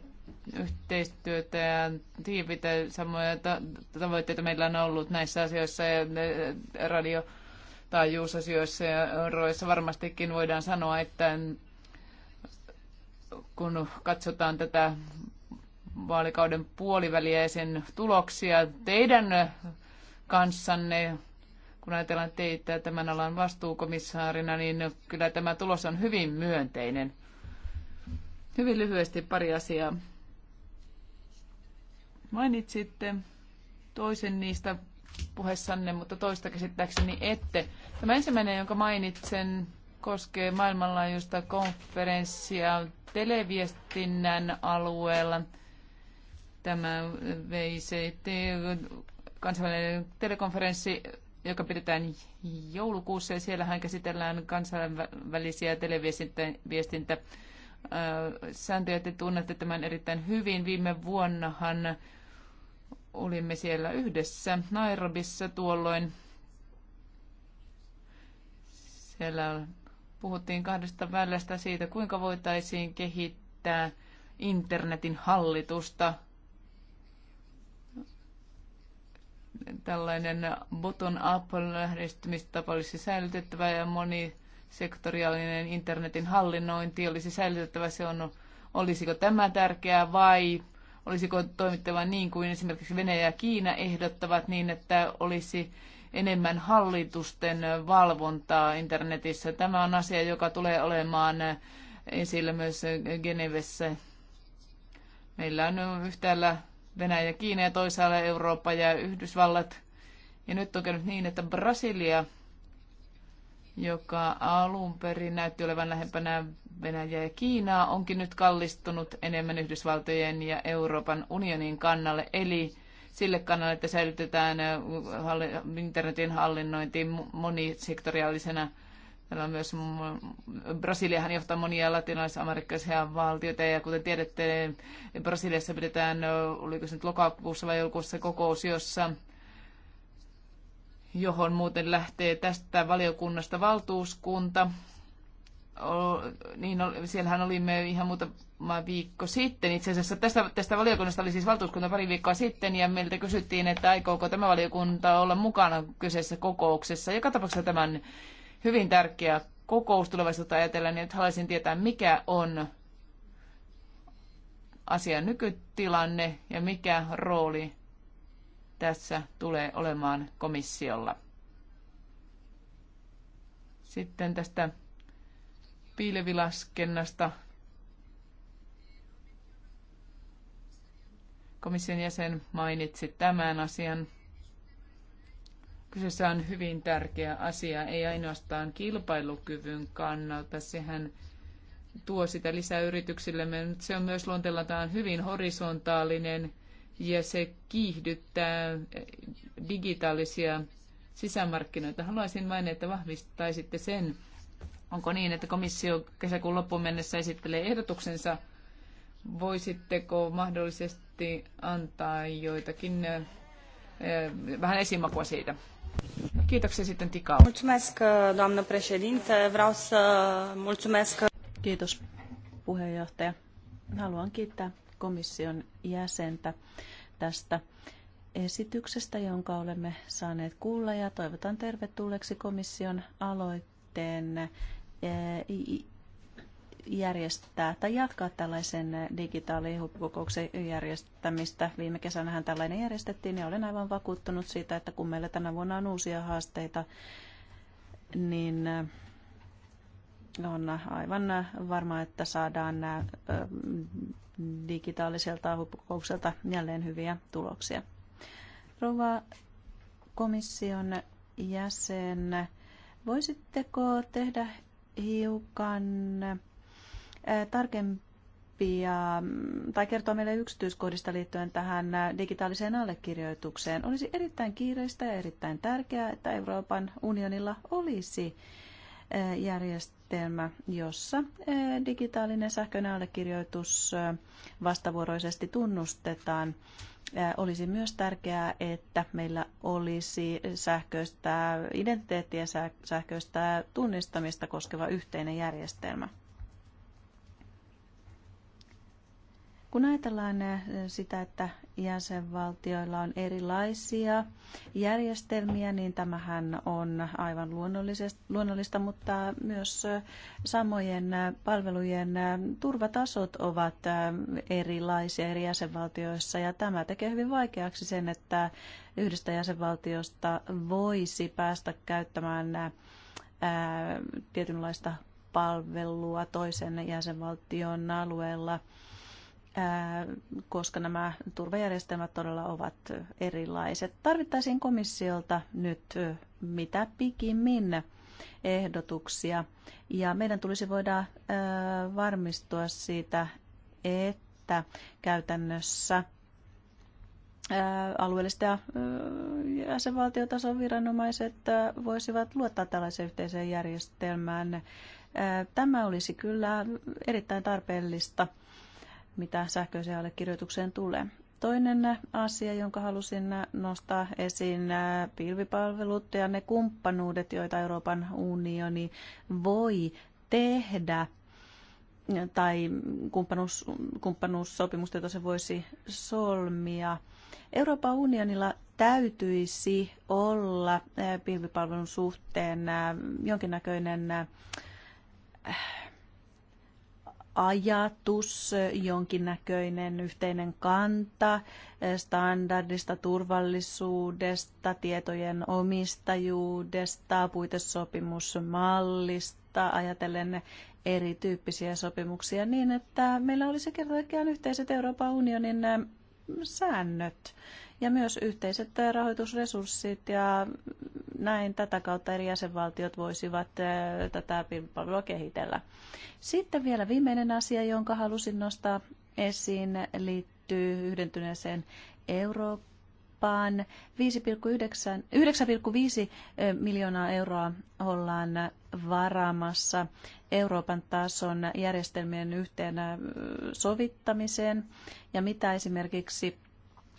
S2: yhteistyötä ja tiivitä samoja ta- tavoitteita meillä on ollut näissä asioissa ja radio taajuusasioissa ja roissa varmastikin voidaan sanoa, että kun katsotaan tätä vaalikauden puoliväliä ja sen tuloksia teidän kanssanne, kun ajatellaan teitä tämän alan vastuukomissaarina, niin kyllä tämä tulos on hyvin myönteinen. Hyvin lyhyesti pari asiaa. Mainitsitte toisen niistä puheessanne, mutta toista käsittääkseni ette. Tämä ensimmäinen, jonka mainitsen, koskee maailmanlaajuista konferenssia televiestinnän alueella. Tämä VICT kansainvälinen telekonferenssi, joka pidetään joulukuussa ja siellähän käsitellään kansainvälisiä televiestintä äh, sääntöjä. Te tunnette tämän erittäin hyvin. Viime vuonnahan olimme siellä yhdessä Nairobissa tuolloin. Siellä puhuttiin kahdesta välästä siitä, kuinka voitaisiin kehittää internetin hallitusta – tällainen bottom-up lähestymistapa olisi säilytettävä ja monisektoriaalinen internetin hallinnointi olisi säilytettävä. Se on, olisiko tämä tärkeää vai olisiko toimittava niin kuin esimerkiksi Venäjä ja Kiina ehdottavat niin, että olisi enemmän hallitusten valvontaa internetissä. Tämä on asia, joka tulee olemaan esillä myös Genevessä. Meillä on yhtäällä Venäjä ja Kiina ja toisaalla Eurooppa ja Yhdysvallat. Ja nyt on käynyt niin, että Brasilia, joka alun perin näytti olevan lähempänä Venäjää ja Kiinaa, onkin nyt kallistunut enemmän Yhdysvaltojen ja Euroopan unionin kannalle, eli sille kannalle, että säilytetään internetin hallinnointi monisektoriaalisena Meillä on myös, Brasiliahan johtaa monia latinalaisamerikkalaisia valtioita ja kuten tiedätte, Brasiliassa pidetään, oliko se nyt lokakuussa vai joulukuussa kokous, jossa johon muuten lähtee tästä valiokunnasta valtuuskunta. Niin, siellähän olimme ihan muutama viikko sitten. Itse asiassa tästä, tästä valiokunnasta oli siis valtuuskunta pari viikkoa sitten ja meiltä kysyttiin, että aikooko tämä valiokunta olla mukana kyseisessä kokouksessa. Joka tapauksessa tämän hyvin tärkeä kokous tulevaisuutta ajatellen, niin haluaisin tietää, mikä on asian nykytilanne ja mikä rooli tässä tulee olemaan komissiolla. Sitten tästä pilvilaskennasta. Komission jäsen mainitsi tämän asian. Kyseessä on hyvin tärkeä asia, ei ainoastaan kilpailukyvyn kannalta. Sehän tuo sitä lisää mutta Se on myös luonteeltaan hyvin horisontaalinen ja se kiihdyttää eh, digitaalisia sisämarkkinoita. Haluaisin vain, että vahvistaisitte sen, onko niin, että komissio kesäkuun loppuun mennessä esittelee ehdotuksensa. Voisitteko mahdollisesti antaa joitakin eh, eh,
S3: vähän esimakua siitä?
S2: Kiitoksia sitten Tikao.
S3: Mulțumesc, doamnă președinte. Vreau să mulțumesc. Kiitos, puheenjohtaja. Haluan kiittää komission jäsentä tästä esityksestä, jonka olemme saaneet kuulla ja toivotan tervetulleeksi komission aloitteen eh, järjestää tai jatkaa tällaisen digitaalihuippukokouksen järjestämistä. Viime kesänähän tällainen järjestettiin ja olen aivan vakuuttunut siitä, että kun meillä tänä vuonna on uusia haasteita, niin äh, on aivan äh, varma, että saadaan nämä äh, digitaaliselta huippukokoukselta jälleen hyviä tuloksia. Rouva komission jäsen, voisitteko tehdä hiukan tarkempia mm, tai kertoa meille yksityiskohdista liittyen tähän digitaaliseen allekirjoitukseen. Olisi erittäin kiireistä ja erittäin tärkeää, että Euroopan unionilla olisi järjestelmä, jossa digitaalinen sähköinen allekirjoitus vastavuoroisesti tunnustetaan. Olisi myös tärkeää, että meillä olisi sähköistä identiteettiä sähköistä tunnistamista koskeva yhteinen järjestelmä. Kun ajatellaan eh, sitä, että jäsenvaltioilla on erilaisia järjestelmiä, niin tämähän on aivan luonnollista, mutta myös eh, samojen eh, palvelujen turvatasot ovat erilaisia eri jäsenvaltioissa ja tämä tekee hyvin vaikeaksi sen, että yhdestä jäsenvaltiosta voisi päästä käyttämään tietynlaista palvelua toisen jäsenvaltion alueella – koska nämä turvajärjestelmät todella ovat erilaiset. Tarvittaisiin komissiolta nyt mitä pikimmin ehdotuksia ja meidän tulisi voida varmistua siitä, että käytännössä alueellista ja jäsenvaltiotason viranomaiset voisivat luottaa tällaiseen yhteiseen järjestelmään. Tämä olisi kyllä erittäin tarpeellista mitä sähköiseen allekirjoitukseen tulee. Toinen asia, jonka halusin nostaa esiin, pilvipalvelut ja ne kumppanuudet, joita Euroopan unioni voi tehdä tai kumppanuus, kumppanuussopimusta, jota se voisi solmia. Euroopan unionilla täytyisi olla pilvipalvelun suhteen jonkinnäköinen ajatus, jonkinnäköinen yhteinen kanta eh, standardista, turvallisuudesta, tietojen omistajuudesta, puitesopimusmallista, ajatellen erityyppisiä sopimuksia niin, että meillä olisi kerta yhteiset Euroopan unionin eh, säännöt ja myös yhteiset rahoitusresurssit ja näin tätä kautta eri jäsenvaltiot voisivat tätä palvelua kehitellä. Sitten vielä viimeinen asia, jonka halusin nostaa esiin, liittyy yhdentyneeseen Eurooppaan kauppaan 9,5 miljoonaa euroa ollaan varaamassa Euroopan tason järjestelmien yhteen sovittamiseen. Ja mitä esimerkiksi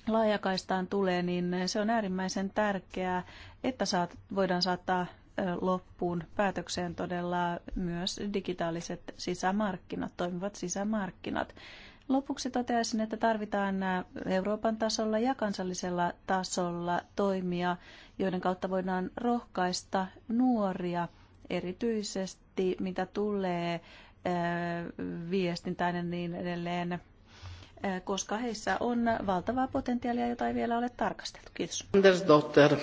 S3: laajakaistaan tulee, niin se on äärimmäisen tärkeää, että saat, voidaan saattaa loppuun päätökseen todella myös digitaaliset sisämarkkinat, toimivat sisämarkkinat. Lopuksi toteaisin, että tarvitaan Euroopan tasolla ja kansallisella tasolla toimia, joiden kautta voidaan rohkaista nuoria erityisesti, mitä tulee viestintään ja niin edelleen koska heissä on valtavaa potentiaalia, jota ei vielä ole tarkasteltu.
S1: Kiitos. Andersdotter.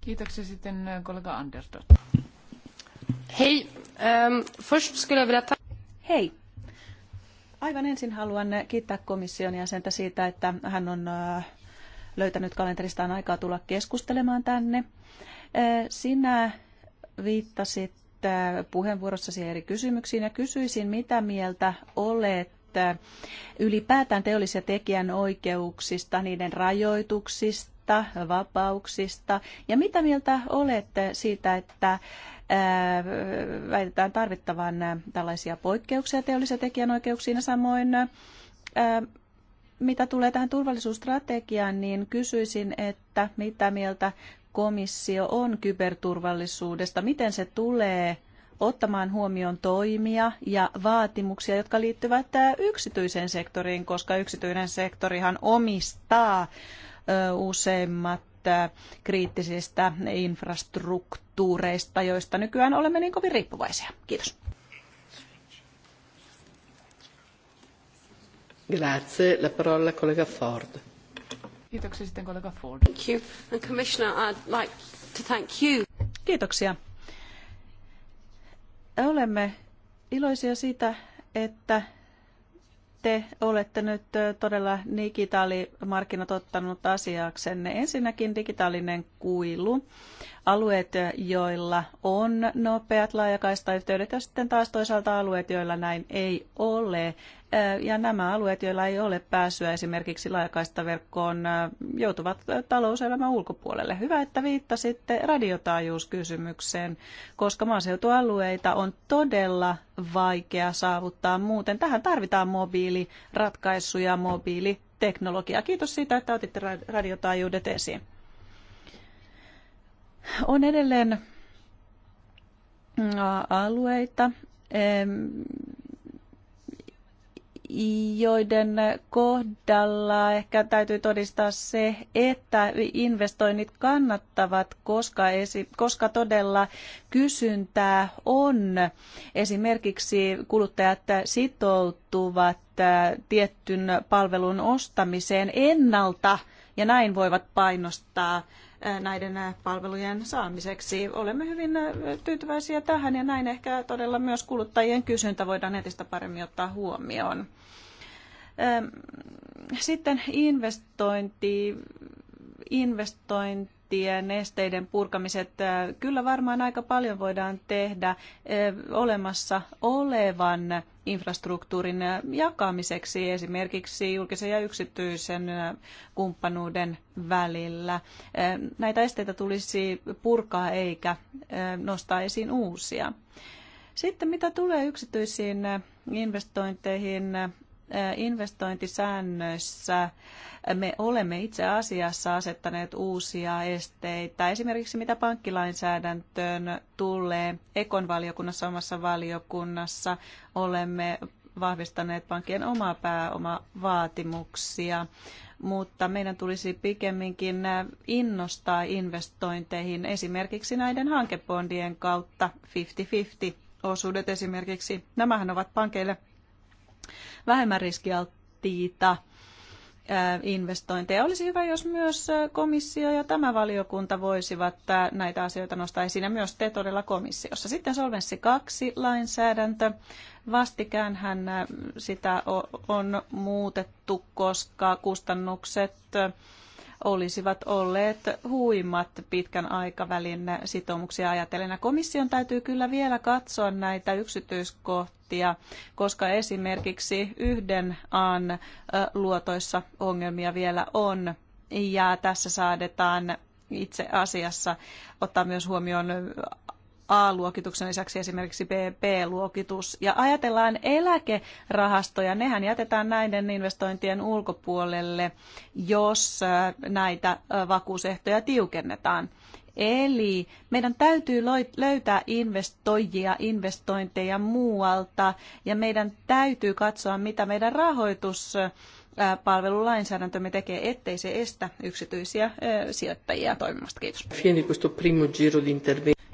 S2: Kiitoksia sitten kollega Andersdotter.
S3: Hei, Um, ehm, first skulle jag ta- Hei. Aivan ensin haluan kiittää komission jäsentä siitä, että hän on löytänyt kalenteristaan aikaa tulla keskustelemaan tänne. Sinä viittasit puheenvuorossasi eri kysymyksiin ja kysyisin, mitä mieltä olet ylipäätään teollis- ja tekijänoikeuksista, niiden rajoituksista, vapauksista ja mitä mieltä olette siitä, että väitetään tarvittavan tällaisia poikkeuksia teollis- ja tekijänoikeuksiin ja samoin mitä tulee tähän turvallisuusstrategiaan, niin kysyisin, että mitä mieltä komissio on kyberturvallisuudesta, miten se tulee ottamaan huomioon toimia ja vaatimuksia, jotka liittyvät yksityiseen sektoriin, koska yksityinen sektorihan omistaa useimmat kriittisistä infrastruktuureista, joista nykyään olemme niin kovin riippuvaisia. Kiitos.
S1: Grazie. La parola collega Ford.
S4: Kiitoksia sitten kollega Ford. Thank you. And Commissioner, I'd like to thank you.
S3: Kiitoksia Olemme iloisia siitä, että te olette nyt todella digitaalimarkkinat ottanut asiaksenne. Ensinnäkin digitaalinen kuilu, alueet, joilla on nopeat laajakaistayhteydet ja sitten taas toisaalta alueet, joilla näin ei ole ja nämä alueet, joilla ei ole pääsyä esimerkiksi laajakaistaverkkoon, joutuvat talouselämän ulkopuolelle. Hyvä, että viittasitte radiotaajuuskysymykseen, koska maaseutualueita on todella vaikea saavuttaa muuten. Tähän tarvitaan mobiiliratkaisuja, mobiiliteknologiaa. Kiitos siitä, että otitte radiotaajuudet esiin. On edelleen mm, alueita, joiden kohdalla ehkä täytyy todistaa se, että investoinnit kannattavat, koska, esi- koska todella kysyntää on. Esimerkiksi kuluttajat sitoutuvat äh, tiettyn palvelun ostamiseen ennalta ja näin voivat painostaa näiden palvelujen saamiseksi. Olemme hyvin tyytyväisiä tähän ja näin ehkä todella myös kuluttajien kysyntä voidaan entistä paremmin ottaa huomioon. Sitten investointi, investointien esteiden purkamiset. Kyllä varmaan aika paljon voidaan tehdä olemassa olevan infrastruktuurin jakamiseksi esimerkiksi julkisen ja yksityisen kumppanuuden välillä. Näitä esteitä tulisi purkaa eikä nostaa esiin uusia. Sitten mitä tulee yksityisiin investointeihin, investointisäännöissä me olemme itse asiassa asettaneet uusia esteitä. Esimerkiksi mitä pankkilainsäädäntöön tulee, Ekon valiokunnassa, omassa valiokunnassa olemme vahvistaneet pankkien omaa pääomavaatimuksia, mutta meidän tulisi pikemminkin innostaa investointeihin esimerkiksi näiden hankebondien kautta 50-50 osuudet esimerkiksi. Nämähän ovat pankeille vähemmän riskialttiita investointeja. Olisi hyvä, jos myös komissio ja tämä valiokunta voisivat näitä asioita nostaa esiin ja myös te todella komissiossa. Sitten Solvenssi 2 lainsäädäntö. Vastikään hän sitä on muutettu, koska kustannukset olisivat olleet huimat pitkän aikavälin sitoumuksia ajatellen. komission täytyy kyllä vielä katsoa näitä yksityiskohtia prosenttia, koska esimerkiksi yhden an luotoissa ongelmia vielä on. Ja tässä saadetaan itse asiassa ottaa myös huomioon A-luokituksen lisäksi esimerkiksi B-luokitus. Ja ajatellaan eläkerahastoja, nehän jätetään näiden investointien ulkopuolelle, jos näitä vakuusehtoja tiukennetaan. Eli meidän täytyy löytää investoijia, investointeja muualta ja meidän täytyy katsoa, mitä meidän rahoituspalvelulainsäädäntömme tekee, ettei se estä yksityisiä sijoittajia toimimasta. Kiitos.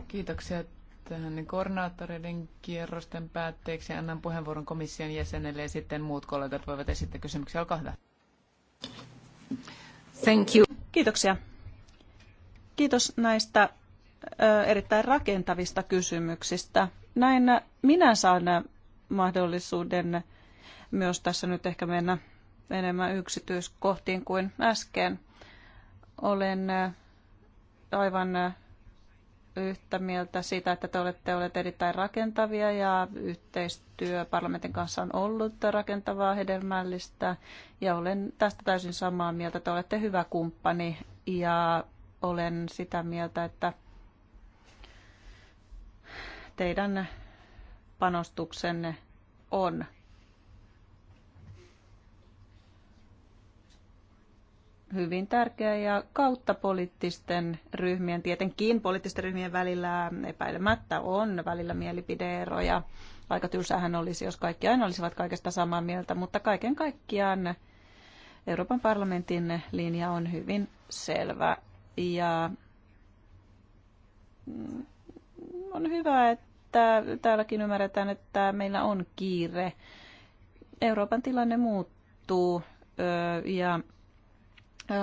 S3: Kiitoksia tähän koordinaattoreiden
S2: kierrosten päätteeksi. Annan puheenvuoron komission jäsenelle ja sitten muut kollegat voivat esittää kysymyksiä. Olkaa
S3: hyvä. Thank you. Kiitoksia Kiitos näistä erittäin rakentavista kysymyksistä. Näin minä saan mahdollisuuden myös tässä nyt ehkä mennä enemmän yksityiskohtiin kuin äsken. Olen aivan yhtä mieltä siitä, että te olette olleet erittäin rakentavia ja yhteistyö parlamentin kanssa on ollut rakentavaa, hedelmällistä. Ja olen tästä täysin samaa mieltä, että olette hyvä kumppani ja olen sitä mieltä, että teidän panostuksenne on hyvin tärkeä ja kautta poliittisten ryhmien, tietenkin poliittisten ryhmien välillä epäilemättä on välillä mielipideeroja. Aika tylsähän olisi, jos kaikki aina olisivat kaikesta samaa mieltä, mutta kaiken kaikkiaan Euroopan parlamentin linja on hyvin selvä ja mm, on hyvä, että täälläkin ymmärretään, että meillä on kiire. Euroopan tilanne muuttuu ja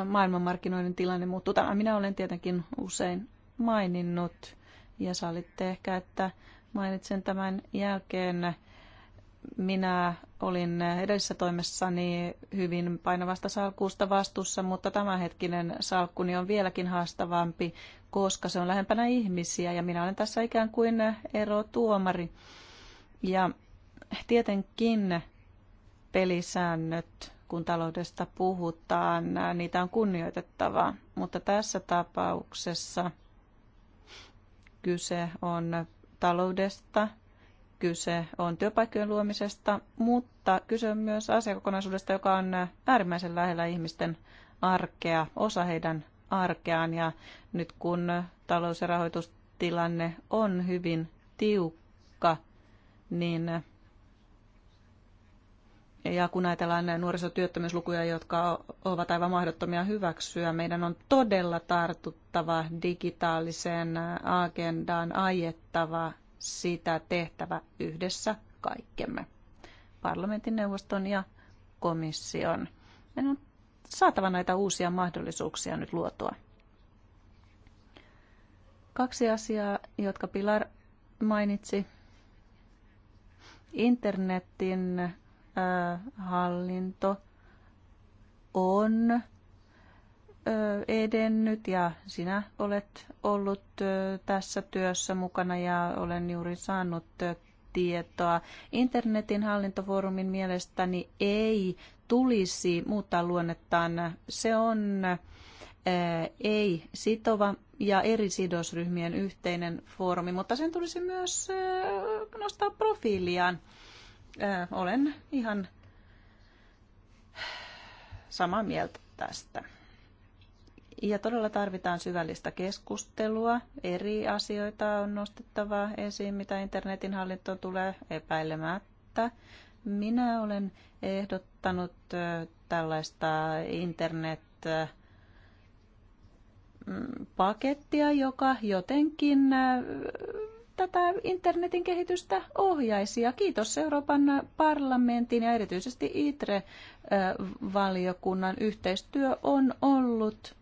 S3: maailmanmarkkinoiden tilanne muuttuu. Tämä minä olen tietenkin usein maininnut ja sallitte ehkä, että mainitsen tämän jälkeen minä olin edellisessä toimessani hyvin painavasta salkusta vastuussa, mutta tämänhetkinen salkkuni on vieläkin haastavampi, koska se on lähempänä ihmisiä ja minä olen tässä ikään kuin ero tuomari Ja tietenkin pelisäännöt, kun taloudesta puhutaan, niitä on kunnioitettava, mutta tässä tapauksessa kyse on taloudesta – kyse on työpaikkojen luomisesta, mutta kyse on myös asiakokonaisuudesta, joka on äärimmäisen lähellä ihmisten arkea, osa heidän arkeaan. Ja nyt kun talous- ja rahoitustilanne on hyvin tiukka, niin ja kun ajatellaan nuorisotyöttömyyslukuja, jotka ovat aivan mahdottomia hyväksyä, meidän on todella tartuttava digitaaliseen agendaan, ajettava sitä tehtävä yhdessä kaikkemme. Parlamentin neuvoston ja komission. Meidän on saatava näitä uusia mahdollisuuksia nyt luotua. Kaksi asiaa, jotka Pilar mainitsi. Internetin hallinto on edennyt ja sinä olet ollut tässä työssä mukana ja olen juuri saanut tietoa. Internetin hallintofoorumin mielestäni ei tulisi muuttaa luonnettaan. Se on ei sitova ja eri sidosryhmien yhteinen foorumi, mutta sen tulisi myös nostaa profiiliaan. Olen ihan samaa mieltä tästä. Ja todella tarvitaan syvällistä keskustelua. Eri asioita on nostettava esiin, mitä internetin hallintoon tulee epäilemättä. Minä olen ehdottanut tällaista internet mm, pakettia, joka jotenkin tätä internetin kehitystä ohjaisi. Ja kiitos Euroopan parlamentin ja erityisesti ITRE-valiokunnan yhteistyö on ollut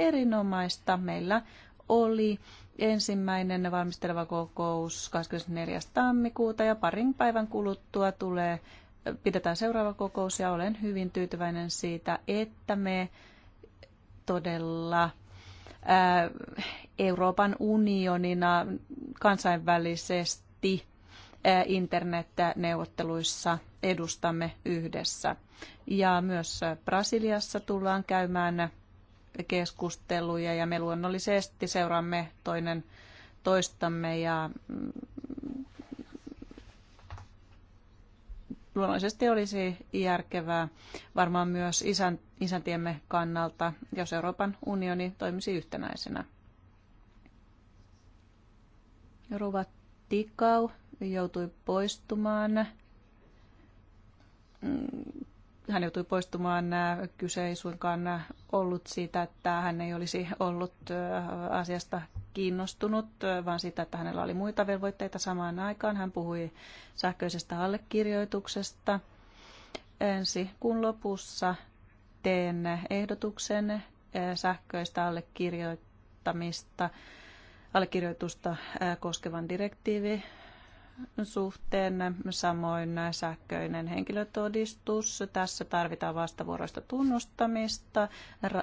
S3: erinomaista. Meillä oli ensimmäinen valmisteleva kokous 24. tammikuuta ja parin päivän kuluttua tulee, pidetään seuraava kokous ja olen hyvin tyytyväinen siitä, että me todella ää, Euroopan unionina kansainvälisesti internetneuvotteluissa edustamme yhdessä. Ja myös Brasiliassa tullaan käymään keskusteluja ja me luonnollisesti seuraamme toinen toistamme ja mm, luonnollisesti olisi järkevää varmaan myös isän, isäntiemme kannalta, jos Euroopan unioni toimisi yhtenäisenä. Ruva Tikau joutui poistumaan mm, hän joutui poistumaan. Kyse ei suinkaan ollut siitä, että hän ei olisi ollut asiasta kiinnostunut, vaan siitä, että hänellä oli muita velvoitteita samaan aikaan. Hän puhui sähköisestä allekirjoituksesta. Ensi kun lopussa teen ehdotuksen sähköistä allekirjoittamista allekirjoitusta koskevan direktiivi suhteen, samoin sähköinen henkilötodistus. Tässä tarvitaan vastavuoroista tunnustamista,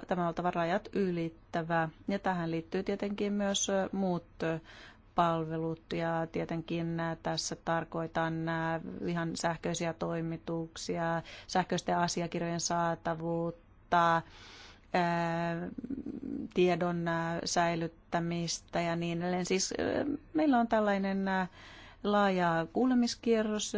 S3: tämä on oltava rajat ylittävä. Ja tähän liittyy tietenkin myös muut palvelut ja tietenkin tässä tarkoitan ihan sähköisiä toimituksia, sähköisten asiakirjojen saatavuutta, tiedon säilyttämistä ja niin edelleen. Siis meillä on tällainen laaja kuulemiskierros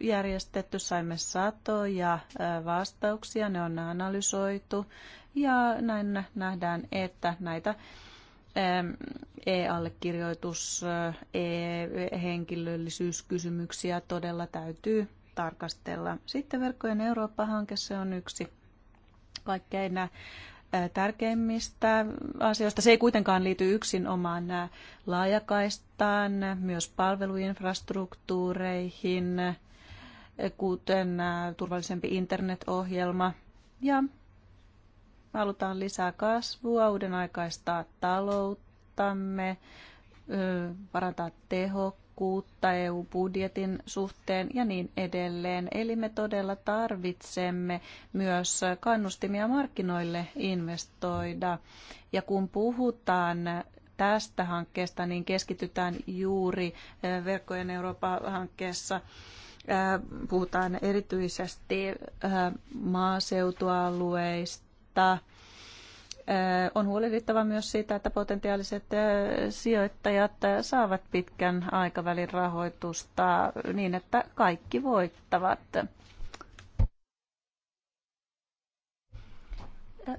S3: järjestetty, saimme satoja vastauksia, ne on analysoitu ja näin nähdään, että näitä e-allekirjoitus, e-henkilöllisyyskysymyksiä todella täytyy tarkastella. Sitten verkkojen Eurooppa-hanke, se on yksi kaikkein tärkeimmistä asioista. Se ei kuitenkaan liity yksin omaan laajakaistaan, myös palveluinfrastruktuureihin, kuten turvallisempi internetohjelma. Ja halutaan lisää kasvua, uuden aikaistaa talouttamme, parantaa tehokkuutta tiukkuutta EU-budjetin suhteen ja niin edelleen. Eli me todella tarvitsemme myös kannustimia markkinoille investoida. Ja kun puhutaan tästä hankkeesta, niin keskitytään juuri eh, verkkojen Eurooppa-hankkeessa eh, puhutaan erityisesti eh, maaseutualueista, on huolehdittava myös siitä, että potentiaaliset sijoittajat saavat pitkän aikavälin rahoitusta niin, että kaikki voittavat.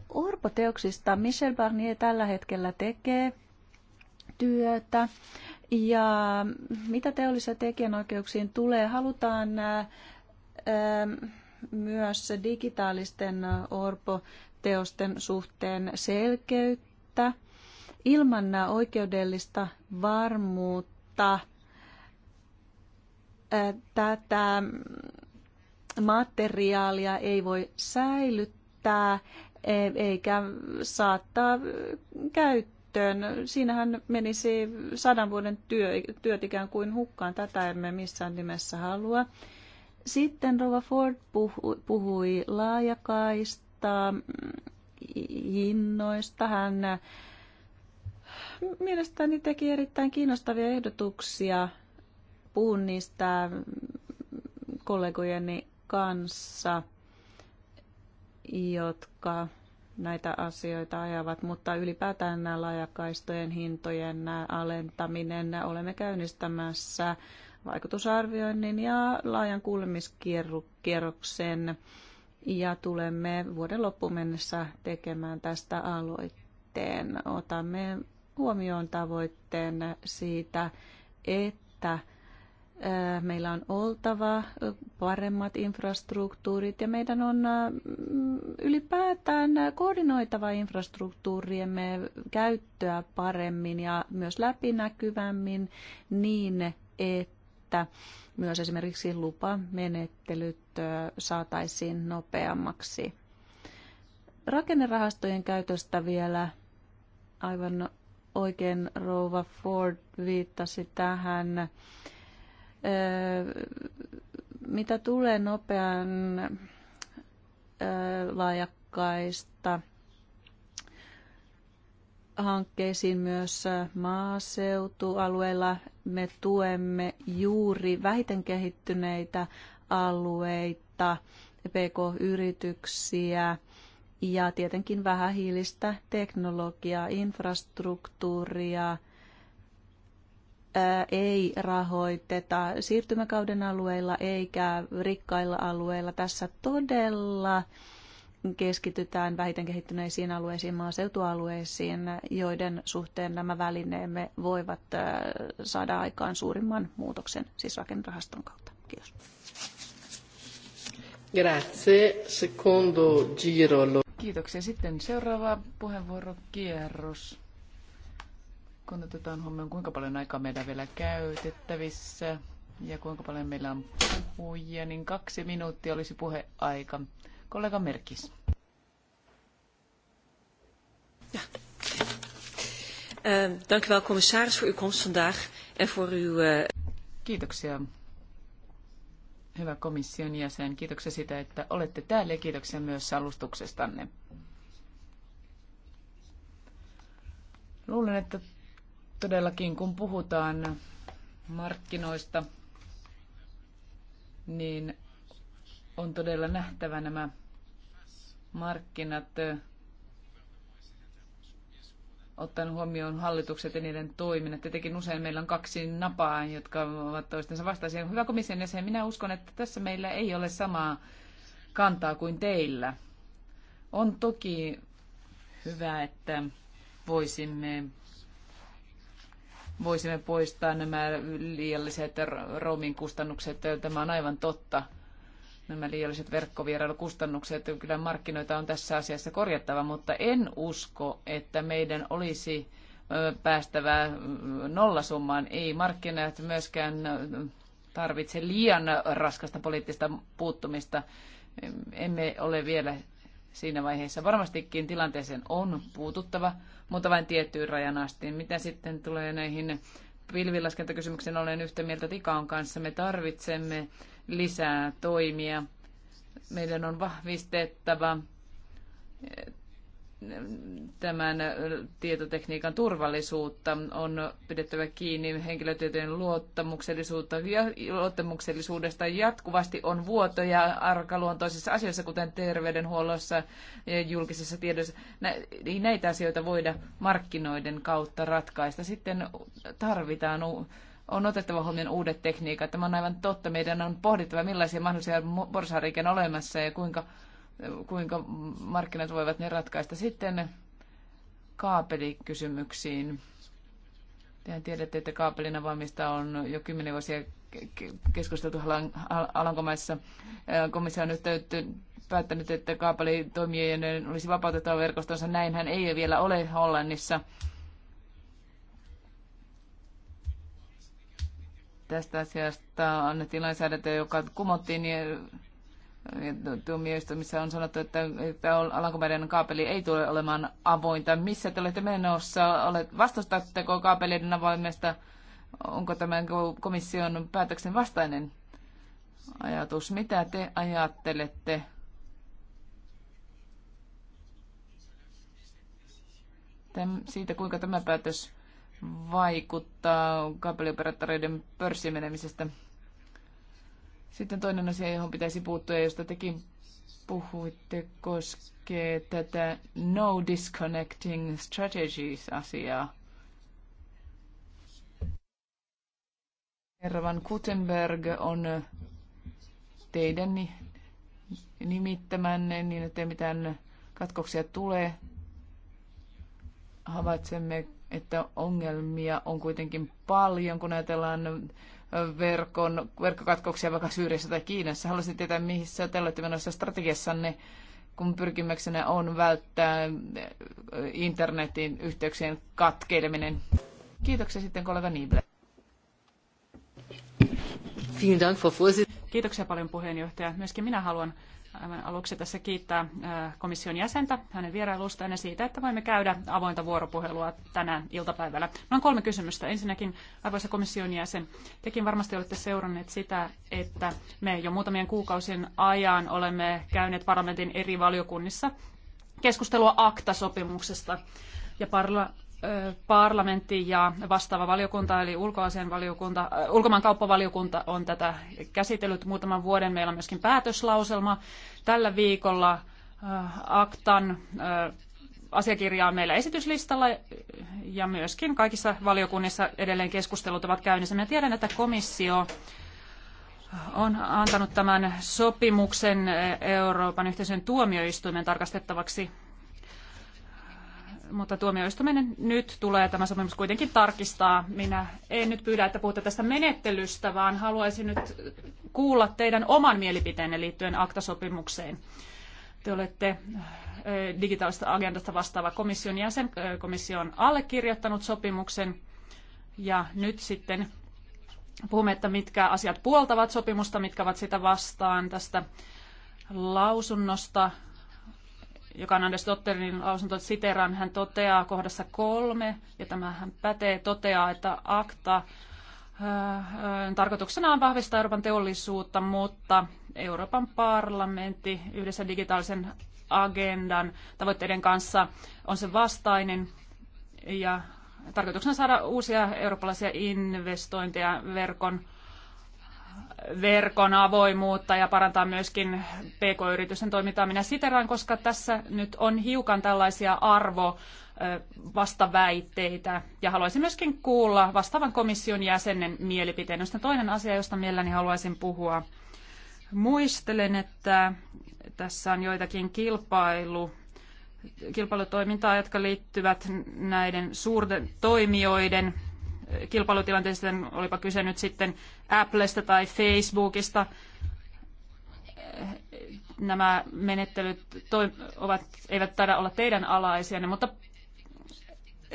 S3: Orpo-teoksista Michel Barnier tällä hetkellä tekee työtä. Ja mitä teollisia tekijänoikeuksiin tulee, halutaan myös digitaalisten orpo teosten suhteen selkeyttä. Ilman oikeudellista varmuutta tätä materiaalia ei voi säilyttää e, eikä saattaa käyttöön. Siinähän menisi sadan vuoden työ, työt ikään kuin hukkaan. Tätä emme missään nimessä halua. Sitten Rova Ford puhui laajakaista tota, hinnoista. Hän äh, mielestäni teki erittäin kiinnostavia ehdotuksia. Puhun niistä kollegojeni kanssa, jotka näitä asioita ajavat, mutta ylipäätään nämä laajakaistojen hintojen alentaminen olemme käynnistämässä vaikutusarvioinnin ja laajan kuulemiskierroksen ja tulemme vuoden loppuun mennessä tekemään tästä aloitteen. Otamme huomioon tavoitteen siitä, että meillä on oltava paremmat infrastruktuurit ja meidän on ylipäätään koordinoitava infrastruktuuriemme käyttöä paremmin ja myös läpinäkyvämmin niin, että että myös esimerkiksi lupamenettelyt saataisiin nopeammaksi. Rakennerahastojen käytöstä vielä aivan oikein Rova Ford viittasi tähän. Mitä tulee nopean laajakkaista hankkeisiin myös äh, maaseutualueilla. Me tuemme juuri vähiten kehittyneitä alueita, pk-yrityksiä ja tietenkin vähähiilistä teknologiaa, infrastruktuuria ei rahoiteta siirtymäkauden alueilla eikä rikkailla alueilla. Tässä todella keskitytään vähiten kehittyneisiin alueisiin, maaseutualueisiin, joiden suhteen nämä välineemme voivat saada aikaan suurimman muutoksen, siis rakennerahaston kautta. Kiitos.
S1: Grazie. Secondo giro. Kiitoksia. Sitten seuraava puheenvuorokierros.
S2: Kun otetaan huomioon, kuinka paljon aikaa meillä vielä käytettävissä ja kuinka paljon meillä on puhujia, niin kaksi minuuttia olisi puheaika. Kollega Merkis.
S4: Ja. Eh, dank u wel, commissaris, voor uw komst vandaag en voor uw... Eh, kiitoksia,
S2: hyvä komission jäsen. Kiitoksia siitä, että olette täällä ja kiitoksia myös alustuksestanne. Luulen, että todellakin kun puhutaan markkinoista, niin on todella nähtävä nämä markkinat ottaen huomioon hallitukset ja niiden toiminnat. Tietenkin usein meillä on kaksi napaa, jotka ovat toistensa vastaisia. Hyvä komission jäsen, minä uskon, että tässä meillä ei ole samaa kantaa kuin teillä. On toki hyvä, että voisimme, voisimme poistaa nämä liialliset roomin kustannukset. Tämä on aivan totta nämä liialliset verkkovierailukustannukset. Kyllä markkinoita on tässä asiassa korjattava, mutta en usko, että meidän olisi päästävä nollasummaan. Ei markkinat myöskään tarvitse liian raskasta poliittista puuttumista. Emme ole vielä siinä vaiheessa. Varmastikin tilanteeseen on puututtava, mutta vain tiettyyn rajan asti. Mitä sitten tulee näihin pilvilaskentakysymyksiin, olen yhtä mieltä Tikaan kanssa. Me tarvitsemme lisää toimia. Meidän on vahvistettava eh, tämän eh, tietotekniikan turvallisuutta, on pidettävä kiinni henkilötietojen luottamuksellisuutta ja luottamuksellisuudesta. Jatkuvasti on vuotoja arkaluontoisissa asioissa, kuten terveydenhuollossa ja julkisessa tiedossa. Näitä asioita voida markkinoiden kautta ratkaista. Sitten tarvitaan on otettava huomioon uudet tekniikat. Tämä on aivan totta. Meidän on pohdittava, millaisia mahdollisia porsareikiä on olemassa ja kuinka, kuinka markkinat voivat ne ratkaista. Sitten kaapelikysymyksiin. Tehän tiedätte, että kaapelin avaamista on jo kymmenen vuosia keskusteltu Alankomaissa. Komissio on nyt päättänyt, että kaapelitoimijoiden olisi vapautettava verkostonsa. Näinhän ei vielä ole Hollannissa. tästä asiasta annettiin lainsäädäntö, joka kumottiin ja tuomioistuimissa on sanottu, että, että Alankomaiden kaapeli ei tule olemaan avointa. Missä te olette menossa? Olet, vastustatteko kaapelien avoimesta? Onko tämä komission päätöksen vastainen ajatus? Mitä te ajattelette? Täm, siitä, kuinka tämä päätös vaikuttaa kaapelioperaattoreiden pörssimenemisestä. Sitten toinen asia, johon pitäisi puuttua, josta tekin puhuitte, koskee tätä no disconnecting strategies-asiaa. Herra Van Gutenberg on teidän nimittämänne niin, ettei mitään katkoksia tule. Havaitsemme että ongelmia on kuitenkin paljon, kun ajatellaan verkon, verkkokatkoksia vaikka Syyriassa tai Kiinassa. Haluaisin tietää, missä te olette menossa strategiassanne, kun pyrkimyksenä on välttää internetin yhteyksien katkeileminen.
S4: Kiitoksia sitten kollega Nible. Kiitoksia paljon puheenjohtaja. Myöskin minä haluan aivan aluksi tässä kiittää komission jäsentä hänen vierailustaan ja siitä, että voimme käydä avointa vuoropuhelua tänään iltapäivällä. Minulla on kolme kysymystä. Ensinnäkin, arvoisa komission jäsen, tekin varmasti olette seuranneet sitä, että me jo muutamien kuukausien ajan olemme käyneet parlamentin eri valiokunnissa keskustelua ACT-sopimuksesta ja parla- parlamentti ja vastaava valiokunta, eli ulkoasian ulkomaankauppavaliokunta on tätä käsitellyt muutaman vuoden. Meillä on myöskin päätöslauselma. Tällä viikolla Aktan asiakirja on meillä esityslistalla ja myöskin kaikissa valiokunnissa edelleen keskustelut ovat käynnissä. Minä tiedän, että komissio on antanut tämän sopimuksen Euroopan yhteisön tuomioistuimen tarkastettavaksi mutta tuomioistuimen nyt tulee tämä sopimus kuitenkin tarkistaa. Minä en nyt pyydä, että puhutte tästä menettelystä, vaan haluaisin nyt kuulla teidän oman mielipiteenne liittyen aktasopimukseen. Te olette eh, digitaalista agendasta vastaava komission jäsen. Eh, komissio on allekirjoittanut sopimuksen ja nyt sitten puhumme, että mitkä asiat puoltavat sopimusta, mitkä ovat sitä vastaan tästä lausunnosta joka on Anders Dotterin lausunto, että siteran, hän toteaa kohdassa kolme, ja tämä hän pätee, toteaa, että akta äh, äh, Tarkoituksena on vahvistaa Euroopan teollisuutta, mutta Euroopan parlamentti yhdessä digitaalisen agendan tavoitteiden kanssa on se vastainen ja tarkoituksena saada uusia eurooppalaisia investointeja verkon verkon avoimuutta ja parantaa myöskin PK-yritysten toimintaa. Minä siteraan, koska tässä nyt on hiukan tällaisia arvo vastaväitteitä ja haluaisin myöskin kuulla vastaavan komission jäsenen mielipiteen. Josta toinen asia, josta mielelläni haluaisin puhua. Muistelen, että tässä on joitakin kilpailu, kilpailutoimintaa, jotka liittyvät näiden suurten toimijoiden kilpailutilanteesta, olipa kyse nyt sitten Applesta tai Facebookista. Nämä menettelyt ovat, eivät taida olla teidän alaisia, mutta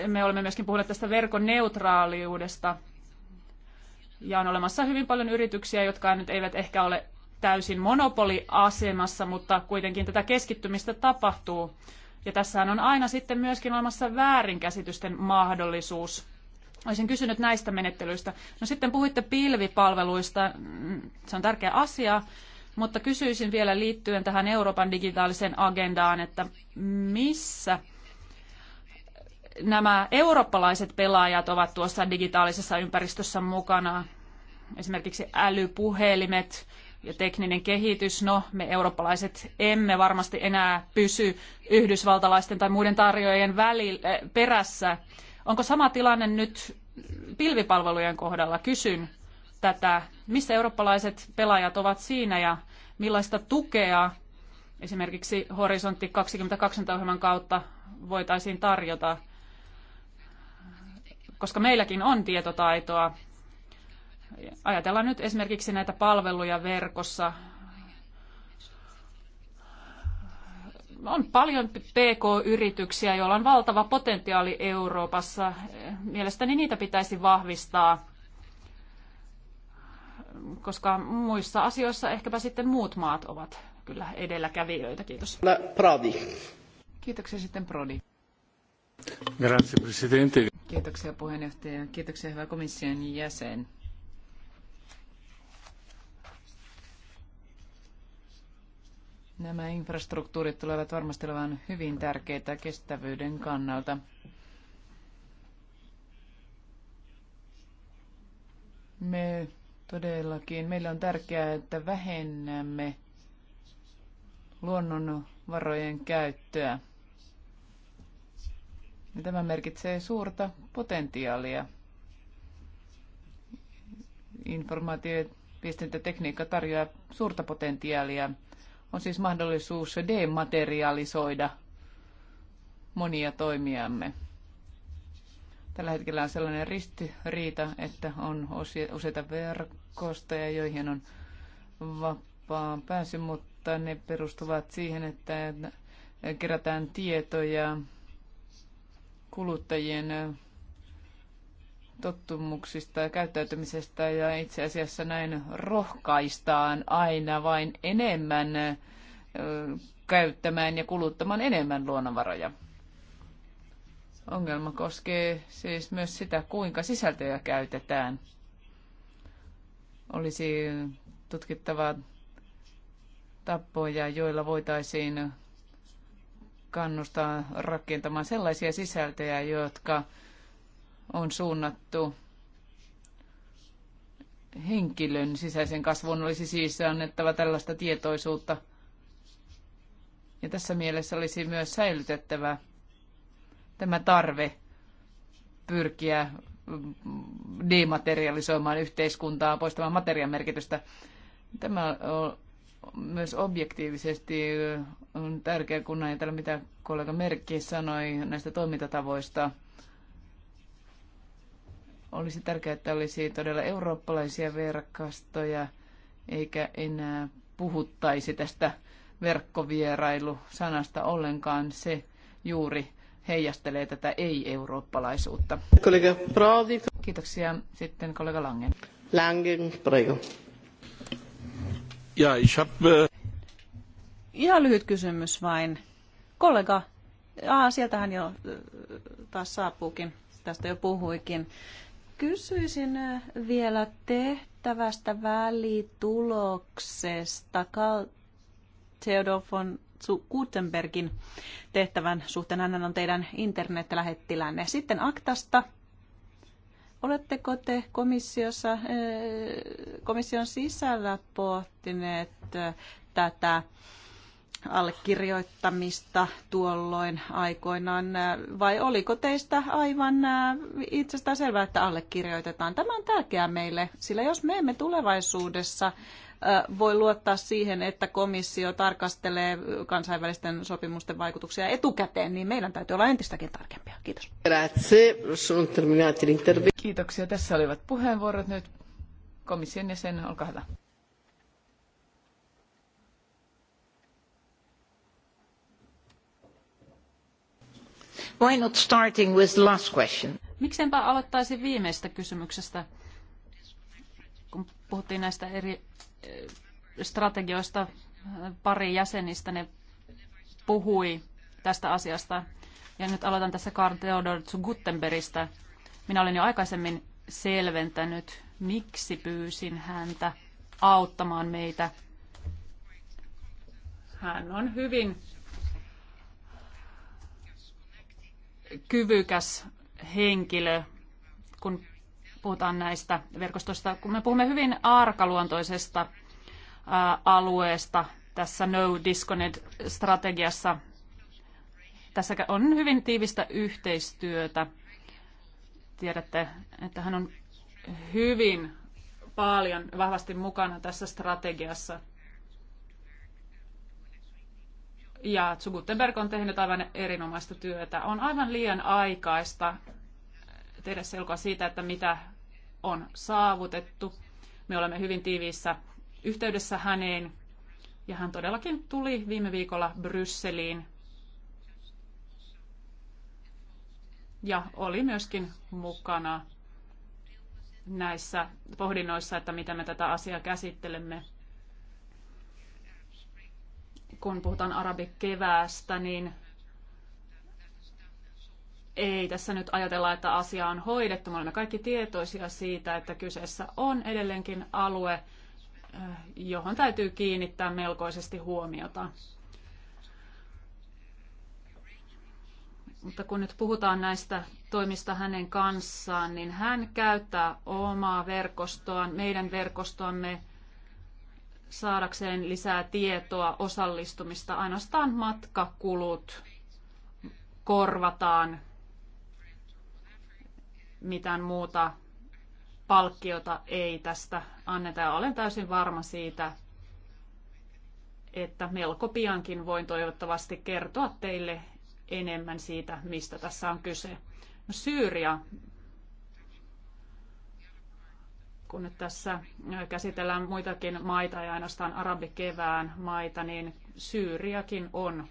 S4: me olemme myöskin puhuneet tästä verkon neutraaliudesta. Ja on olemassa hyvin paljon yrityksiä, jotka nyt eivät ehkä ole täysin monopoliasemassa, mutta kuitenkin tätä keskittymistä tapahtuu. Ja tässähän on aina sitten myöskin olemassa väärinkäsitysten mahdollisuus. Olisin kysynyt näistä menettelyistä. No sitten puhuitte pilvipalveluista, mm, se on tärkeä asia, mutta kysyisin vielä liittyen tähän Euroopan digitaaliseen agendaan, että missä nämä eurooppalaiset pelaajat ovat tuossa digitaalisessa ympäristössä mukana. Esimerkiksi älypuhelimet ja tekninen kehitys. No, me eurooppalaiset emme varmasti enää pysy yhdysvaltalaisten tai muiden tarjoajien välillä, eh, perässä Onko sama tilanne nyt pilvipalvelujen kohdalla? Kysyn tätä. Missä eurooppalaiset pelaajat ovat siinä ja millaista tukea esimerkiksi Horisontti 2020 ohjelman kautta voitaisiin tarjota? Koska meilläkin on tietotaitoa. Ajatellaan nyt esimerkiksi näitä palveluja verkossa, on paljon PK-yrityksiä, joilla on valtava potentiaali Euroopassa. Mielestäni niitä pitäisi vahvistaa, koska muissa asioissa ehkäpä sitten muut maat ovat kyllä edelläkävijöitä. Kiitos. Prodi. Kiitoksia sitten Prodi.
S1: Grazie, Presidente.
S4: Kiitoksia
S2: puheenjohtaja. Kiitoksia hyvä komission jäsen. Nämä infrastruktuurit tulevat varmasti olemaan hyvin tärkeitä kestävyyden kannalta. Me todellakin, meillä on tärkeää, että vähennämme luonnonvarojen käyttöä. Ja tämä merkitsee suurta potentiaalia. Informaatio- ja viestintätekniikka tarjoaa suurta potentiaalia on siis mahdollisuus dematerialisoida monia toimiamme. Tällä hetkellä on sellainen ristiriita, että on useita verkostoja, joihin on vapaan pääsy, mutta ne perustuvat siihen, että kerätään tietoja kuluttajien tottumuksista ja käyttäytymisestä ja itse asiassa näin rohkaistaan aina vain enemmän käyttämään ja kuluttamaan enemmän luonnonvaroja. Ongelma koskee siis myös sitä, kuinka sisältöjä käytetään. Olisi tutkittava tapoja, joilla voitaisiin kannustaa rakentamaan sellaisia sisältöjä, jotka on suunnattu henkilön sisäisen kasvun olisi siis annettava tällaista tietoisuutta. Ja tässä mielessä olisi myös säilytettävä tämä tarve pyrkiä mm, dematerialisoimaan yhteiskuntaa, poistamaan materian merkitystä. Tämä on myös objektiivisesti on tärkeä, kun ajatellaan, mitä kollega Merkki sanoi näistä toimintatavoista – olisi tärkeää, että olisi todella eurooppalaisia verkastoja, eikä enää puhuttaisi tästä verkkovierailu-sanasta ollenkaan. Se juuri heijastelee tätä ei-eurooppalaisuutta. Kollega Prodi. Kiitoksia. Sitten kollega Langen. Langen,
S1: prego. Ja, ich hab, äh,
S3: Ihan lyhyt kysymys vain. Kollega, aa, sieltähän jo äh, taas saapuukin, tästä jo puhuikin. Kysyisin äh, vielä tehtävästä välituloksesta Theodor von Gutenbergin tehtävän suhteen. Hän on teidän internetlähettilänne. Sitten aktasta. Oletteko te komissiossa, äh, komission sisällä pohtineet äh, tätä allekirjoittamista tuolloin aikoinaan, vai oliko teistä aivan itsestään selvää, että allekirjoitetaan? Tämä on tärkeää meille, sillä jos me emme tulevaisuudessa voi luottaa siihen, että komissio tarkastelee kansainvälisten sopimusten vaikutuksia etukäteen, niin meidän täytyy olla entistäkin tarkempia. Kiitos.
S1: Kiitoksia. Tässä olivat
S2: puheenvuorot nyt komission jäsen, olkaa hyvä.
S1: Why not starting with the last question?
S4: Miksenpä aloittaisi viimeistä kysymyksestä, kun puhuttiin näistä eri eh, strategioista. Pari jäsenistä ne puhui tästä asiasta. Ja nyt aloitan tässä Karl Theodor Guttenbergistä. Minä olen jo aikaisemmin selventänyt, miksi pyysin häntä auttamaan meitä. Hän on hyvin kyvykäs henkilö, kun puhutaan näistä verkostoista. Kun me puhumme hyvin arkaluontoisesta alueesta tässä No Disconnect-strategiassa, tässä on hyvin tiivistä yhteistyötä. Tiedätte, että hän on hyvin paljon vahvasti mukana tässä strategiassa – ja Zugutenberg on tehnyt aivan erinomaista työtä. On aivan liian aikaista tehdä selkoa siitä, että mitä on saavutettu. Me olemme hyvin tiiviissä yhteydessä häneen ja hän todellakin tuli viime viikolla Brysseliin ja oli myöskin mukana näissä pohdinnoissa, että miten me tätä asiaa käsittelemme – kun puhutaan arabikeväästä, niin ei tässä nyt ajatella, että asia on hoidettu. Me olemme kaikki tietoisia siitä, että kyseessä on edelleenkin alue, eh, johon täytyy kiinnittää melkoisesti huomiota. Mutta kun nyt puhutaan näistä toimista hänen kanssaan, niin hän käyttää omaa verkostoaan, meidän verkostoamme saadakseen lisää tietoa, osallistumista. Ainoastaan matkakulut korvataan mitään muuta palkkiota ei tästä anneta. Ja olen täysin varma siitä, että melko piankin voin toivottavasti kertoa teille enemmän siitä, mistä tässä on kyse. No, Syyria kun nyt tässä äh, käsitellään muitakin maita ja ainoastaan arabikevään maita, niin Syyriakin on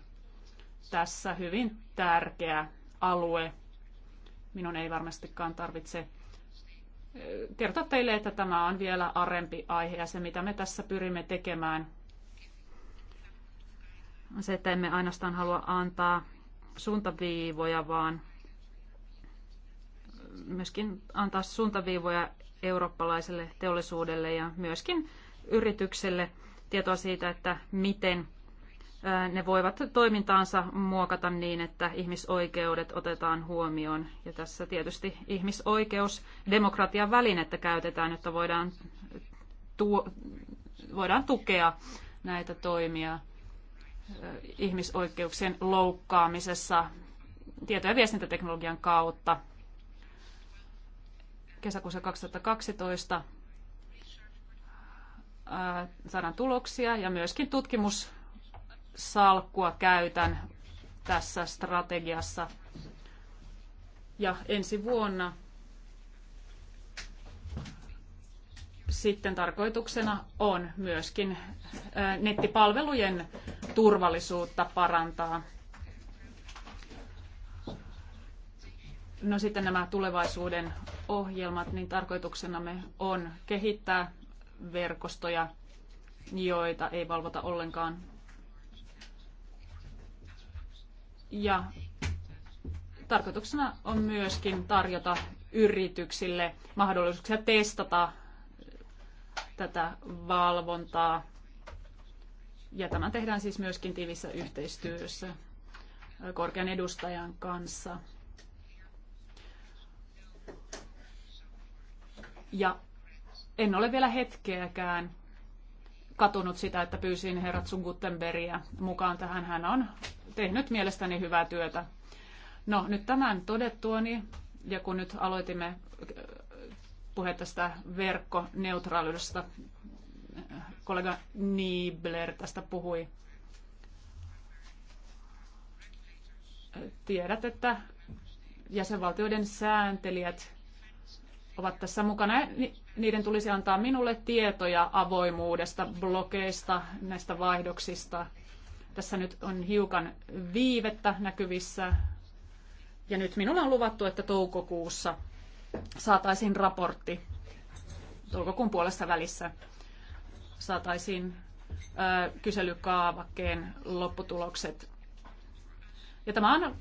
S4: tässä hyvin tärkeä alue. Minun ei varmastikaan tarvitse äh, kertoa teille, että tämä on vielä arempi aihe ja se, mitä me tässä pyrimme tekemään, se, että emme ainoastaan halua antaa suuntaviivoja, vaan myöskin antaa suuntaviivoja eurooppalaiselle teollisuudelle ja myöskin yritykselle tietoa siitä, että miten ne voivat toimintaansa muokata niin, että ihmisoikeudet otetaan huomioon. Ja tässä tietysti ihmisoikeus, demokratian välinettä käytetään, jotta voidaan, tuo, voidaan tukea näitä toimia ihmisoikeuksien loukkaamisessa tieto- ja viestintäteknologian kautta kesäkuussa 2012 saadaan tuloksia ja myöskin tutkimussalkkua käytän tässä strategiassa. Ja ensi vuonna sitten tarkoituksena on myöskin nettipalvelujen turvallisuutta parantaa – No sitten nämä tulevaisuuden ohjelmat, niin tarkoituksenamme on kehittää verkostoja, joita ei valvota ollenkaan. Ja tarkoituksena on myöskin tarjota yrityksille mahdollisuuksia testata tätä valvontaa. Ja tämä tehdään siis myöskin tiivissä yhteistyössä korkean edustajan kanssa. Ja en ole vielä hetkeäkään katunut sitä, että pyysin herra sun mukaan tähän. Hän on tehnyt mielestäni hyvää työtä. No nyt tämän todettuani, ja kun nyt aloitimme äh, puhe tästä verkkoneutraaliudesta, äh, kollega Niebler tästä puhui. Tiedät, että jäsenvaltioiden sääntelijät ovat tässä mukana. Niiden tulisi antaa minulle tietoja avoimuudesta, blokeista, näistä vaihdoksista. Tässä nyt on hiukan viivettä näkyvissä. Ja nyt minulla on luvattu, että toukokuussa saataisiin raportti toukokuun puolessa välissä saataisiin ö, kyselykaavakkeen lopputulokset. Ja tämä on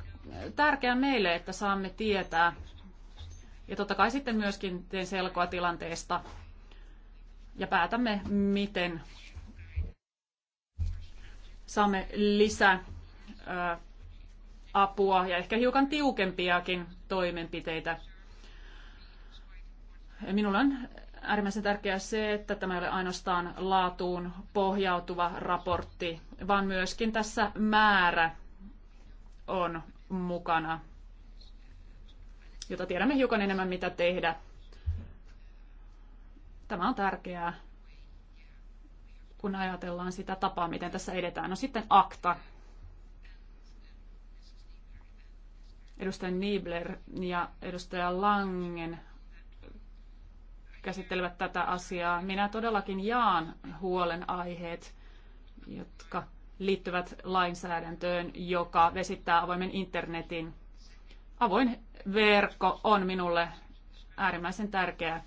S4: tärkeää meille, että saamme tietää, ja totta kai sitten myöskin teen selkoa tilanteesta ja päätämme, miten saamme lisää apua ja ehkä hiukan tiukempiakin toimenpiteitä. Minulle on äärimmäisen tärkeää se, että tämä ei ole ainoastaan laatuun pohjautuva raportti, vaan myöskin tässä määrä on mukana jota tiedämme hiukan enemmän, mitä tehdä. Tämä on tärkeää, kun ajatellaan sitä tapaa, miten tässä edetään. No sitten akta. Edustaja Niebler ja edustaja Langen käsittelevät tätä asiaa. Minä todellakin jaan huolenaiheet, jotka liittyvät lainsäädäntöön, joka vesittää avoimen internetin. Avoin verkko on minulle äärimmäisen tärkeä.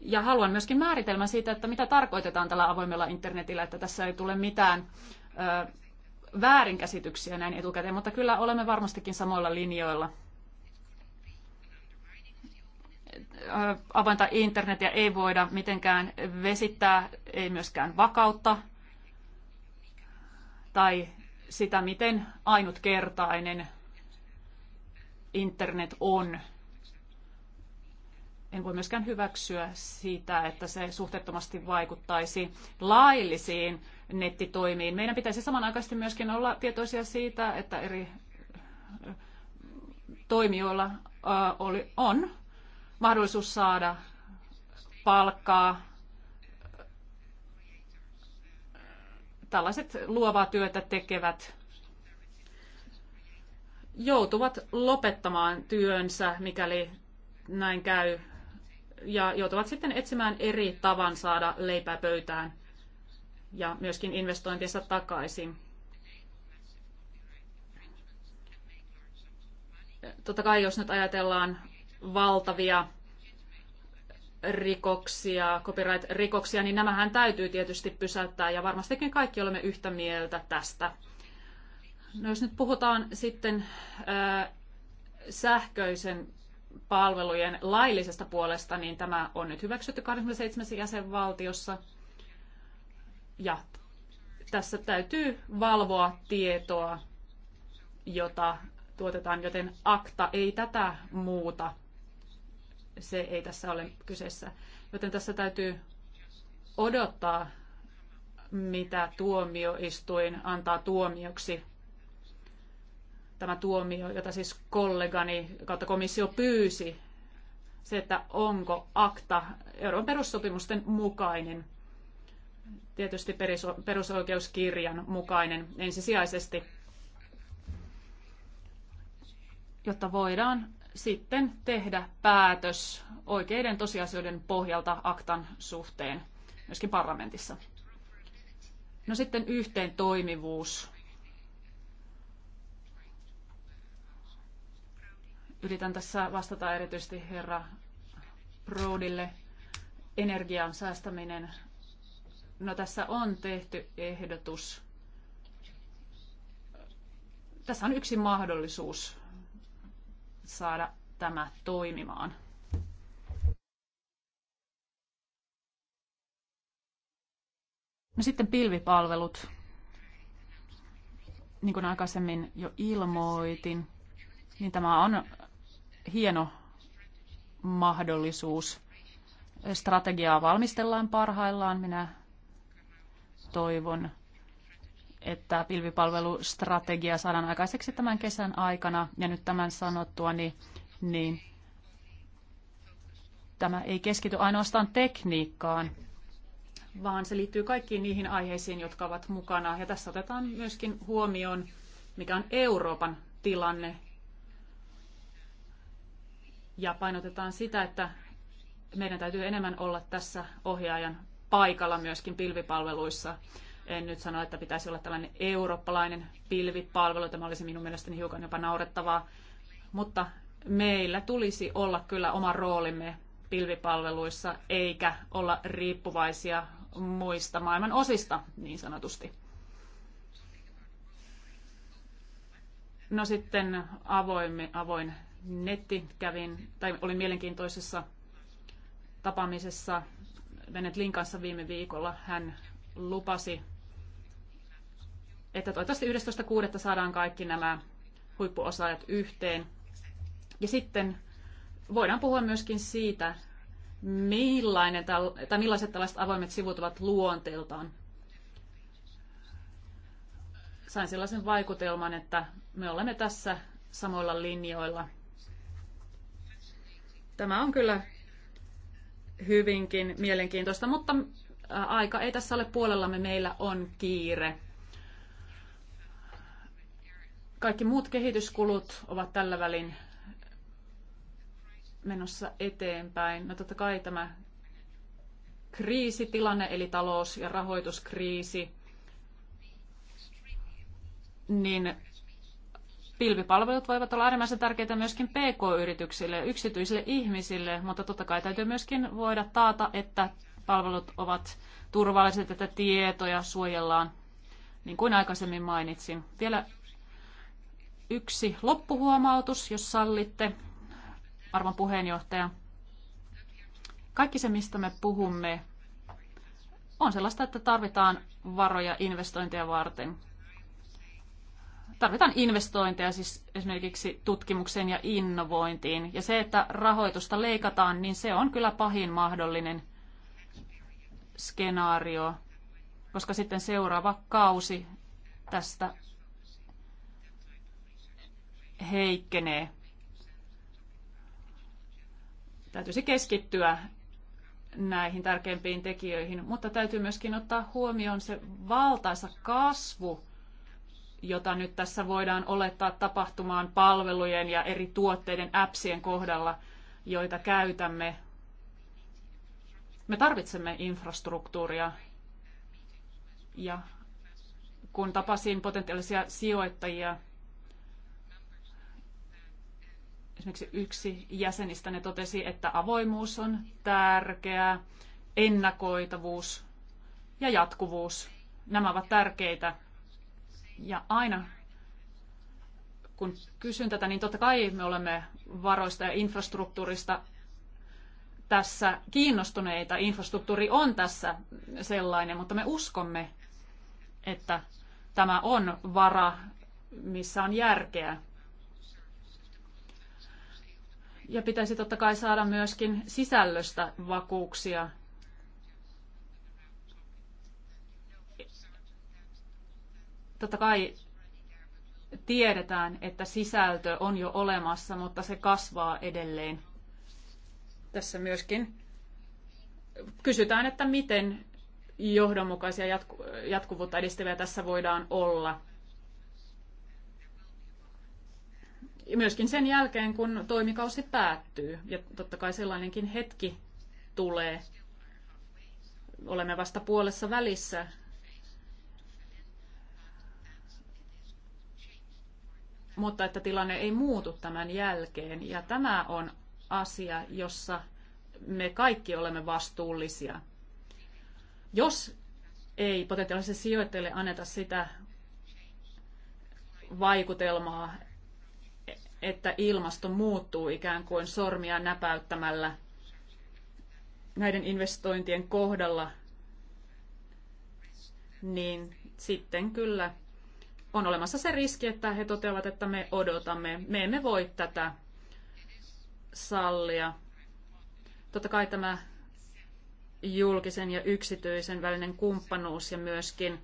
S4: Ja haluan myöskin määritelmän siitä, että mitä tarkoitetaan tällä avoimella internetillä, että tässä ei tule mitään ö, väärinkäsityksiä näin etukäteen, mutta kyllä olemme varmastikin samoilla linjoilla. Avointa internetiä ei voida mitenkään vesittää, ei myöskään vakautta tai sitä, miten ainutkertainen internet on. En voi myöskään hyväksyä sitä, että se suhteettomasti vaikuttaisi laillisiin nettitoimiin. Meidän pitäisi samanaikaisesti myöskin olla tietoisia siitä, että eri äh, toimijoilla äh, oli, on mahdollisuus saada palkkaa. Tällaiset luovaa työtä tekevät joutuvat lopettamaan työnsä, mikäli näin käy, ja joutuvat sitten etsimään eri tavan saada leipää pöytään ja myöskin investointinsa takaisin. Totta kai, jos nyt ajatellaan valtavia rikoksia, copyright-rikoksia, niin nämähän täytyy tietysti pysäyttää, ja varmastikin kaikki olemme yhtä mieltä tästä. No jos nyt puhutaan sitten ää, äh, sähköisen palvelujen laillisesta puolesta, niin tämä on nyt hyväksytty 27 jäsenvaltiossa. Ja tässä täytyy valvoa tietoa, jota tuotetaan, joten akta ei tätä muuta. Se ei tässä ole kyseessä. Joten tässä täytyy odottaa, mitä tuomioistuin antaa tuomioksi tämä tuomio, jota siis kollegani kautta komissio pyysi, se, että onko akta Euroopan perussopimusten mukainen, tietysti perusoikeuskirjan mukainen ensisijaisesti, jotta voidaan sitten tehdä päätös oikeiden tosiasioiden pohjalta aktan suhteen myöskin parlamentissa. No sitten yhteen toimivuus Yritän tässä vastata erityisesti herra Broadille. Energian säästäminen. No tässä on tehty ehdotus. Tässä on yksi mahdollisuus saada tämä toimimaan. No sitten pilvipalvelut. Niin kuin aikaisemmin jo ilmoitin, niin tämä on hieno mahdollisuus. Strategiaa valmistellaan parhaillaan. Minä toivon, että pilvipalvelustrategia saadaan aikaiseksi tämän kesän aikana. Ja nyt tämän sanottua, niin, niin tämä ei keskity ainoastaan tekniikkaan, vaan se liittyy kaikkiin niihin aiheisiin, jotka ovat mukana. Ja tässä otetaan myöskin huomioon, mikä on Euroopan tilanne ja painotetaan sitä, että meidän täytyy enemmän olla tässä ohjaajan paikalla myöskin pilvipalveluissa. En nyt sano, että pitäisi olla tällainen eurooppalainen pilvipalvelu. Tämä olisi minun mielestäni hiukan jopa naurettavaa. Mutta meillä tulisi olla kyllä oma roolimme pilvipalveluissa, eikä olla riippuvaisia muista maailman osista niin sanotusti. No sitten avoin, avoin netti kävin, tai olin mielenkiintoisessa tapaamisessa Lin kanssa viime viikolla. Hän lupasi, että toivottavasti 11.6. saadaan kaikki nämä huippuosaajat yhteen. Ja sitten voidaan puhua myöskin siitä, millainen, tai millaiset tällaiset avoimet sivut ovat luonteeltaan. Sain sellaisen vaikutelman, että me olemme tässä samoilla linjoilla – Tämä on kyllä hyvinkin mielenkiintoista, mutta aika ei tässä ole puolellamme, meillä on kiire. Kaikki muut kehityskulut ovat tällä välin menossa eteenpäin. No totta kai tämä kriisitilanne, eli talous- ja rahoituskriisi, niin Pilvipalvelut voivat olla äärimmäisen tärkeitä myöskin PK-yrityksille, yksityisille ihmisille, mutta totta kai täytyy myöskin voida taata, että palvelut ovat turvalliset, että tietoja suojellaan, niin kuin aikaisemmin mainitsin. Vielä yksi loppuhuomautus, jos sallitte, arvon puheenjohtaja. Kaikki se, mistä me puhumme, on sellaista, että tarvitaan varoja investointeja varten tarvitaan investointeja siis esimerkiksi tutkimukseen ja innovointiin. Ja se, että rahoitusta leikataan, niin se on kyllä pahin mahdollinen skenaario, koska sitten seuraava kausi tästä heikkenee. Täytyisi keskittyä näihin tärkeimpiin tekijöihin, mutta täytyy myöskin ottaa huomioon se valtaisa kasvu, jota nyt tässä voidaan olettaa tapahtumaan palvelujen ja eri tuotteiden appsien kohdalla, joita käytämme. Me tarvitsemme infrastruktuuria ja kun tapasin potentiaalisia sijoittajia, esimerkiksi yksi jäsenistä ne totesi, että avoimuus on tärkeää, ennakoitavuus ja jatkuvuus. Nämä ovat tärkeitä ja aina kun kysyn tätä, niin totta kai me olemme varoista ja infrastruktuurista tässä kiinnostuneita. Infrastruktuuri on tässä sellainen, mutta me uskomme, että tämä on vara, missä on järkeä. Ja pitäisi totta kai saada myöskin sisällöstä vakuuksia totta kai tiedetään, että sisältö on jo olemassa, mutta se kasvaa edelleen. Tässä myöskin kysytään, että miten johdonmukaisia jatku- jatkuvuutta edistäviä tässä voidaan olla. Myöskin sen jälkeen, kun toimikausi päättyy, ja totta kai sellainenkin hetki tulee, olemme vasta puolessa välissä, mutta että tilanne ei muutu tämän jälkeen. Ja tämä on asia, jossa me kaikki olemme vastuullisia. Jos ei potentiaaliselle sijoittajille anneta sitä vaikutelmaa, että ilmasto muuttuu ikään kuin sormia näpäyttämällä näiden investointien kohdalla, niin sitten kyllä on olemassa se riski, että he toteavat, että me odotamme. Me emme voi tätä sallia. Totta kai tämä julkisen ja yksityisen välinen kumppanuus ja myöskin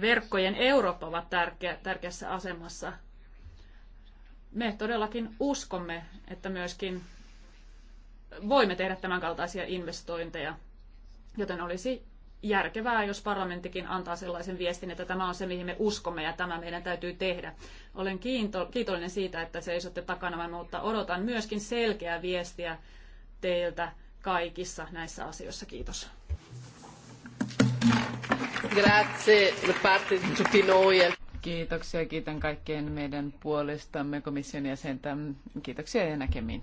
S4: verkkojen Eurooppa ovat tärkeä, tärkeässä asemassa. Me todellakin uskomme, että myöskin voimme tehdä tämän kaltaisia investointeja, joten olisi järkevää, jos parlamenttikin antaa sellaisen viestin, että tämä on se, mihin me uskomme ja tämä meidän täytyy tehdä. Olen kiinto, kiitollinen siitä, että seisotte takana, mutta odotan myöskin selkeää viestiä teiltä kaikissa näissä asioissa. Kiitos.
S2: Grazie Kiitoksia, kiitän kaikkien meidän puolestamme komission jäsentä. Kiitoksia ja näkemiin.